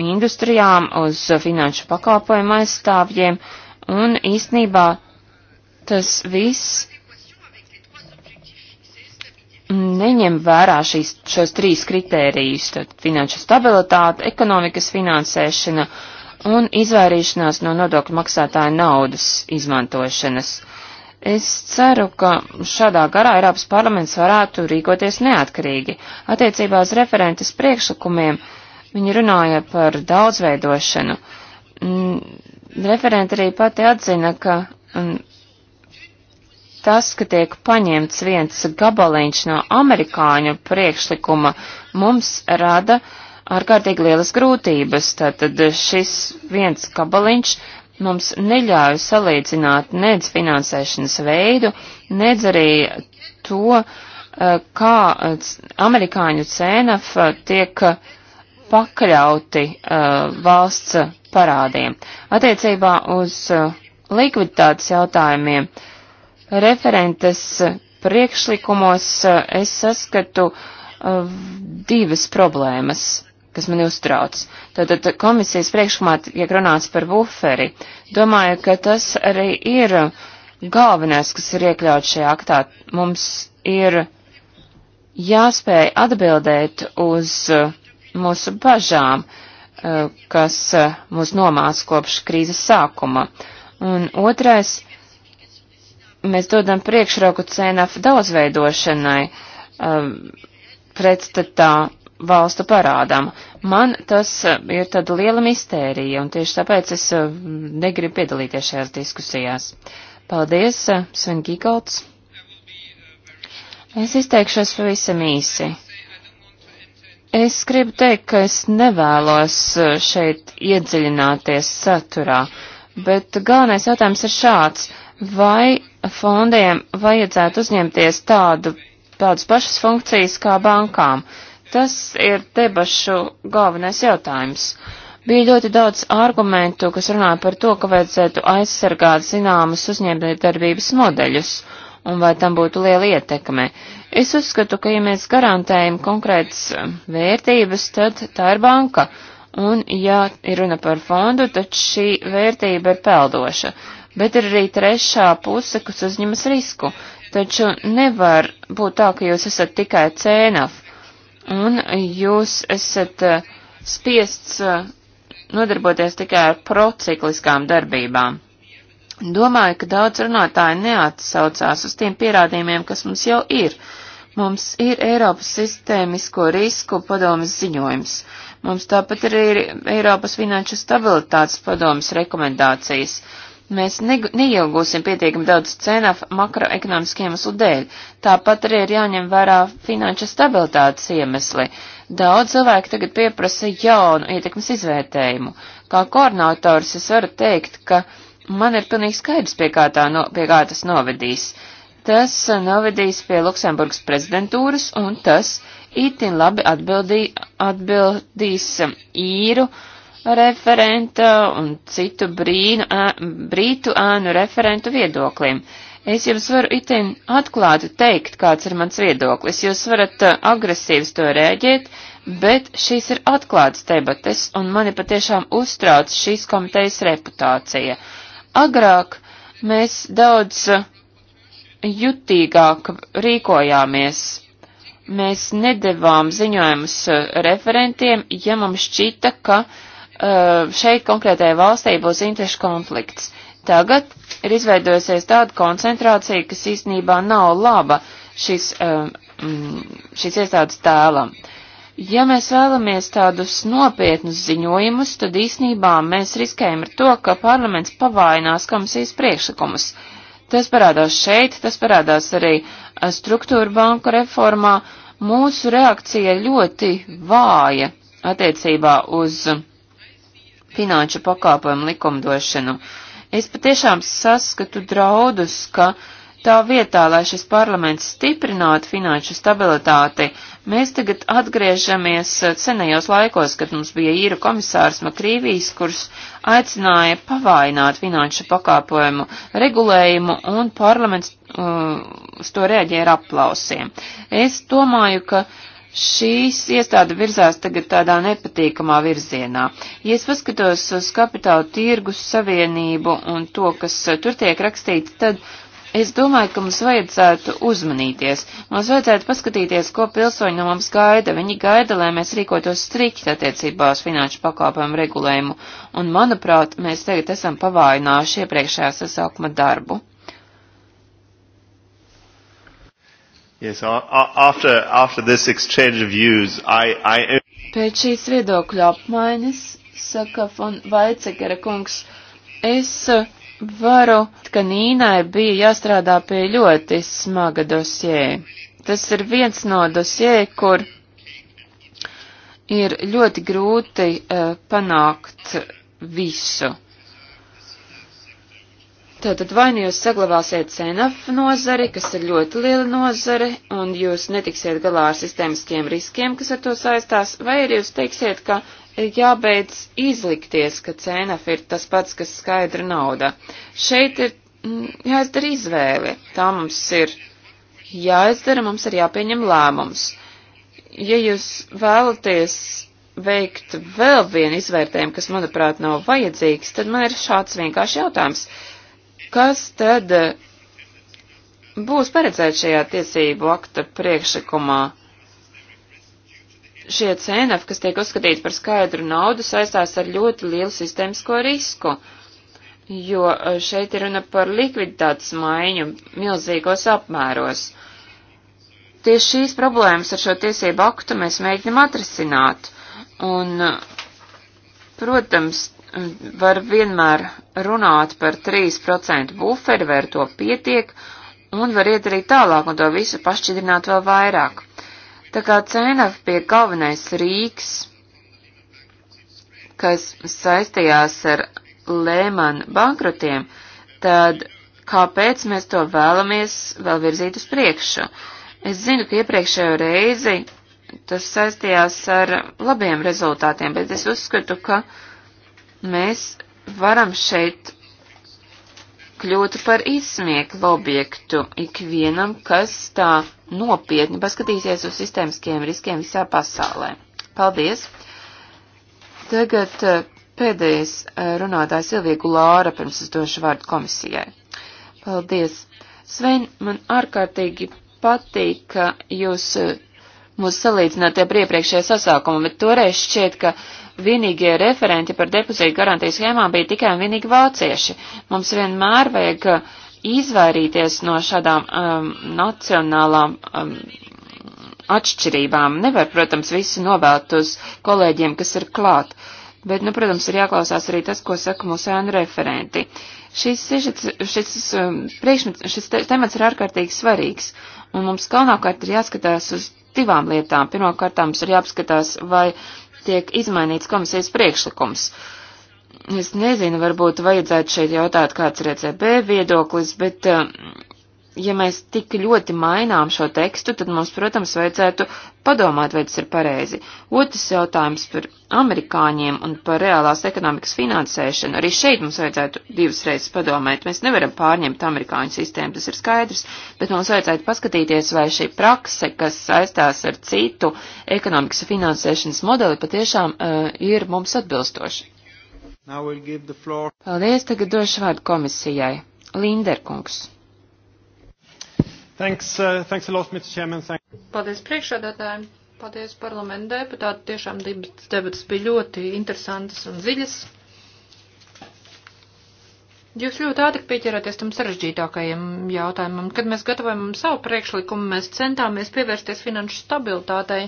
industrijām, uz finanšu pakalpojumu aizstāvjiem, un īstenībā tas viss neņem vērā šīs, šos trīs kritērijus - finanšu stabilitāte, ekonomikas finansēšana un izvairīšanās no nodokļu maksātāja naudas izmantošanas. Es ceru, ka šādā garā Eiropas parlaments varētu rīkoties neatkarīgi. Attiecībā uz referentes priekšlikumiem viņi runāja par daudzveidošanu. Mm, Referente arī pati atzina, ka tas, ka tiek paņemts viens gabaliņš no amerikāņu priekšlikuma, mums rada ārkārtīgi lielas grūtības. Tātad šis viens gabaliņš mums neļauj salīdzināt nedz finansēšanas veidu, nedz arī to, eh, kā eh, amerikāņu cēnaf tiek pakļauti eh, valsts parādiem. Attiecībā uz likviditātes jautājumiem Referentes priekšlikumos es saskatu uh, divas problēmas, kas mani uztrauc. Tātad komisijas priekšlikumā tiek runāts par buferi. Domāju, ka tas arī ir galvenais, kas ir iekļauts šajā aktā. Mums ir jāspēj atbildēt uz eh, mūsu bažām, eh, kas mūs nomāca kopš krīzes sākuma. Un otrais, mēs dodam priekšroku cēnaf daudzveidošanai um, pretstatā valstu parādām. Man tas uh, ir tāda liela mistērija, un tieši tāpēc es uh, negribu piedalīties šajās diskusijās. Paldies, uh, Sven Gigalds. Es izteikšos pavisam īsi. Es gribu teikt, ka es nevēlos šeit iedziļināties saturā, bet galvenais jautājums ir šāds. Vai fondiem vajadzētu uzņemties tādu, tādas pašas funkcijas kā bankām. Tas ir debašu galvenais jautājums. Bija ļoti daudz argumentu, kas runāja par to, ka vajadzētu aizsargāt zināmas uzņēmējdarbības modeļus un vai tam būtu liela ietekme. Es uzskatu, ka ja mēs garantējam konkrētas vērtības, tad tā ir banka. Un, ja ir runa par fondu, tad šī vērtība ir peldoša bet ir arī trešā puse, kas uzņemas risku. Taču nevar būt tā, ka jūs esat tikai cēnaf, un jūs esat eh, spiests eh, nodarboties tikai ar procikliskām darbībām. Domāju, ka daudz runātāji neatsaucās uz tiem pierādījumiem, kas mums jau ir. Mums ir Eiropas sistēmisko risku padomas ziņojums. Mums tāpat arī ir Eiropas finanšu stabilitātes padomas rekomendācijas. Mēs ne, neiegūsim pietiekami daudz cenaf makroekonomiskiem iemeslu dēļ. Tāpat arī ir jāņem vērā finanšu stabilitātes iemesli. Daudz cilvēku tagad pieprasa jaunu ietekmes izvērtējumu. Kā koordinators es varu teikt, ka man ir pilnīgi skaidrs, pie kā, tā no, pie kā tas novedīs. Tas novedīs pie Luksemburgas prezidentūras un tas itin labi atbildī, atbildīs īru. Uh, referenta un citu brīnu, brītu ānu referentu viedoklim. Es jums varu itin atklāti teikt, kāds ir mans viedoklis. Jūs varat agresīvs to rēģēt, bet šīs ir atklātas debates, un mani patiešām uztrauc šīs komitejas reputācija. Agrāk mēs daudz jutīgāk rīkojāmies mēs nedavām ziņojumus referentiem, ja mums šķita, ka Uh, šeit konkrētajai valstī būs interešu konflikts. Tagad ir izveidojusies tāda koncentrācija, kas īstenībā nav laba šis, um, mm, šis iestādes tēlam. Ja mēs vēlamies tādus nopietnus ziņojumus, tad īsnībā mēs riskējam ar to, ka parlaments pavainās komisijas priekšlikumus. Tas parādās šeit, tas parādās arī uh, struktūra banku reformā. Mūsu reakcija ļoti vāja attiecībā uz uh, finanšu pakāpojumu likumdošanu. Es patiešām saskatu draudus, ka tā vietā, lai šis parlaments stiprinātu finanšu stabilitāti, mēs tagad atgriežamies senajos laikos, kad mums bija īra komisārs Makrīvijs, kurš aicināja pavainot finanšu pakāpojumu regulējumu, un parlaments uh, uz to rēģēja ar aplausiem. Es domāju, ka uh, šīs iestāde virzās tagad tādā nepatīkamā virzienā. Ja es paskatos uz kapitāla tirgus savienību un to, kas eh, tur tiek rakstīts, tad es domāju, ka mums vajadzētu uzmanīties. Mums vajadzētu paskatīties, ko pilsoņi no mums gaida. Viņi gaida, lai mēs rīkotos strikti attiecībā uz finanšu pakāpojumu regulējumu, un, manuprāt, mēs tagad esam pavājinājuši iepriekšējā sasaukuma darbu. Yes, after, after this exchange of views, I, I... Pēc šīs viedokļa apmaiņas, saka Fon Vaicekera kungs, es uh, varu, ka Nīnai bija jāstrādā pie ļoti smaga dosjē. Tas ir viens no dosjē, kur ir ļoti grūti uh, panākt visu. Tātad vai nu jūs saglabāsiet CNF nozari, kas ir ļoti liela nozare, un jūs netiksiet galā ar sistēmiskiem riskiem, kas ar to saistās, vai arī jūs teiksiet, ka ir jābeidz izlikties, ka CNF ir tas pats, kas skaidra nauda. Šeit ir mm, jāizdara izvēle. Tā mums ir jāizdara, mums ir jāpieņem lēmums. Ja jūs vēlaties veikt vēl vienu izvērtējumu, kas, manuprāt, nav vajadzīgs, tad man ir šāds vienkārši jautājums Kas tad eh, būs paredzēts šajā tiesību akta priekšlikumā? Šie cēnafi, kas tiek uzskatīti par skaidru naudu, saistās ar ļoti lielu sistēmisko risku, jo eh, šeit ir runa par likviditātes maiņu milzīgos apmēros. Tieši šīs problēmas ar šo tiesību aktu mēs mēģinam atrisināt, un, eh, protams, var vienmēr runāt par 3% buferi, vai ar to pietiek, un var iet arī tālāk un to visu pašķidrināt vēl vairāk. Tā kā CNF bija galvenais rīks, kas saistījās ar Lēman bankrotiem, tad kāpēc mēs to vēlamies vēl virzīt uz priekšu? Es zinu, ka iepriekšējo reizi tas saistījās ar labiem rezultātiem, bet es uzskatu, ka uh, mēs varam šeit kļūt par izsmieklu objektu ikvienam, kas tā nopietni paskatīsies uz sistēmiskiem riskiem visā pasaulē. Paldies! Tagad eh, pēdējais eh, runātājs Ilvīgu Lāra, pirms es došu vārdu komisijai. Paldies! Svein, man ārkārtīgi patīk, ka jūs eh, mūsu salīdzinotie priepriekšējā sasākuma, bet toreiz šķiet, ka vienīgie referenti par depozītu garantijas schēmām bija tikai un vienīgi vācieši. Mums vienmēr vajag uh, izvairīties no šādām um, nacionālām um, atšķirībām. Nevar, protams, visu novēlt uz kolēģiem, kas ir klāt, bet, nu, protams, ir jāklausās arī tas, ko saka mūsu ēnu referenti. Šis, šis, šis, um, priekšmets, šis te, temats ir ārkārtīgi svarīgs, un mums galvenokārt ir jāskatās uz divām lietām. Pirmkārt, mums ir jāapskatās, vai tiek izmainīts komisijas priekšlikums. Es nezinu, varbūt vajadzētu šeit jautāt, kāds ir ECB viedoklis, bet uh, ja mēs tik ļoti mainām šo tekstu, tad mums, protams, vajadzētu padomāt, vai tas ir pareizi. Otrs jautājums par amerikāņiem un par reālās ekonomikas finansēšanu. Arī šeit mums vajadzētu divas reizes padomāt. Mēs nevaram pārņemt amerikāņu sistēmu, tas ir skaidrs, bet mums vajadzētu paskatīties, vai šī prakse, kas saistās ar citu ekonomikas finansēšanas modeli, patiešām uh, ir mums atbilstoši. We'll Paldies, tagad došu vārdu komisijai. Linderkungs. Thanks, uh, thanks a lot, Mr. Chairman. Thank Paldies priekšādātājiem. Paldies parlamentu deputātu. Tiešām debatas bija ļoti interesantas un dziļas. Jūs ļoti ātri pieķeraties tam sarežģītākajam jautājumam. Kad mēs gatavojam savu priekšlikumu, mēs centāmies pievērsties finanšu stabilitātei,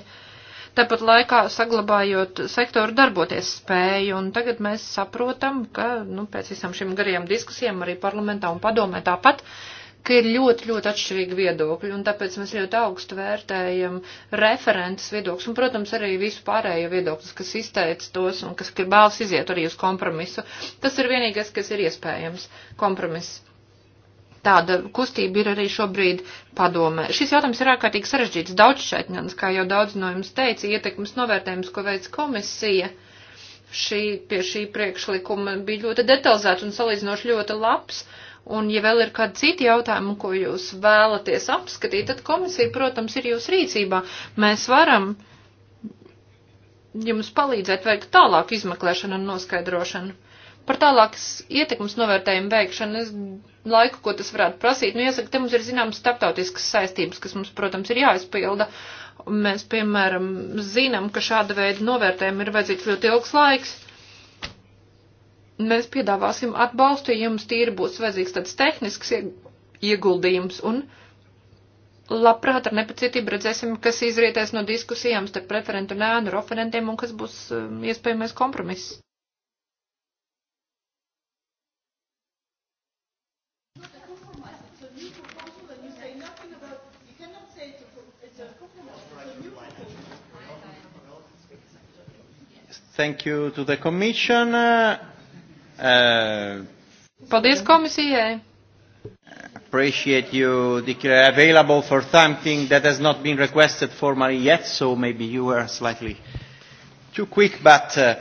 tāpat laikā saglabājot sektoru darboties spēju, un tagad mēs saprotam, ka, nu, pēc visām šīm garajām diskusijām arī parlamentā un padomē tāpat, uh, ka ir ļoti, ļoti atšķirīgi viedokļi, un tāpēc mēs ļoti augstu vērtējam referentes viedokļus, un, protams, arī visu pārējo viedokļus, kas izteica tos un kas vēlas iziet arī uz kompromisu. Tas ir vienīgais, kas ir iespējams - kompromiss. Tāda kustība ir arī šobrīd padomē. Šis jautājums ir ārkārtīgi sarežģīts, daudzšķaitņans, kā jau daudz no jums teica, ietekmes novērtējums, ko veids komisija šī, pie šī priekšlikuma bija ļoti detalizēts un salīdzinoši ļoti labs. Uh, Un, ja vēl ir kādi citi jautājumi, ko jūs vēlaties apskatīt, tad komisija, protams, ir jūs rīcībā. Mēs varam jums palīdzēt veikt tālāk izmeklēšanu un noskaidrošanu. Par tālākas ietekmes novērtējumu veikšanu es laiku, ko tas varētu prasīt, nu iesaka, te mums ir zināmas starptautiskas saistības, kas mums, protams, ir jāizpilda. Mēs, piemēram, zinām, ka šāda veida novērtējumi ir vajadzīgs ļoti ilgs laiks mēs piedāvāsim atbalstu, ja jums tīri būs vajadzīgs tāds tehnisks ieguldījums un labprāt ar nepacietību redzēsim, kas izrietēs no diskusijām starp referentu un ēnu referentiem un kas būs um, iespējamais kompromiss. Thank you to the Commission. Uh, Uh, Paldies komisijai! Appreciate you declare available for something that has not been requested formally yet, so maybe you were slightly too quick, but. Uh,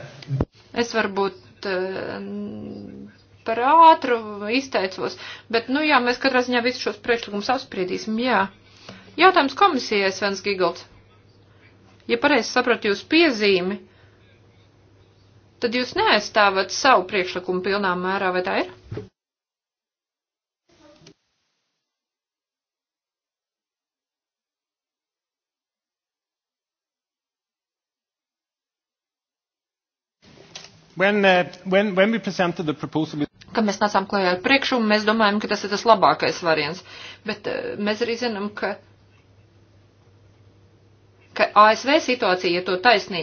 es varbūt uh, par ātru izteicos, bet, nu jā, mēs katrā ziņā visus šos priekšlikumus apspriedīsim, jā. Jautājums komisijai, Svens Gigolds. Ja pareizi sapratu jūs piezīmi, tad jūs neaizstāvat savu priekšlikumu pilnā mērā, vai tā ir? When, uh, when, when we presented the proposal, kad mēs nācām klajā ar priekšumu, mēs domājam, ka tas ir tas labākais variants, bet uh, mēs arī zinām, ka ka ASV situācija, ja to taisnī,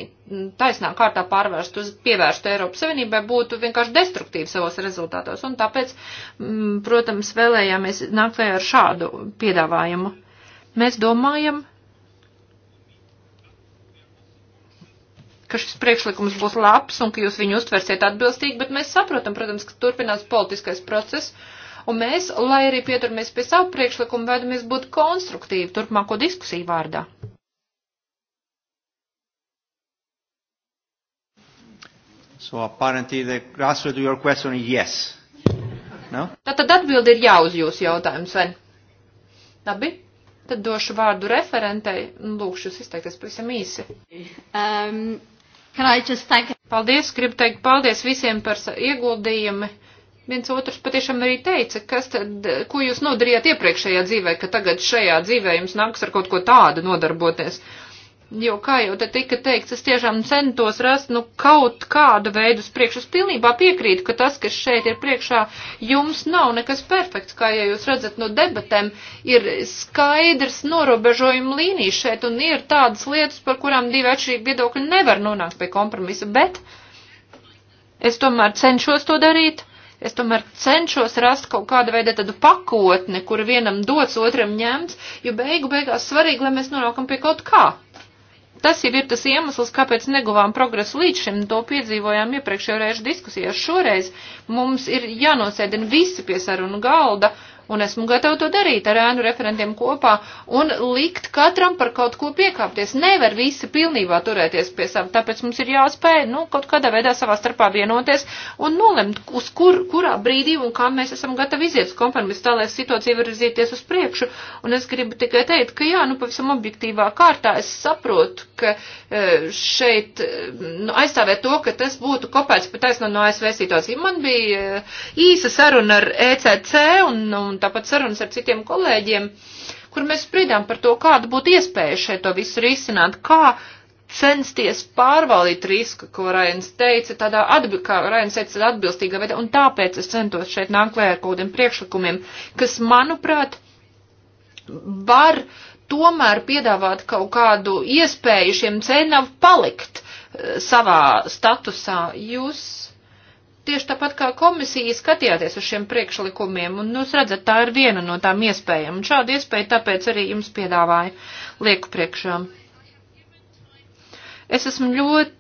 taisnā kārtā pārvērst uz pievērstu Eiropas Savienībai, būtu vienkārši destruktīva savos rezultātos. Un tāpēc, m, mm, protams, vēlējāmies nākt klajā ar šādu piedāvājumu. Mēs domājam, ka šis priekšlikums būs labs un ka jūs viņu uztversiet atbilstīgi, bet mēs saprotam, protams, ka turpinās politiskais process, un mēs, lai arī pieturamies pie savu priekšlikumu, vēdamies būt konstruktīvi turpmāko diskusiju vārdā. So apparently the answer to your question is yes. No? Tātad atbildi ir jā uz jūsu jautājumu, Sven. Labi? Tad došu vārdu referentei un lūkšu jūs izteikties pavisam īsi. Um, thank... Paldies, gribu teikt paldies visiem par ieguldījumi. Viens otrs patiešām arī teica, kas tad, ko jūs nodarījāt iepriekšējā dzīvē, ka tagad šajā dzīvē jums nāks ar kaut ko tādu nodarboties. Uh, Jo, kā jau te tika teikts, es tiešām centos rast, nu, kaut kādu veidu priekš. Es pilnībā piekrītu, ka tas, kas šeit ir priekšā, jums nav nekas perfekts, kā ja jūs redzat no debatēm, ir skaidrs norobežojuma līnijas šeit, un ir tādas lietas, par kurām divi atšķirīgi viedokļi nevar nonākt pie kompromisa, bet es tomēr cenšos to darīt. Es tomēr cenšos rast kaut kādu veidu tādu pakotni, kur vienam dots, otram ņemts, jo beigu beigās svarīgi, lai mēs nonākam pie kaut kā. Tas jau ir tas iemesls, kāpēc neguvām progresu līdz šim, to piedzīvojām iepriekšējo reižu diskusijās. Šoreiz mums ir jānosēdina visi pie sarunu galda un esmu gatava to darīt ar ēnu referentiem kopā un likt katram par kaut ko piekāpties. Nevar visi pilnībā turēties pie sava, tāpēc mums ir jāspēj, nu, kaut kādā veidā savā starpā vienoties un nolemt, uz kur, kurā brīdī un kā mēs esam gatavi iziet uz kompromisu, tā lai situācija var virzīties uz priekšu. Un es gribu tikai teikt, ka jā, nu, pavisam objektīvā kārtā es saprotu, ka e, šeit e, nu, aizstāvēt to, ka tas būtu kopēts pat taisno no ASV situācija. Man bija e, īsa saruna ar ECC un, un un tāpat sarunas ar citiem kolēģiem, kur mēs spriedām par to, kāda būtu iespēja šeit to visu risināt, kā censties pārvaldīt risku, ko Rains teica, tādā atbi, kā Rains teica, tādā atbilstīgā veidā, un tāpēc es centos šeit nākt klē ar kaut kādiem priekšlikumiem, kas, manuprāt, var tomēr piedāvāt kaut kādu iespēju šiem cenavu palikt eh, savā statusā. Jūs tieši tāpat kā komisija skatījāties uz šiem priekšlikumiem, un jūs nu, redzat, tā ir viena no tām iespējām, un šādu iespēju tāpēc arī jums piedāvāju lieku priekšā. Es esmu ļoti,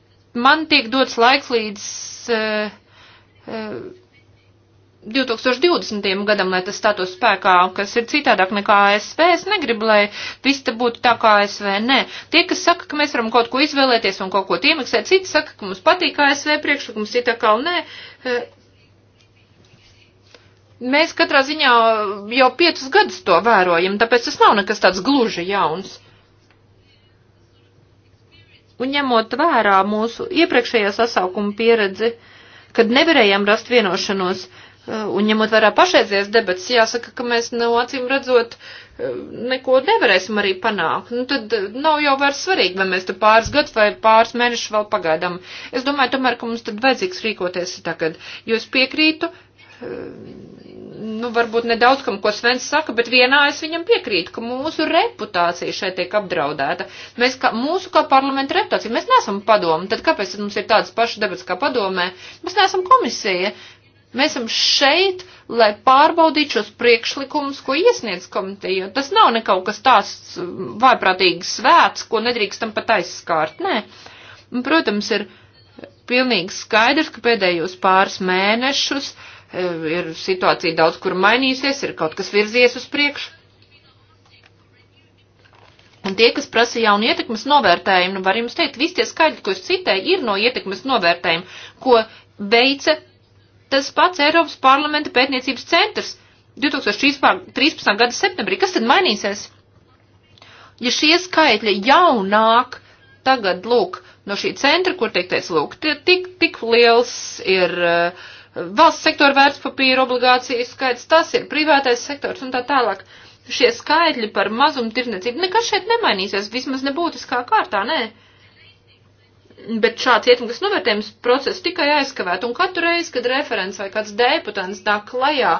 man tiek dots laiks līdz. Uh, uh, 2020. gadam, lai tas status spēkā, kas ir citādāk nekā ASV, es negribu, lai viss te būtu tā kā ASV, nē. Tie, kas saka, ka mēs varam kaut ko izvēlēties un kaut ko iemaksāt, citi saka, ka mums patīk ASV priekšlikums, citi atkal nē. Eh, mēs katrā ziņā jau piecus gadus to vērojam, tāpēc tas nav nekas tāds gluži jauns. Un ņemot vērā mūsu iepriekšējā sasaukuma pieredzi, kad nevarējām rast vienošanos, uh, Uh, un ņemot vērā pašreizies debats, jāsaka, ka mēs no nu, acīm redzot uh, neko nevarēsim arī panākt. Nu, tad uh, nav jau vairs svarīgi, vai mēs te pāris gadus vai pāris mēnešus vēl pagaidām. Es domāju, tomēr, ka mums tad vajadzīgs rīkoties tagad, jo es piekrītu, nu, varbūt nedaudz, kam, ko Svens saka, bet vienā es viņam piekrītu, ka mūsu reputācija šeit tiek apdraudēta. Mēs, kā, mūsu kā parlamenta reputācija, mēs neesam padomu, tad kāpēc mums ir tādas pašas debats kā padomē? Mēs neesam komisija, Mēs esam šeit, lai pārbaudītu šos priekšlikumus, ko iesniedz komiteja. Tas nav nekaut kas tās mm, vaiprātīgi svēts, ko nedrīkstam pat aizskārt. Nē, Un, protams, ir pilnīgi skaidrs, ka pēdējos pāris mēnešus e, ir situācija daudz kur mainījusies, ir kaut kas virzies uz priekšu. Un tie, kas prasa jaunu ietekmes novērtējumu, nu, var jums teikt, visi tie skaidri, ko es citēju, ir no ietekmes novērtējumu, ko veica tas pats Eiropas parlamenta pētniecības centrs 2013. gada septembrī. Kas tad mainīsies? Ja šie skaitļi jau nāk tagad, lūk, no šī centra, kur tiek teicis, lūk, tik, tik liels ir uh, valsts sektora vērtspapīra obligāciju skaits, tas ir privātais sektors un tā tālāk. Šie skaitļi par mazumtirdzniecību nekas šeit nemainīsies, vismaz nebūtiskā kārtā, nē. Ne? bet šāds ietekmes novērtējums process tikai aizkavēt, un katru reizi, kad referents vai kāds deputants nāk klajā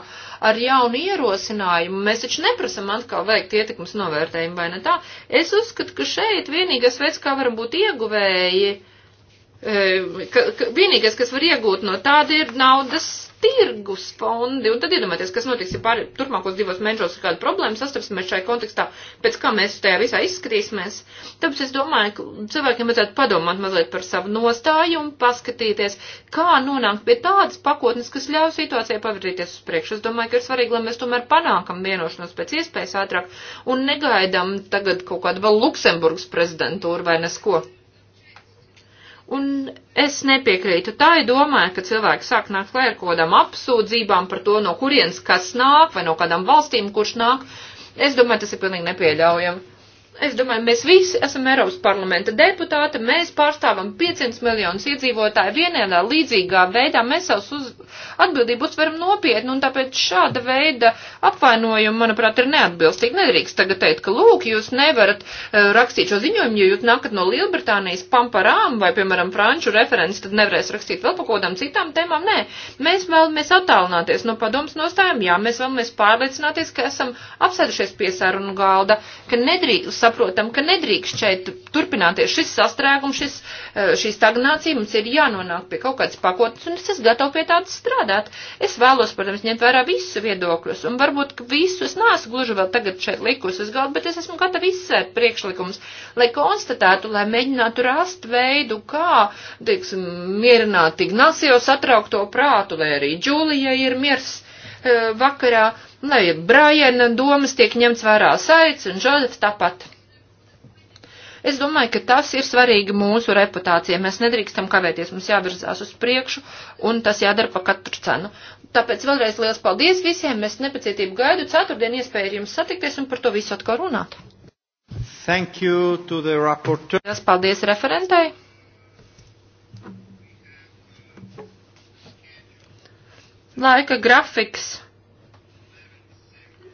ar jaunu ierosinājumu, mēs taču neprasam atkal veikt ietekmes novērtējumu, vai ne tā? Es uzskatu, ka šeit vienīgais veids, kā varam būt ieguvēji, e, ka, ka vienīgais, kas var iegūt no tāda ir naudas tirgus fondi. Un tad iedomājieties, kas notiks, ja pār, turpmākos divos mēnešos ir kāda problēma, sastapsimies šai kontekstā, pēc kā mēs tajā visā izskatīsimies. Tāpēc es domāju, ka cilvēkiem vajadzētu padomāt mazliet par savu nostājumu, paskatīties, kā nonākt pie tādas pakotnes, kas ļauj situācijai pavirzīties uz priekšu. Es domāju, ka ir svarīgi, lai mēs tomēr panākam vienošanos pēc iespējas ātrāk un negaidām tagad kaut kādu vēl Luksemburgas prezidentūru vai nesko. Un es nepiekrītu tā, ja domāju, ka cilvēki sāk nākt klēr kaut kādām apsūdzībām par to, no kurienes kas nāk, vai no kādām valstīm, kurš nāk. Es domāju, tas ir pilnīgi nepieļaujami. Es domāju, mēs visi esam Eiropas parlamenta deputāti, mēs pārstāvam 500 miljonus iedzīvotāju vienādā līdzīgā veidā, mēs savus uz atbildību uzveram nopietni, un tāpēc šāda veida apvainojumi, manuprāt, ir neatbilstīgi. Nedrīkst tagad teikt, ka lūk, jūs nevarat uh, rakstīt šo ziņojumu, jo jūs nākat no Lielbritānijas pamparām vai, piemēram, franču referents, tad nevarēs rakstīt vēl par kodām citām tēmām. Nē, mēs vēlamies attālināties no padomas nostājām, jā, mēs vēlamies pārliecināties, ka esam apsēdušies pie sarunu galda, ka nedrīkst saprotam, ka nedrīkst šeit turpināties šis sastrēgums, šis, eh, šī stagnācija, mums ir jānonāk pie kaut kādas pakotnes, un es esmu gatava pie tādas strādāt. Es vēlos, protams, ņemt vērā visu viedokļus, un varbūt visu es nāku gluži vēl tagad šeit likus uz galdu, bet es esmu gatava izsvērt priekšlikumus, lai konstatētu, lai mēģinātu rast veidu, kā, teiksim, mierināt Ignācijos satraukto prātu, lai arī Džūlijai ir miers eh, vakarā, lai Brajana domas tiek ņemts vērā saits un Žozefs tāpat. Es domāju, ka tas ir svarīgi mūsu reputācijai. Mēs nedrīkstam kavēties, mums jāvirzās uz priekšu, un tas jādara pa katru cenu. Tāpēc vēlreiz liels paldies visiem, es nepacietību gaidu ceturtdien iespēju ar jums satikties un par to visu atkal runāt. Thank you to the rapporteur. Liels paldies referentai. Laika grafiks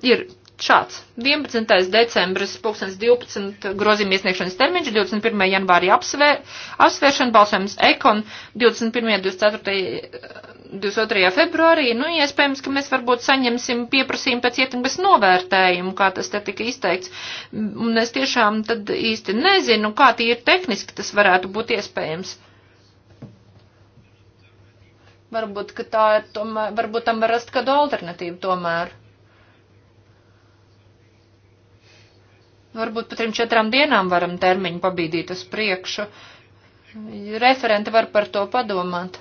ir šāds. 11. decembris 2012 grozījuma iesniegšanas termiņš, 21. janvārī apsvē, apsvēršana, balsojums ekon, 21. 24. 22. februārī. Nu, iespējams, ka mēs varbūt saņemsim pieprasījumu pēc ietekmes novērtējumu, kā tas te tika izteikts. Un es tiešām tad īsti nezinu, kā tīri tehniski tas varētu būt iespējams. Varbūt, ka tā ir tomēr, varbūt tam var rast kādu alternatīvu tomēr. Varbūt pat trim četrām dienām varam termiņu pabīdīt uz priekšu. Referenti var par to padomāt.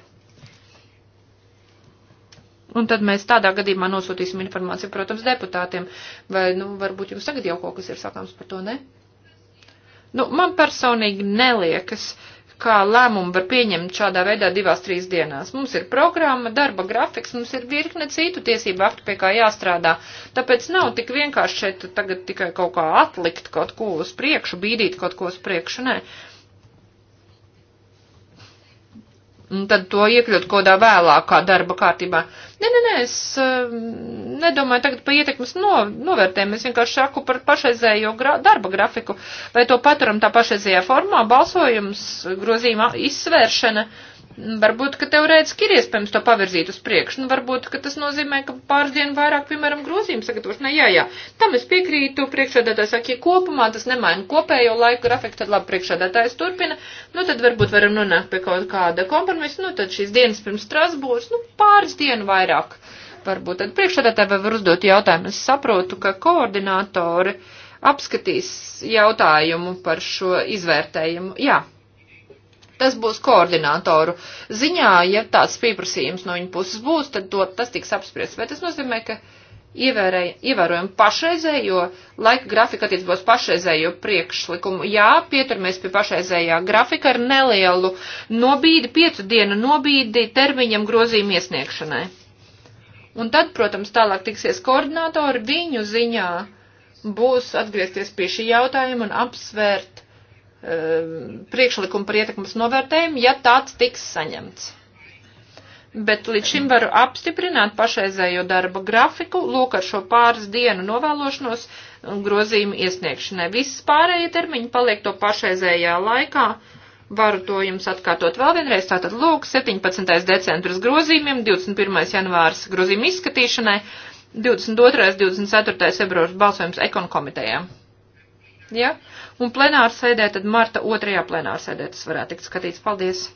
Un tad mēs tādā gadījumā nosūtīsim informāciju, protams, deputātiem. Vai, nu, varbūt jums tagad jau kaut kas ir sakāms par to, ne? Nu, man personīgi neliekas, uh, kā lēmumu var pieņemt šādā veidā divās, trīs dienās. Mums ir programma, darba grafiks, mums ir virkne citu tiesību aktu, pie kā jāstrādā. Tāpēc nav tik vienkārši šeit tagad tikai kaut kā atlikt kaut ko uz priekšu, bīdīt kaut ko uz priekšu, nē. Ne tad to iekļūt kodā vēlākā darba kārtībā. Nē, nē, nē, es uh, nedomāju tagad par ietekmes no, novērtējumu, es vienkārši saku par pašreizējo gra, darba grafiku, vai to paturam tā pašreizējā formā, balsojums, grozījuma izsvēršana. Uh, Varbūt, ka teorētiski ir iespējams to pavirzīt uz priekšu, nu varbūt, ka tas nozīmē, ka pāris dienu vairāk, piemēram, grozījumu sagatavošanai, jā, jā, tam es piekrītu, priekšādātājs saka, ja kopumā tas nemaina kopējo laiku grafiku, tad labi, priekšādātājs turpina, nu tad varbūt varam nonākt pie kaut kāda kompromisa, nu tad šīs dienas pirms Strasbūras, nu pāris dienu vairāk, varbūt, tad priekšādātāji var uzdot jautājumu, es saprotu, ka koordinātori apskatīs jautājumu par šo izvērtējumu, jā. Tas būs koordinātoru ziņā, ja tāds pieprasījums no viņa puses būs, tad to, tas tiks apspriests. Vai tas nozīmē, ka ievērēj, ievērojam pašreizējo laika grafiku attiecībos pašreizējo priekšlikumu? Jā, pieturmies pie pašreizējā grafika ar nelielu nobīdi, piecu dienu nobīdi termiņam grozījumu iesniegšanai. Un tad, protams, tālāk tiksies koordinātori viņu ziņā būs atgriezties pie šī jautājuma un apsvērt Um, priekšlikumu par ietekmes novērtējumu, ja tāds tiks saņemts. Bet līdz šim varu apstiprināt pašreizējo darba grafiku, lūk ar šo pāris dienu novēlošanos grozījumu iesniegšanai. Viss pārējie termiņi paliek to pašreizējā laikā. Varu to jums atkārtot vēl vienreiz. Tātad lūk 17. decembris grozījumiem, 21. janvārs grozījumu izskatīšanai, 22. 24. februārs balsojums ekon komitejā. Ja? un plenāra sēdē, tad marta otrajā plenāra sēdē tas varētu tikt skatīts. Paldies!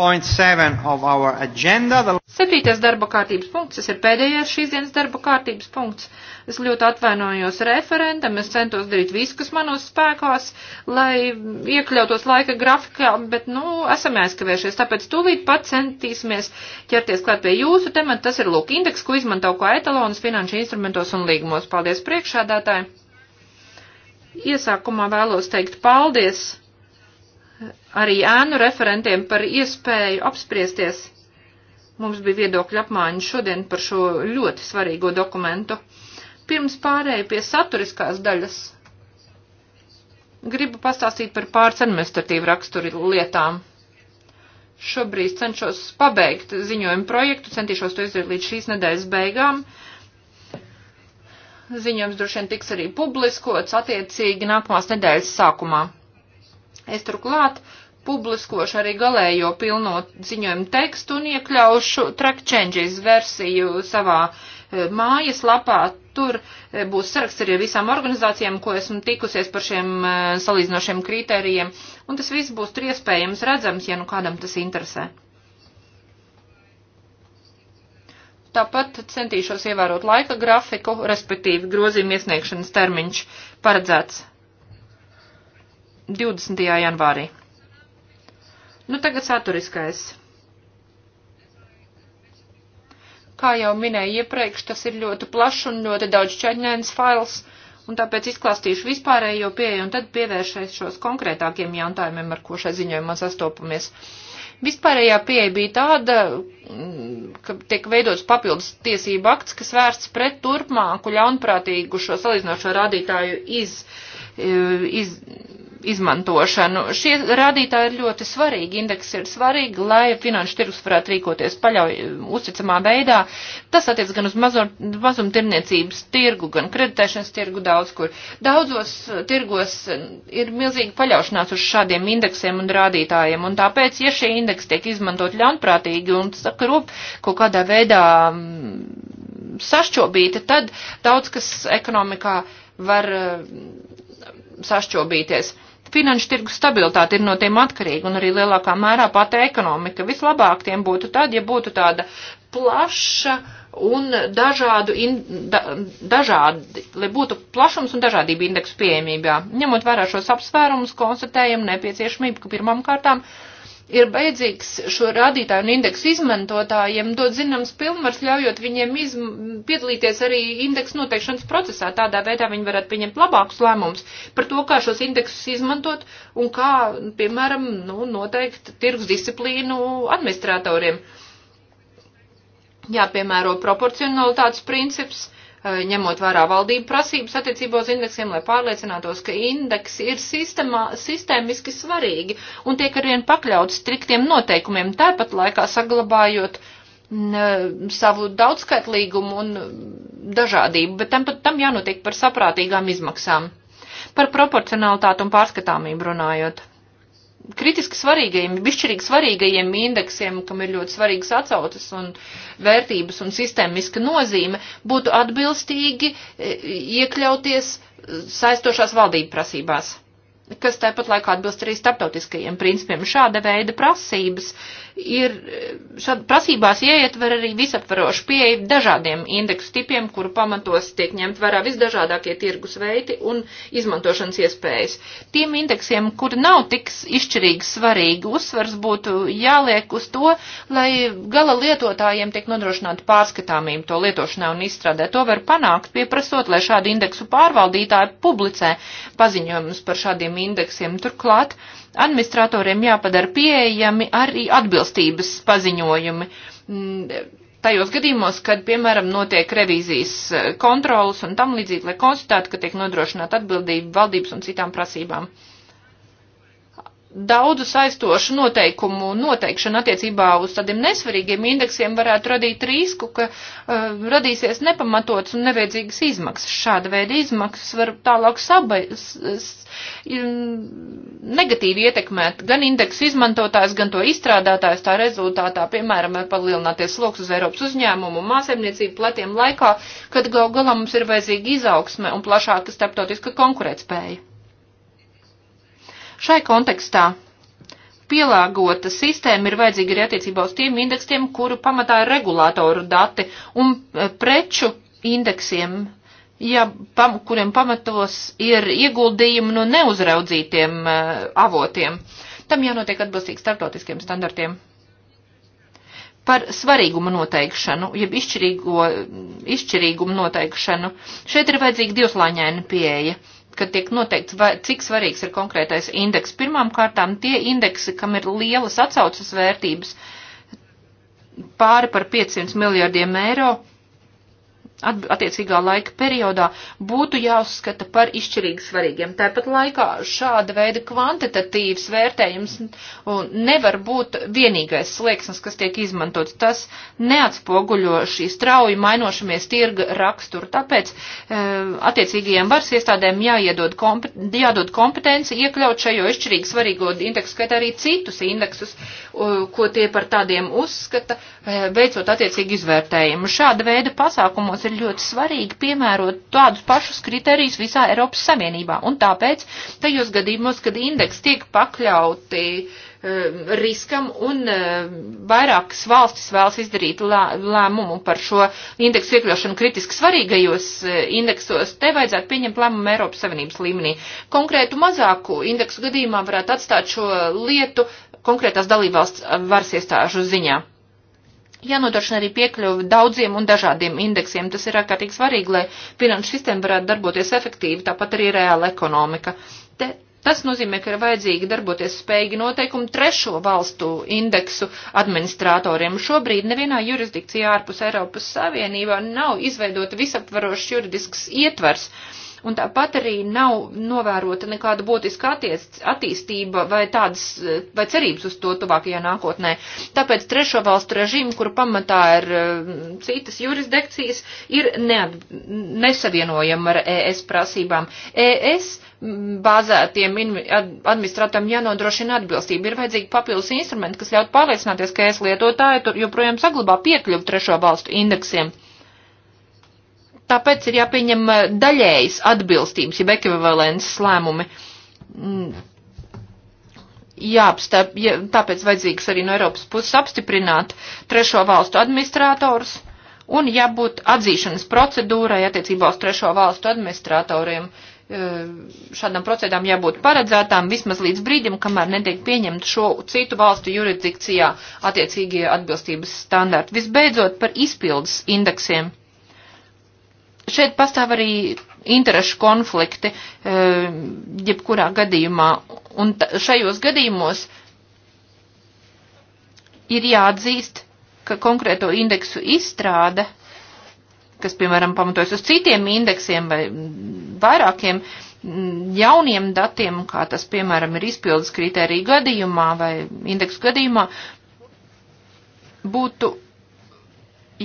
The... Septītais darba kārtības punkts, tas ir pēdējais šīs dienas darba kārtības punkts. Es ļoti atvainojos referentam, es centos darīt visu, kas manos spēkās, lai iekļautos laika grafikā, bet, nu, esam aizkavējušies, tāpēc tūlīt pat centīsimies ķerties klāt pie jūsu temata. Tas ir, lūk, indeks, ko izmanto kā etalonas finanšu instrumentos un līgumos. Paldies priekšādātāji! Iesākumā vēlos teikt paldies! arī ēnu referentiem par iespēju apspriesties. Mums bija viedokļa apmaiņa šodien par šo ļoti svarīgo dokumentu. Pirms pārēju pie saturiskās daļas, gribu pastāstīt par pāris administratīvu raksturu lietām. Šobrīd cenšos pabeigt ziņojumu projektu, centīšos to izdarīt līdz šīs nedēļas beigām. Ziņojums droši vien tiks arī publiskots attiecīgi nākamās nedēļas sākumā Es turklāt publiskošu arī galējo pilno ziņojumu tekstu un iekļaušu track changes versiju savā eh, mājas lapā. Tur eh, būs saraksts arī visām organizācijām, ko esmu tikusies par šiem eh, salīdzinošiem kritērijiem, un tas viss būs tur iespējams redzams, ja nu kādam tas interesē. Tāpat centīšos ievērot laika grafiku, respektīvi grozījuma iesniegšanas termiņš paredzēts 20. janvārī. Nu, tagad saturiskais. Kā jau minēju iepriekš, tas ir ļoti plašs un ļoti daudz čaļņēns fails, un tāpēc izklāstīšu vispārējo pieeju un tad pievēršēšos konkrētākiem jautājumiem, ar ko šai ziņojumā sastopamies. Vispārējā pieeja bija tāda, mm, ka tiek veidots papildus tiesību akts, kas vērsts pret turpmāku ļaunprātīgu šo salīdzinošo rādītāju iz, e, iz, izmantošanu. Šie rādītāji ir ļoti svarīgi, indeksi ir svarīgi, lai finanšu tirgus varētu rīkoties paļauj, uzticamā veidā. Tas attiec gan uz mazumtirniecības tirgu, gan kreditēšanas tirgu daudz, kur daudzos tirgos ir milzīgi paļaušanās uz šādiem indeksiem un rādītājiem, un tāpēc, ja šie indeksi tiek izmantot ļaunprātīgi un sakarop kaut kādā veidā mm, sašķobīti, tad daudz kas ekonomikā var mm, sašķobīties finanšu tirgu stabilitāte ir no tiem atkarīga un arī lielākā mērā pati ekonomika. Vislabāk tiem būtu tad, ja būtu tāda plaša un dažādu, in, da, dažādi, lai būtu plašums un dažādība indeksu pieejamībā. Ņemot vērā šos apsvērumus, konstatējam nepieciešamību, ka pirmām kārtām uh, ir beidzīgs šo rādītāju un indeksu izmantotājiem dot zināms pilnvars, ļaujot viņiem izm, piedalīties arī indeksu noteikšanas procesā. Tādā veidā viņi varētu pieņemt labākus lēmumus par to, kā šos indeksus izmantot un kā, piemēram, nu, noteikt tirgus disciplīnu administratoriem. Jāpiemēro proporcionalitātes princips Eh, ņemot vērā valdību prasības attiecībā uz indeksiem, lai pārliecinātos, ka indeksi ir sistemā, sistēmiski svarīgi un tiek arvien pakļauts striktiem noteikumiem, tāpat laikā saglabājot mm, eh, savu daudzskaitlīgumu un dažādību, bet tam, tam jānotiek par saprātīgām izmaksām. Par proporcionalitātu un pārskatāmību runājot kritiski svarīgajiem, bišķirīgi svarīgajiem indeksiem, kam ir ļoti svarīgas atsautas un vērtības un sistēmiska nozīme, būtu atbilstīgi e, iekļauties saistošās valdību prasībās kas tāpat laikā atbilst arī starptautiskajiem principiem. Šāda veida prasības ir šāda prasībās ietver arī visaptvarošu pieeju dažādiem indeksu tipiem, kuru pamatos tiek ņemt vērā visdažādākie tirgus veidi un izmantošanas iespējas. Tiem indeksiem, kuri nav tik izšķirīgi svarīgi, uzsvars būtu jāliek uz to, lai gala lietotājiem tiek nodrošināta pārskatāmība to lietošanā un izstrādē. To var panākt, pieprasot, lai šādi indeksu pārvaldītāji publicē paziņojumus par šādiem indeksiem. Turklāt, administratoriem jāpadara pieejami arī atbilstības paziņojumi. Mm, tajos gadījumos, kad, piemēram, notiek revīzijas eh, kontrolas un tam līdzīgi, lai konstatētu, ka tiek nodrošināta atbildība valdības un citām prasībām daudzu saistošu noteikumu noteikšana attiecībā uz tādiem nesvarīgiem indeksiem varētu radīt risku, ka uh, radīsies nepamatots un nevajadzīgas izmaksas. Šāda veida izmaksas var tālāk sabai, s, s, negatīvi ietekmēt gan indeksu izmantotājs, gan to izstrādātājs. Tā rezultātā, piemēram, var palielināties sloks uz Eiropas uzņēmumu un māsēmniecību pletiem laikā, kad gal galā mums ir vajadzīga izaugsme un plašāka starptautiska konkurētspēja. Šai kontekstā pielāgota sistēma ir vajadzīga arī attiecībā uz tiem indeksiem, kuru pamatā ir regulātoru dati un e, preču indeksiem, ja, pam, kuriem pamatos ir ieguldījumi no neuzraudzītiem e, avotiem. Tam jānotiek atbilstīgi starptautiskiem standartiem par svarīguma noteikšanu, jeb izšķirīgo, izšķirīguma noteikšanu. Šeit ir vajadzīga divslāņaina pieeja kad tiek noteikts, vai, cik svarīgs ir konkrētais indeks. Pirmām kārtām tie indeksi, kam ir lielas atsaucas vērtības, pāri par 500 miljardiem eiro, attiecīgā laika periodā būtu jāuzskata par izšķirīgi svarīgiem. Tāpat laikā šāda veida kvantitatīvs vērtējums nevar būt vienīgais slieksnis, kas tiek izmantots. Tas neatspoguļo šī strauji mainošamies tirga raksturu. Tāpēc e, attiecīgajiem varas iestādēm jāiedod komp jādod kompetenci iekļaut šajo izšķirīgi svarīgo indeksu skaitā arī citus indeksus, ko tie par tādiem uzskata, e, veicot attiecīgi izvērtējumu. Šāda veida pasākumos ir ir ļoti svarīgi piemērot tādus pašus kriterijus visā Eiropas Savienībā. Un tāpēc tajos gadījumos, kad indeks tiek pakļauti uh, riskam un uh, vairākas valstis vēlas izdarīt lā, lēmumu par šo indeksu iekļaušanu kritiski svarīgajos uh, indeksos, te vajadzētu pieņemt lēmumu Eiropas Savienības līmenī. Konkrētu mazāku indeksu gadījumā varētu atstāt šo lietu konkrētās dalībvalsts varas iestāžu ziņā jānodrošina arī piekļuvi daudziem un dažādiem indeksiem. Tas ir ārkārtīgi svarīgi, lai finanšu sistēma varētu darboties efektīvi, tāpat arī reāla ekonomika. Te, tas nozīmē, ka ir vajadzīgi darboties spējīgi noteikumi trešo valstu indeksu administratoriem. Šobrīd nevienā jurisdikcijā ārpus Eiropas Savienībā nav izveidota visaptvarošs juridisks ietvers. Uh, un tāpat arī nav novērota nekāda būtiska attiec, attīstība vai tādas, vai cerības uz to tuvākajā nākotnē. Tāpēc trešo valstu režīmu, kuru pamatā ir um, citas jurisdikcijas, ir neat, nesavienojama ar ES prasībām. ES bāzētiem administratam jānodrošina atbilstība. Ir vajadzīgi papildus instrumenti, kas ļaut pārliecināties, ka es lietotāji joprojām saglabā piekļuvu trešo valstu indeksiem tāpēc ir jāpieņem eh, daļējas atbilstības, jeb ekvivalents lēmumi. Mm. Jāapstāp, jā, tāpēc vajadzīgs arī no Eiropas puses apstiprināt trešo valstu administratorus un jābūt atzīšanas procedūrai attiecībā uz trešo valstu administratoriem. Eh, šādām procedām jābūt paredzētām vismaz līdz brīdim, kamēr netiek pieņemta šo citu valstu jurisdikcijā attiecīgie atbilstības standarti. Visbeidzot par izpildes indeksiem Šeit pastāv arī interešu konflikti, e, jebkurā gadījumā. Un šajos gadījumos ir jāatzīst, ka konkrēto indeksu izstrāde, kas, piemēram, pamatojas uz citiem indeksiem vai vairākiem jauniem datiem, kā tas, piemēram, ir izpildes kritērija gadījumā vai indeksu gadījumā, būtu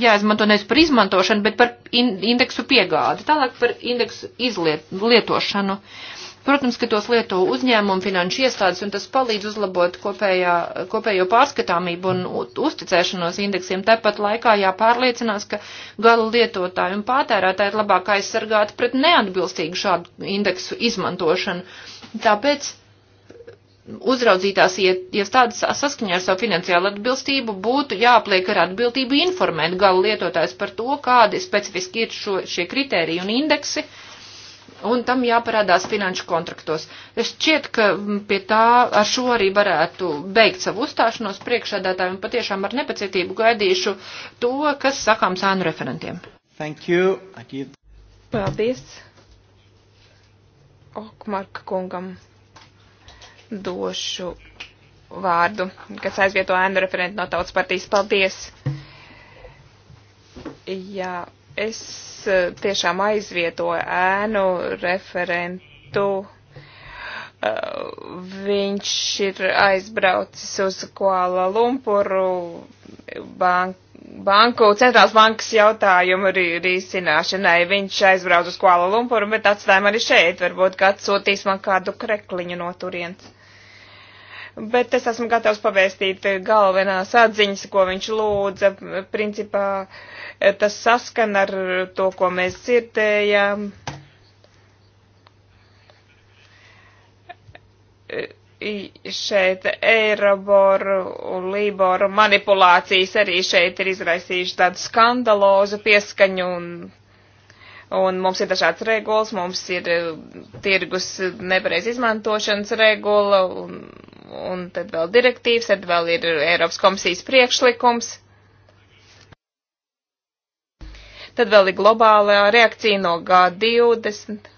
jāizmanto nevis par izmantošanu, bet par in indeksu piegādi. Tālāk par indeksu izlietošanu. Izliet, Protams, ka tos lieto uzņēmumu finanšu iestādes, un tas palīdz uzlabot kopējā, kopējo pārskatāmību un uzticēšanos indeksiem. Tāpat laikā jāpārliecinās, ka gala lietotāji un patērētāji ir labāk aizsargāti pret neatbilstīgu šādu indeksu izmantošanu. Tāpēc uzraudzītās iestādes saskaņā ar savu finansiālu atbilstību būtu jāpliek ar atbildību informēt galu lietotājs par to, kādi specifiski ir šo, šie kriteriji un indeksi, un tam jāparādās finanšu kontraktos. Es šķiet, ka pie tā ar šo arī varētu beigt savu uzstāšanos priekšādātājiem, patiešām ar nepacietību gaidīšu to, kas sakām sēnu referentiem. Thank you. Give... Paldies. Okmarka kungam došu vārdu, kas aizvieto ēnu referentu no tautas partijas. Paldies! Jā, es eh, tiešām aizvietoju ēnu referentu. Eh, viņš ir aizbraucis uz Kuala Lumpuru banku banku, centrāls bankas jautājumu risināšanai. Viņš aizbrauc uz Kuala Lumpuru, bet atstājam arī šeit. Varbūt kāds sūtīs man kādu krekliņu no turienes bet es esmu gatavs pavēstīt galvenās atziņas, ko viņš lūdza. Principā eh, tas saskan ar to, ko mēs dzirdējām. Eh, šeit Eiroboru un Līboru manipulācijas arī šeit ir izraisījuši tādu skandalozu pieskaņu un Un mums ir dažādas regulas, mums ir eh, tirgus nepareiz izmantošanas regula, un, un tad vēl direktīvas, tad vēl ir Eiropas komisijas priekšlikums. Tad vēl ir globālā reakcija no G20.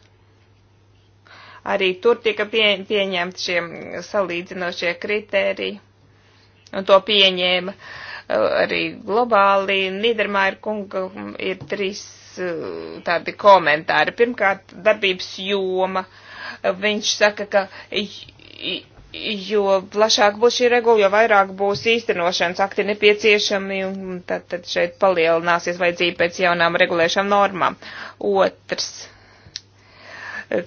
Arī tur tika pie, pieņemti šie salīdzinošie kritēriji, un to pieņēma eh, arī globāli. Nīdermāra kunga ir trīs Eh, tādi komentāri. Pirmkārt, darbības joma. Viņš saka, ka jo plašāk būs šī regula, jo vairāk būs īstenošanas akti nepieciešami, un tad, tad šeit palielināsies vajadzība pēc jaunām regulēšām normām. Otrs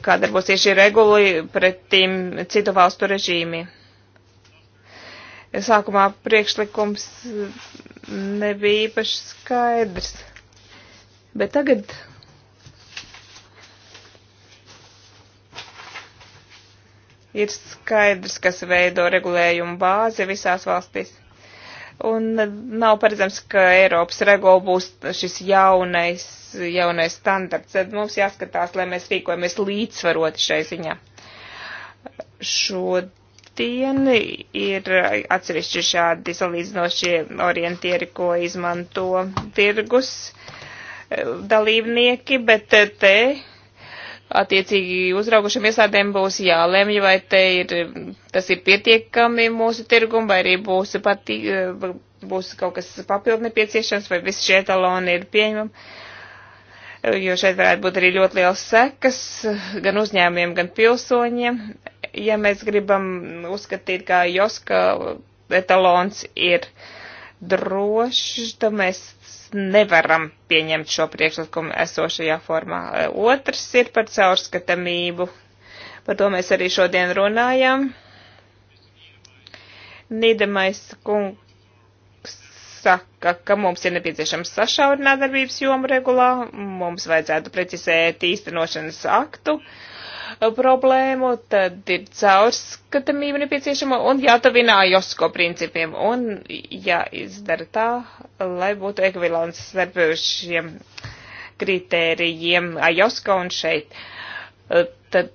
kā darbosies šī regula pretīm citu valstu režīmi. Sākumā priekšlikums nebija īpaši skaidrs. Bet tagad ir skaidrs, kas veido regulējumu bāzi visās valstīs. Un nav paredzams, ka Eiropas regula būs šis jaunais, jaunais standarts. Tad mums jāskatās, lai mēs rīkojamies līdzsvaroti šai ziņā. Šodien ir atsevišķi šādi salīdzinošie orientieri, ko izmanto tirgus dalībnieki, bet eh, te attiecīgi uzraugušiem iestādēm būs jālemj, vai te ir, tas ir pietiekami mūsu tirgumu, vai arī būs, patī, eh, būs kaut kas papildu nepieciešams, vai visi šie etaloni ir pieņemami. Jo šeit varētu būt arī ļoti liels sekas gan uzņēmiem, gan pilsoņiem. Ja mēs gribam uzskatīt, kā Joska etalons ir drošs, tad mēs nevaram pieņemt šo priekšlikumu esošajā formā. Otrs ir par caurskatamību. Par to mēs arī šodien runājam. Nīdamais kungs saka, ka mums ir nepieciešams sašaurināt darbības jomu regulā, mums vajadzētu precizēt īstenošanas aktu. Uh, problēmu, tad ir caurskatamība nepieciešama un jātavinā Josko principiem un jāizdara tā, lai būtu ekvivalents starp šiem kritērijiem Ajosko un šeit. Tad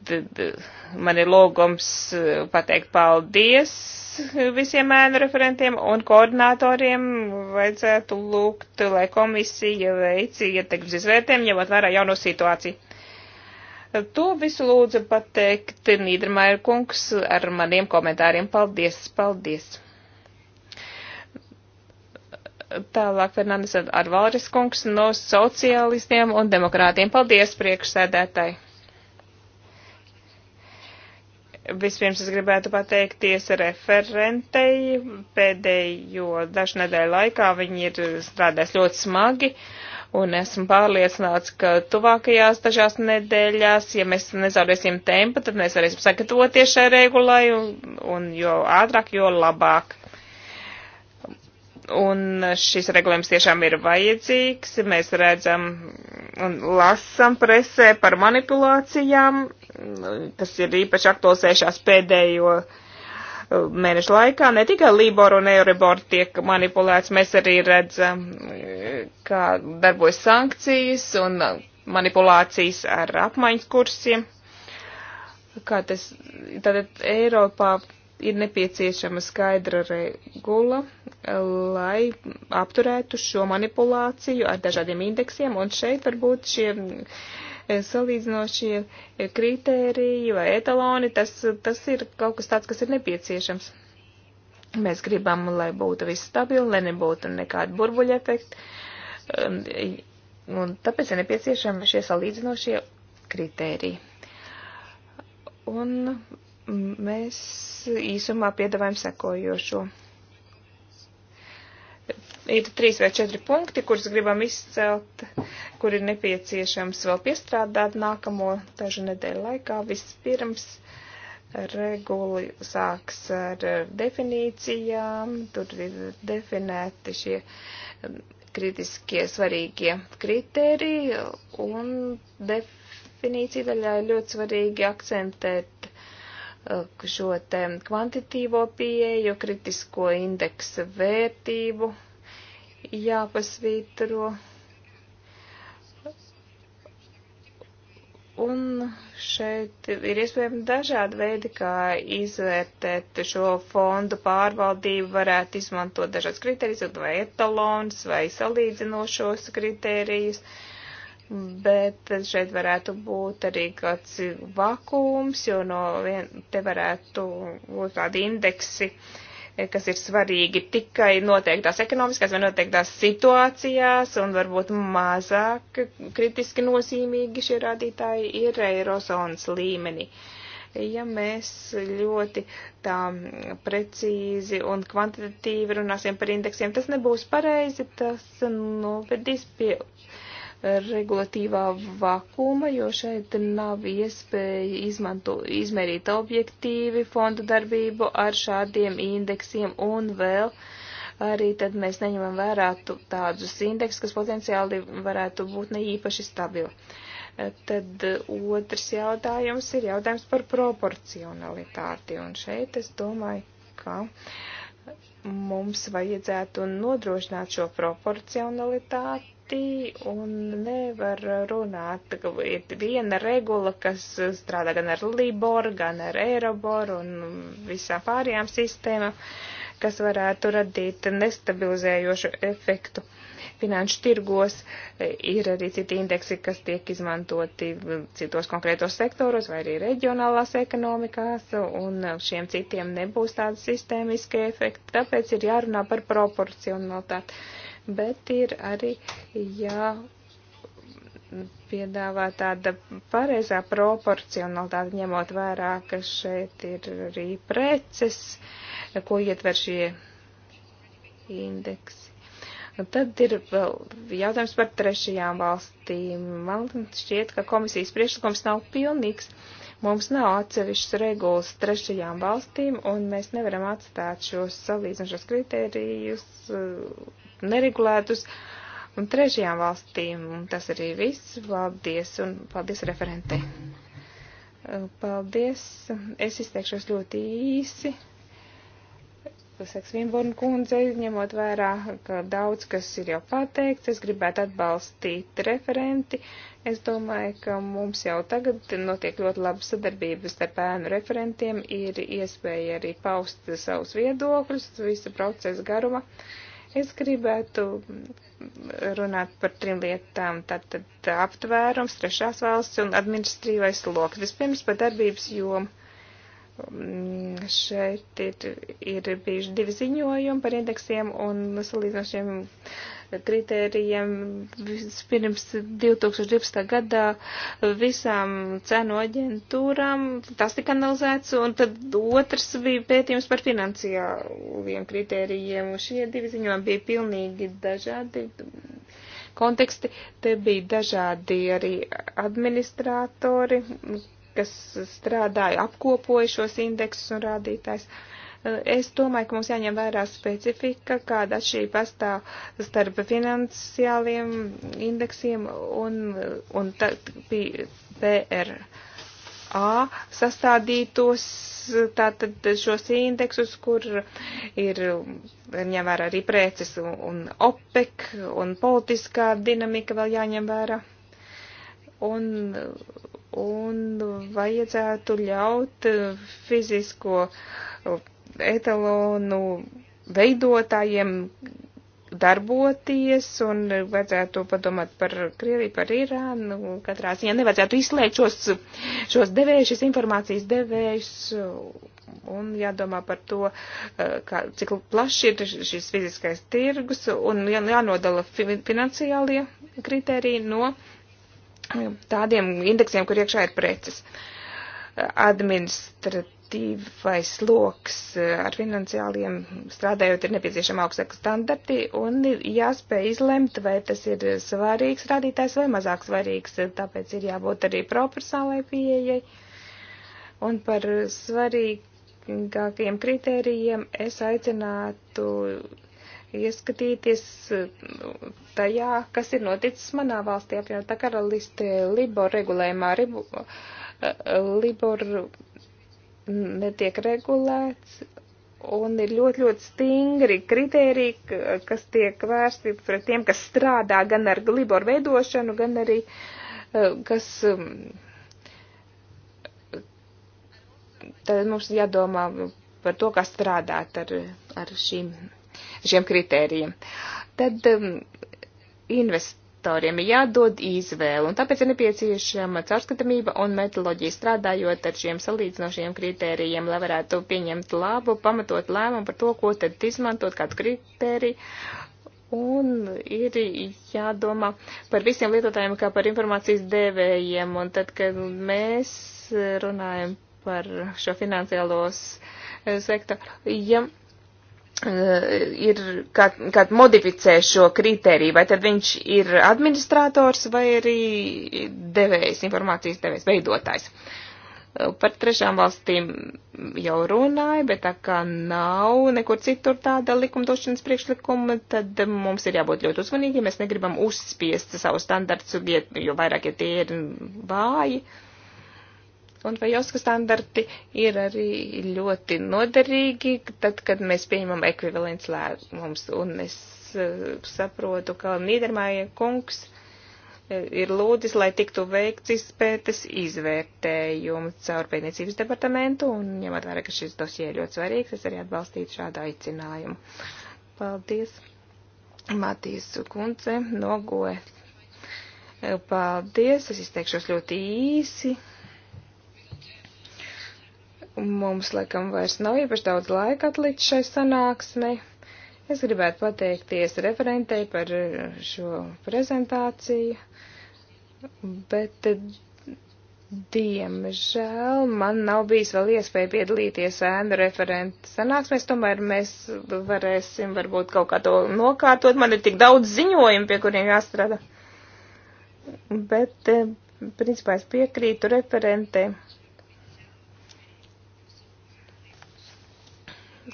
man ir lūgums pateikt paldies visiem ēnu referentiem un koordinatoriem vajadzētu lūgt, lai komisija veic ietekmes izvērtējumu, ņemot vērā jauno situāciju. To visu lūdzu pateikt Nīdermaier kungs ar maniem komentāriem. Paldies, paldies. Tālāk Fernandes Arvaldes kungs no sociālistiem un demokrātiem. Paldies priekšsēdētāji. Vispirms es gribētu pateikties referentei. Pēdējo dažu nedēļu laikā viņi ir strādājis ļoti smagi. Uh, Un esmu pārliecināts, ka tuvākajās dažās nedēļās, ja mēs nezaudēsim tempu, tad mēs varēsim sagatavoties šai regulai, un, un jo ātrāk, jo labāk un šis regulējums tiešām ir vajadzīgs. Mēs redzam un lasam presē par manipulācijām, kas ir īpaši aktualizējušās pēdējo uh, mēnešu laikā ne tikai Libor un Euribor tiek manipulēts, mēs arī redzam, kā darbojas sankcijas un manipulācijas ar apmaiņas kursiem. Kā tas, tātad Eiropā ir nepieciešama skaidra regula, lai apturētu šo manipulāciju ar dažādiem indeksiem, un šeit varbūt šie Eh, salīdzinošie eh, kritēriji vai etaloni, tas, tas ir kaut kas tāds, kas ir nepieciešams. Mēs gribam, lai būtu viss stabili, lai nebūtu nekāda burbuļa efekta. Um, un tāpēc ir nepieciešami šie salīdzinošie kritēriji. Un mm, mēs īsumā piedāvājam sekojošo ir trīs vai četri punkti, kurus gribam izcelt, kur ir nepieciešams vēl piestrādāt nākamo dažu nedēļu laikā. Vispirms reguli sāks ar definīcijām, tur ir definēti šie um, kritiskie svarīgie kriteriji un definīcija daļā ir ļoti svarīgi akcentēt Eh, šo te kvantitīvo pieeju, kritisko indeksa vērtību jāpasvītro. Un šeit ir iespējami dažādi veidi, kā izvērtēt šo fondu pārvaldību, varētu izmantot dažādas kriterijas, vai etalons, vai salīdzinošos kriterijus. Uh, bet šeit varētu būt arī kāds vakums, jo no vien, te varētu būt tādi indeksi, kas ir svarīgi tikai noteiktās ekonomiskās vai noteiktās situācijās, un varbūt mazāk kritiski nozīmīgi šie rādītāji ir eirozonas līmenī. Ja mēs ļoti tā precīzi un kvantitatīvi runāsim par indeksiem, tas nebūs pareizi, tas novedīs pie. Uh, regulatīvā vakuma, jo šeit nav iespēja izmanto, izmērīt objektīvi fondu darbību ar šādiem indeksiem un vēl arī tad mēs neņemam vērā tādus indeksus, kas potenciāli varētu būt ne īpaši stabili. Tad otrs jautājums ir jautājums par proporcionalitāti, un šeit es domāju, ka mums vajadzētu nodrošināt šo proporcionalitāti citi un nevar runāt, ka ir viena regula, kas strādā gan ar Libor, gan ar Eirobor un visām pārējām sistēmām, kas varētu radīt nestabilizējošu efektu. Finanšu tirgos ir arī citi indeksi, kas tiek izmantoti citos konkrētos sektoros vai arī reģionālās ekonomikās, un šiem citiem nebūs tāda sistēmiska efekta, tāpēc ir jārunā par proporcionalitāti bet ir arī jā piedāvā tāda pareizā proporcionalitāte, ņemot vērā, ka šeit ir arī preces, ko ietver šie indeksi. Un tad ir vēl jautājums par trešajām valstīm. Man šķiet, ka komisijas priekšlikums nav pilnīgs. Mums nav atsevišķas regulas trešajām valstīm, un mēs nevaram atstāt šos salīdzinošos kritērijus uh, neregulētus un trešajām valstīm. Un tas arī viss. Paldies un paldies referentei. Paldies. Es izteikšos ļoti īsi. Saks Vimborna kundze, ņemot vērā, ka daudz kas ir jau pateikts, es gribētu atbalstīt referenti. Es domāju, ka mums jau tagad notiek ļoti laba sadarbība starp ēnu referentiem, ir iespēja arī paust savus viedokļus visa procesa garuma. Uh, Es gribētu runāt par trim lietām. Tātad aptvērums, trešās valsts un administrīvais loks. Vispirms par darbības jomu. Mm, šeit ir, ir bijuši divi ziņojumi par indeksiem un salīdzinošiem uh, kritērijiem. Pirms 2012. gadā visām cenu aģentūrām tas tika analizēts, un tad otrs bija pētījums par finansiāliem kritērijiem. Šie divi ziņojumi bija pilnīgi dažādi konteksti. Te bija dažādi arī administratori, kas strādāja apkopojušos indeksus un rādītājs. Uh, Es domāju, ka mums jāņem vērā specifika, kāda atšķirība pastāv starp finansiāliem indeksiem un, un PRA sastādītos tātad šos indeksus, kur ir ņem vērā arī preces un OPEC un politiskā dinamika vēl jāņem vērā. Un un vajadzētu ļaut fizisko etalonu veidotājiem darboties un vajadzētu padomāt par Krieviju, par Irānu. Katrā ziņā ja nevajadzētu izslēgt šos, šos devējus, informācijas devējus un jādomā par to, eh, kā, cik plaši ir šis fiziskais tirgus un jānodala finansiālie kriteriji no eh, tādiem indeksiem, kur iekšā ir preces. Administrat administratīvais sloks eh, ar finansiāliem strādājot ir nepieciešama augstāka standarti un jāspēj izlemt, vai tas ir svarīgs rādītājs vai mazāk svarīgs, tāpēc ir jābūt arī proporcionālai pieejai. Un par svarīgākajiem kritērijiem es aicinātu ieskatīties eh, tajā, kas ir noticis manā valstī, apvienotā karalistē, Libor regulējumā. Ribu, eh, Libor Mm, netiek regulēts un ir ļoti, ļoti stingri kritēriji, kas tiek vērsti pret tiem, kas strādā gan ar gliboru veidošanu, gan arī e, kas. Mm, tad mums jādomā par to, kā strādāt ar, ar šīm, šiem kritērijiem. Tad um, invest, investoriem ir jādod izvēle, un tāpēc ir nepieciešama caurskatamība un metoloģija strādājot ar šiem salīdzinošiem kritērijiem, lai varētu pieņemt labu, pamatot lēmumu par to, ko tad izmantot, kādu kritēriju. Un ir jādomā par visiem lietotājiem kā par informācijas devējiem, un tad, kad mēs runājam par šo finansiālos sektoru, ja Eh, ir kā, kā modificē šo kritēriju, vai tad viņš ir administrators vai arī devējs, informācijas devējs, veidotājs. Eh, par trešām valstīm jau runāju, bet tā kā nav nekur citur tāda likumdošanas priekšlikuma, tad mums ir jābūt ļoti uzmanīgi, ja mēs negribam uzspiest savu standartu, jo vairāk, ja tie ir vāji. Uh, un vai jausku standarti ir arī ļoti noderīgi, tad, kad mēs pieņemam ekvivalents lēmums. Un es eh, saprotu, ka Nīdermāja kungs eh, ir lūdzis, lai tiktu veikts izpētes izvērtējumu caur pētniecības departamentu, un ņemot vērā, ka šis dosie ir ļoti svarīgs, es arī atbalstītu šādu aicinājumu. Paldies, Matīs Kunce, nogoe. Paldies, es izteikšos ļoti īsi. Mums, laikam, vairs nav īpaši daudz laika atlikt šai sanāksmei. Es gribētu pateikties referentei par šo prezentāciju, bet Diemžēl man nav bijis vēl iespēja piedalīties ēnu referentu sanāksmēs, tomēr mēs varēsim varbūt kaut kā to nokārtot. Man ir tik daudz ziņojumu, pie kuriem jāstrādā. Bet, eh, principā, es piekrītu referentei.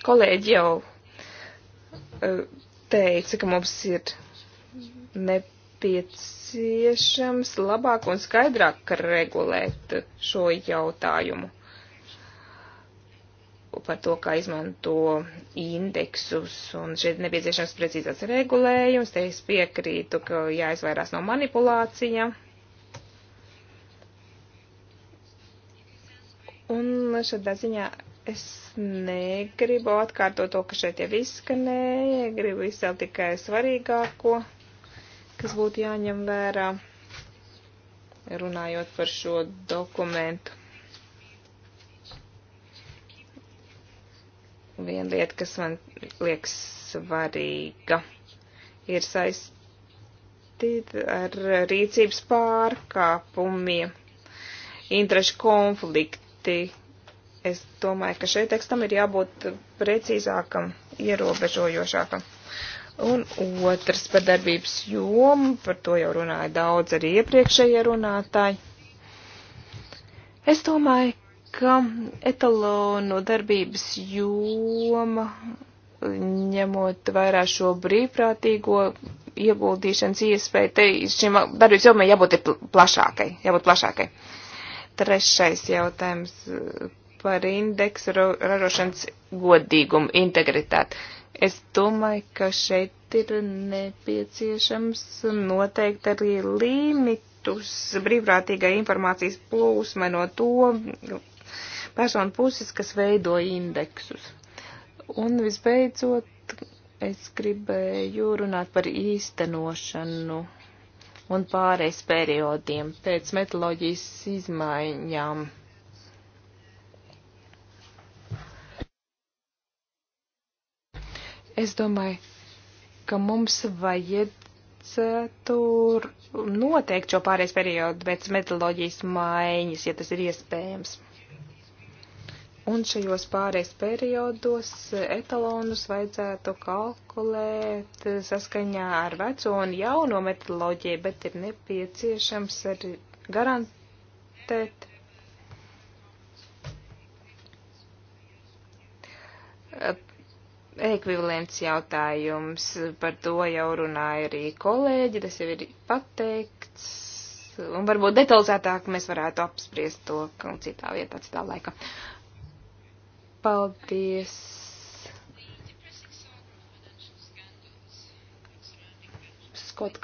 Kolēģi jau e, teica, ka mums ir nepieciešams labāk un skaidrāk regulēt šo jautājumu par to, kā izmanto indeksus, un šeit nepieciešams precīzāks regulējums, te es piekrītu, ka jāizvairās no manipulācijām. Un šādā ziņā Es negribu atkārtot to, ka šeit jau izskanēja, gribu izcelt tikai svarīgāko, kas būtu jāņem vērā, runājot par šo dokumentu. Viena lieta, kas man liekas svarīga, ir saistīta ar rīcības pārkāpumiem, interešu konflikti Es domāju, ka šeit tekstam ir jābūt precīzākam, ierobežojošākam. Un otrs par darbības jomu, par to jau runāja daudz arī iepriekšējie runātāji. Es domāju, ka etalonu darbības joma, ņemot vairāk šo brīvprātīgo ieguldīšanas iespēju, te šim darbības jomai jābūt plašākai, jābūt plašākai. Trešais jautājums par indeksu ražošanas godīgumu, integritāti. Es domāju, ka šeit ir nepieciešams noteikt arī limitus brīvprātīgai informācijas plūsmai no to personu puses, kas veido indeksus. Un visbeidzot, es gribēju runāt par īstenošanu un pārējais periodiem pēc metoloģijas izmaiņām. Es domāju, ka mums vajadzētu noteikt šo pārējais periodu pēc metodoloģijas maiņas, ja tas ir iespējams. Un šajos pārējais periodos etalonus vajadzētu kalkulēt saskaņā ar veco un jauno metodoloģiju, bet ir nepieciešams arī garantēt ekvivalents jautājums. Par to jau runāja arī kolēģi, tas jau ir pateikts. Un varbūt detalizētāk mēs varētu apspriest to citā vietā, citā laikā. Paldies! Skot,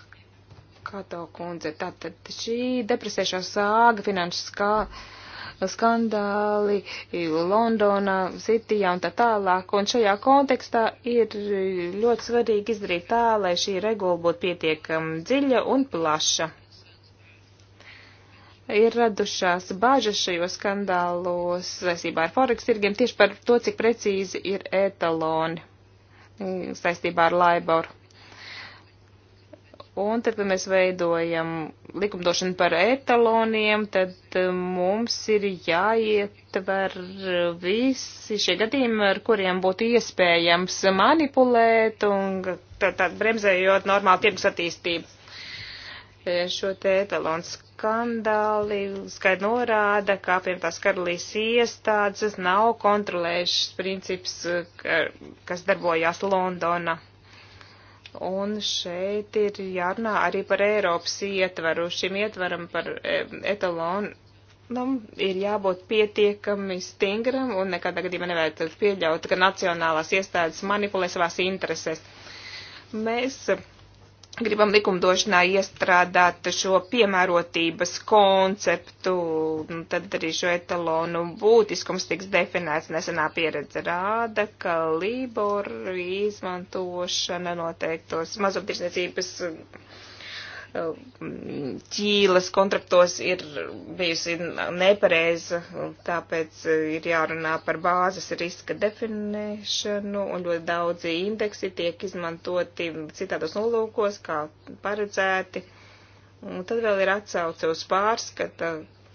kā to kundze, tātad šī depresēšā sāga finanšu skāla skandāli Londonā, Sitijā un tā tālāk. Un šajā kontekstā ir ļoti svarīgi izdarīt tā, lai šī regula būtu pietiekami dziļa un plaša. Ir radušās bāžas šajos skandālos saistībā ar Forex tirgiem tieši par to, cik precīzi ir etaloni saistībā ar Laiboru. Un tad, kad mēs veidojam likumdošanu par etaloniem, tad eh, mums ir jāietver visi šie gadījumi, ar kuriem būtu iespējams manipulēt un tad, tad bremzējot normālu tirgus attīstību. E, šo te etalonu skandāli skaidri norāda, kā piemēram karalīs iestādes nav kontrolējušas princips, kas darbojās Londona Un šeit ir jārunā arī par Eiropas ietvaru. Šim ietvaram par e, etalonam ir jābūt pietiekami stingram un nekādā gadījumā nevajadzētu pieļaut, ka nacionālās iestādes manipulē savās intereses. Mēs gribam likumdošanā iestrādāt šo piemērotības konceptu, tad arī šo etalonu būtiskums tiks definēts. Nesenā pieredze rāda, ka Libor izmantošana noteiktos mazumtirdzniecības ķīles kontraktos ir bijusi nepareiza, tāpēc ir jārunā par bāzes riska definēšanu, un ļoti daudzi indeksi tiek izmantoti citādos nolūkos, kā paredzēti. Un tad vēl ir atsauce uz pārskata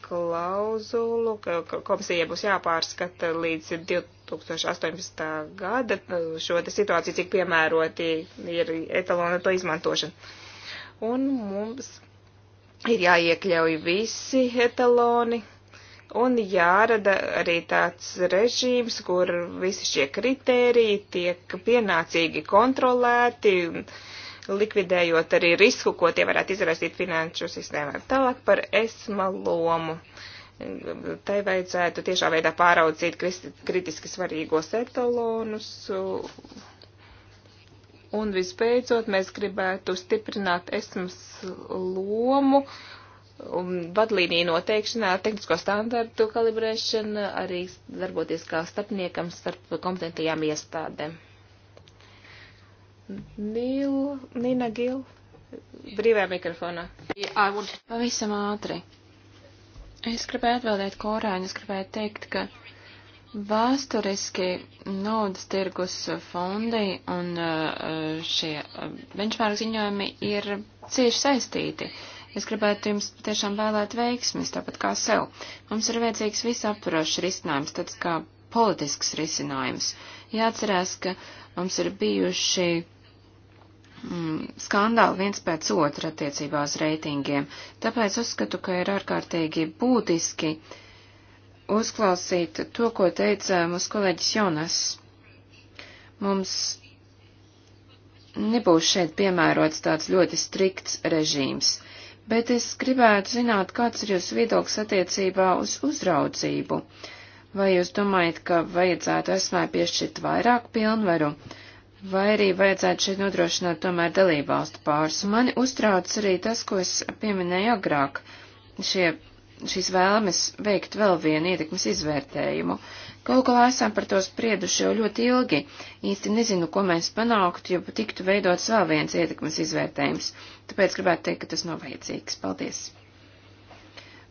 klauzulu, ka komisija būs jāpārskata līdz 2018. gada šo situāciju, cik piemēroti ir etalona to izmantošana un mums ir jāiekļauj visi etaloni un jārada arī tāds režīms, kur visi šie kritēriji tiek pienācīgi kontrolēti, likvidējot arī risku, ko tie varētu izraisīt finanšu sistēmā. Tālāk par esma lomu. Tai vajadzētu tiešā veidā pāraudzīt kritiski svarīgos etalonus Un visbeidzot, mēs gribētu stiprināt esmas lomu un um, vadlīniju noteikšanā, tehnisko standartu kalibrēšana, arī darboties kā starpniekam starp kompetentajām iestādēm. Nīl, Nina Gil, brīvajā mikrofonā. Pavisam ātri. Es gribēju atbildēt Korāņu, es gribēju teikt, ka Vēsturiski naudas tirgus fondi un eh, šie eh, benchmark ziņojumi ir cieši saistīti. Es gribētu jums tiešām vēlēt veiksmis, tāpat kā sev. Mums ir vajadzīgs visaptvarošs risinājums, tāds kā politisks risinājums. Jāatcerās, ka mums ir bijuši mm, skandāli viens pēc otra attiecībā uz reitingiem, tāpēc uzskatu, ka ir ārkārtīgi būtiski uh, uzklausīt to, ko teica mūsu kolēģis Jonas. Mums nebūs šeit piemērots tāds ļoti strikts režīms, bet es gribētu zināt, kāds ir jūsu viedoklis attiecībā uz uzraudzību. Vai jūs domājat, ka vajadzētu esmai piešķirt vairāk pilnvaru, vai arī vajadzētu šeit nodrošināt tomēr dalībvalstu pāris? Mani uztrauc arī tas, ko es pieminēju agrāk, šie šīs vēlmes veikt vēl vienu ietekmes izvērtējumu. Kaut kā esam par to sprieduši jau ļoti ilgi, īsti nezinu, ko mēs panāktu, jo tiktu veidots vēl viens ietekmes izvērtējums. Tāpēc gribētu teikt, ka tas nav vajadzīgs. Paldies!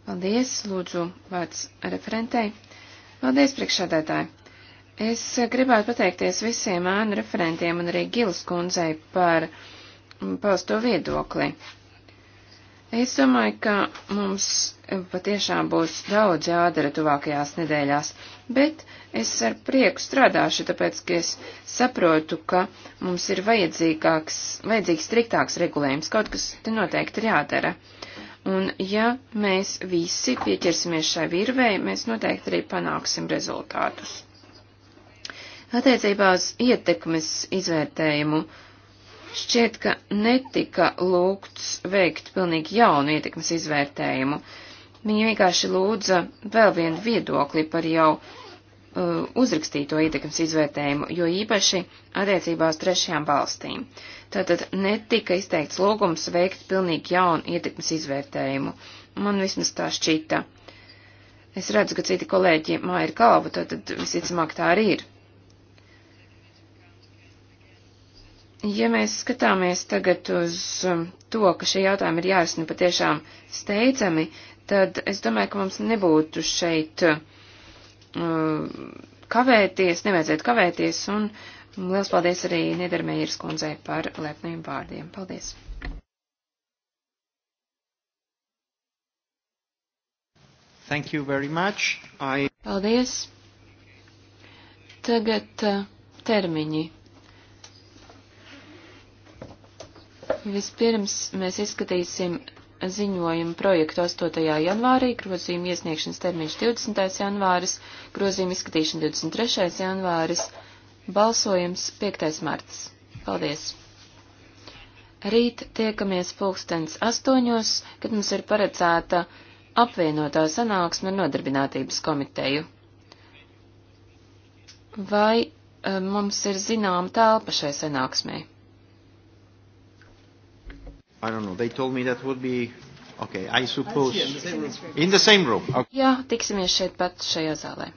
Paldies, lūdzu, vārds referentei. Paldies, priekšādētāji! Es gribētu pateikties visiem ēnu referentiem un arī Gilas kundzei par mm, pausto viedokli. Es domāju, ka mums patiešām būs daudz jādara tuvākajās nedēļās, bet es ar prieku strādāšu, tāpēc, ka es saprotu, ka mums ir vajadzīgāks, vajadzīgs striktāks regulējums, kaut kas te noteikti ir jādara. Un ja mēs visi pieķersimies šai virvei, mēs noteikti arī panāksim rezultātus. Attiecībā uz ietekmes izvērtējumu Šķiet, ka netika lūgts veikt pilnīgi jaunu ietekmes izvērtējumu. Viņa vienkārši lūdza vēl vienu viedokli par jau uh, uzrakstīto ietekmes izvērtējumu, jo īpaši attiecībās trešajām valstīm. Tātad netika izteikts lūgums veikt pilnīgi jaunu ietekmes izvērtējumu. Man vismaz tā šķita. Es redzu, ka citi kolēģi māja ir galva, tātad visticamāk tā arī ir. Ja mēs skatāmies tagad uz um, to, ka šie jautājumi ir jārisina patiešām steidzami, tad es domāju, ka mums nebūtu šeit uh, kavēties, nevajadzētu kavēties, un liels paldies arī Nedermējers kundzei par lepniem vārdiem. Paldies! Thank you very much. I... Paldies! Tagad uh, termiņi Vispirms mēs izskatīsim ziņojumu projektu 8. janvārī, grozījuma iesniegšanas termiņš 20. janvāris, grozījuma izskatīšana 23. janvāris, balsojums 5. marts. Paldies! Rīt tiekamies pulkstens astoņos, kad mums ir paredzēta apvienotā sanāksme ar nodarbinātības komiteju. Vai eh, mums ir zinām telpa šai sanāksmei? I don't know. They told me that would be okay. I suppose in the same room. Okay. Jā, tiksimies šeit pat šajā zālē.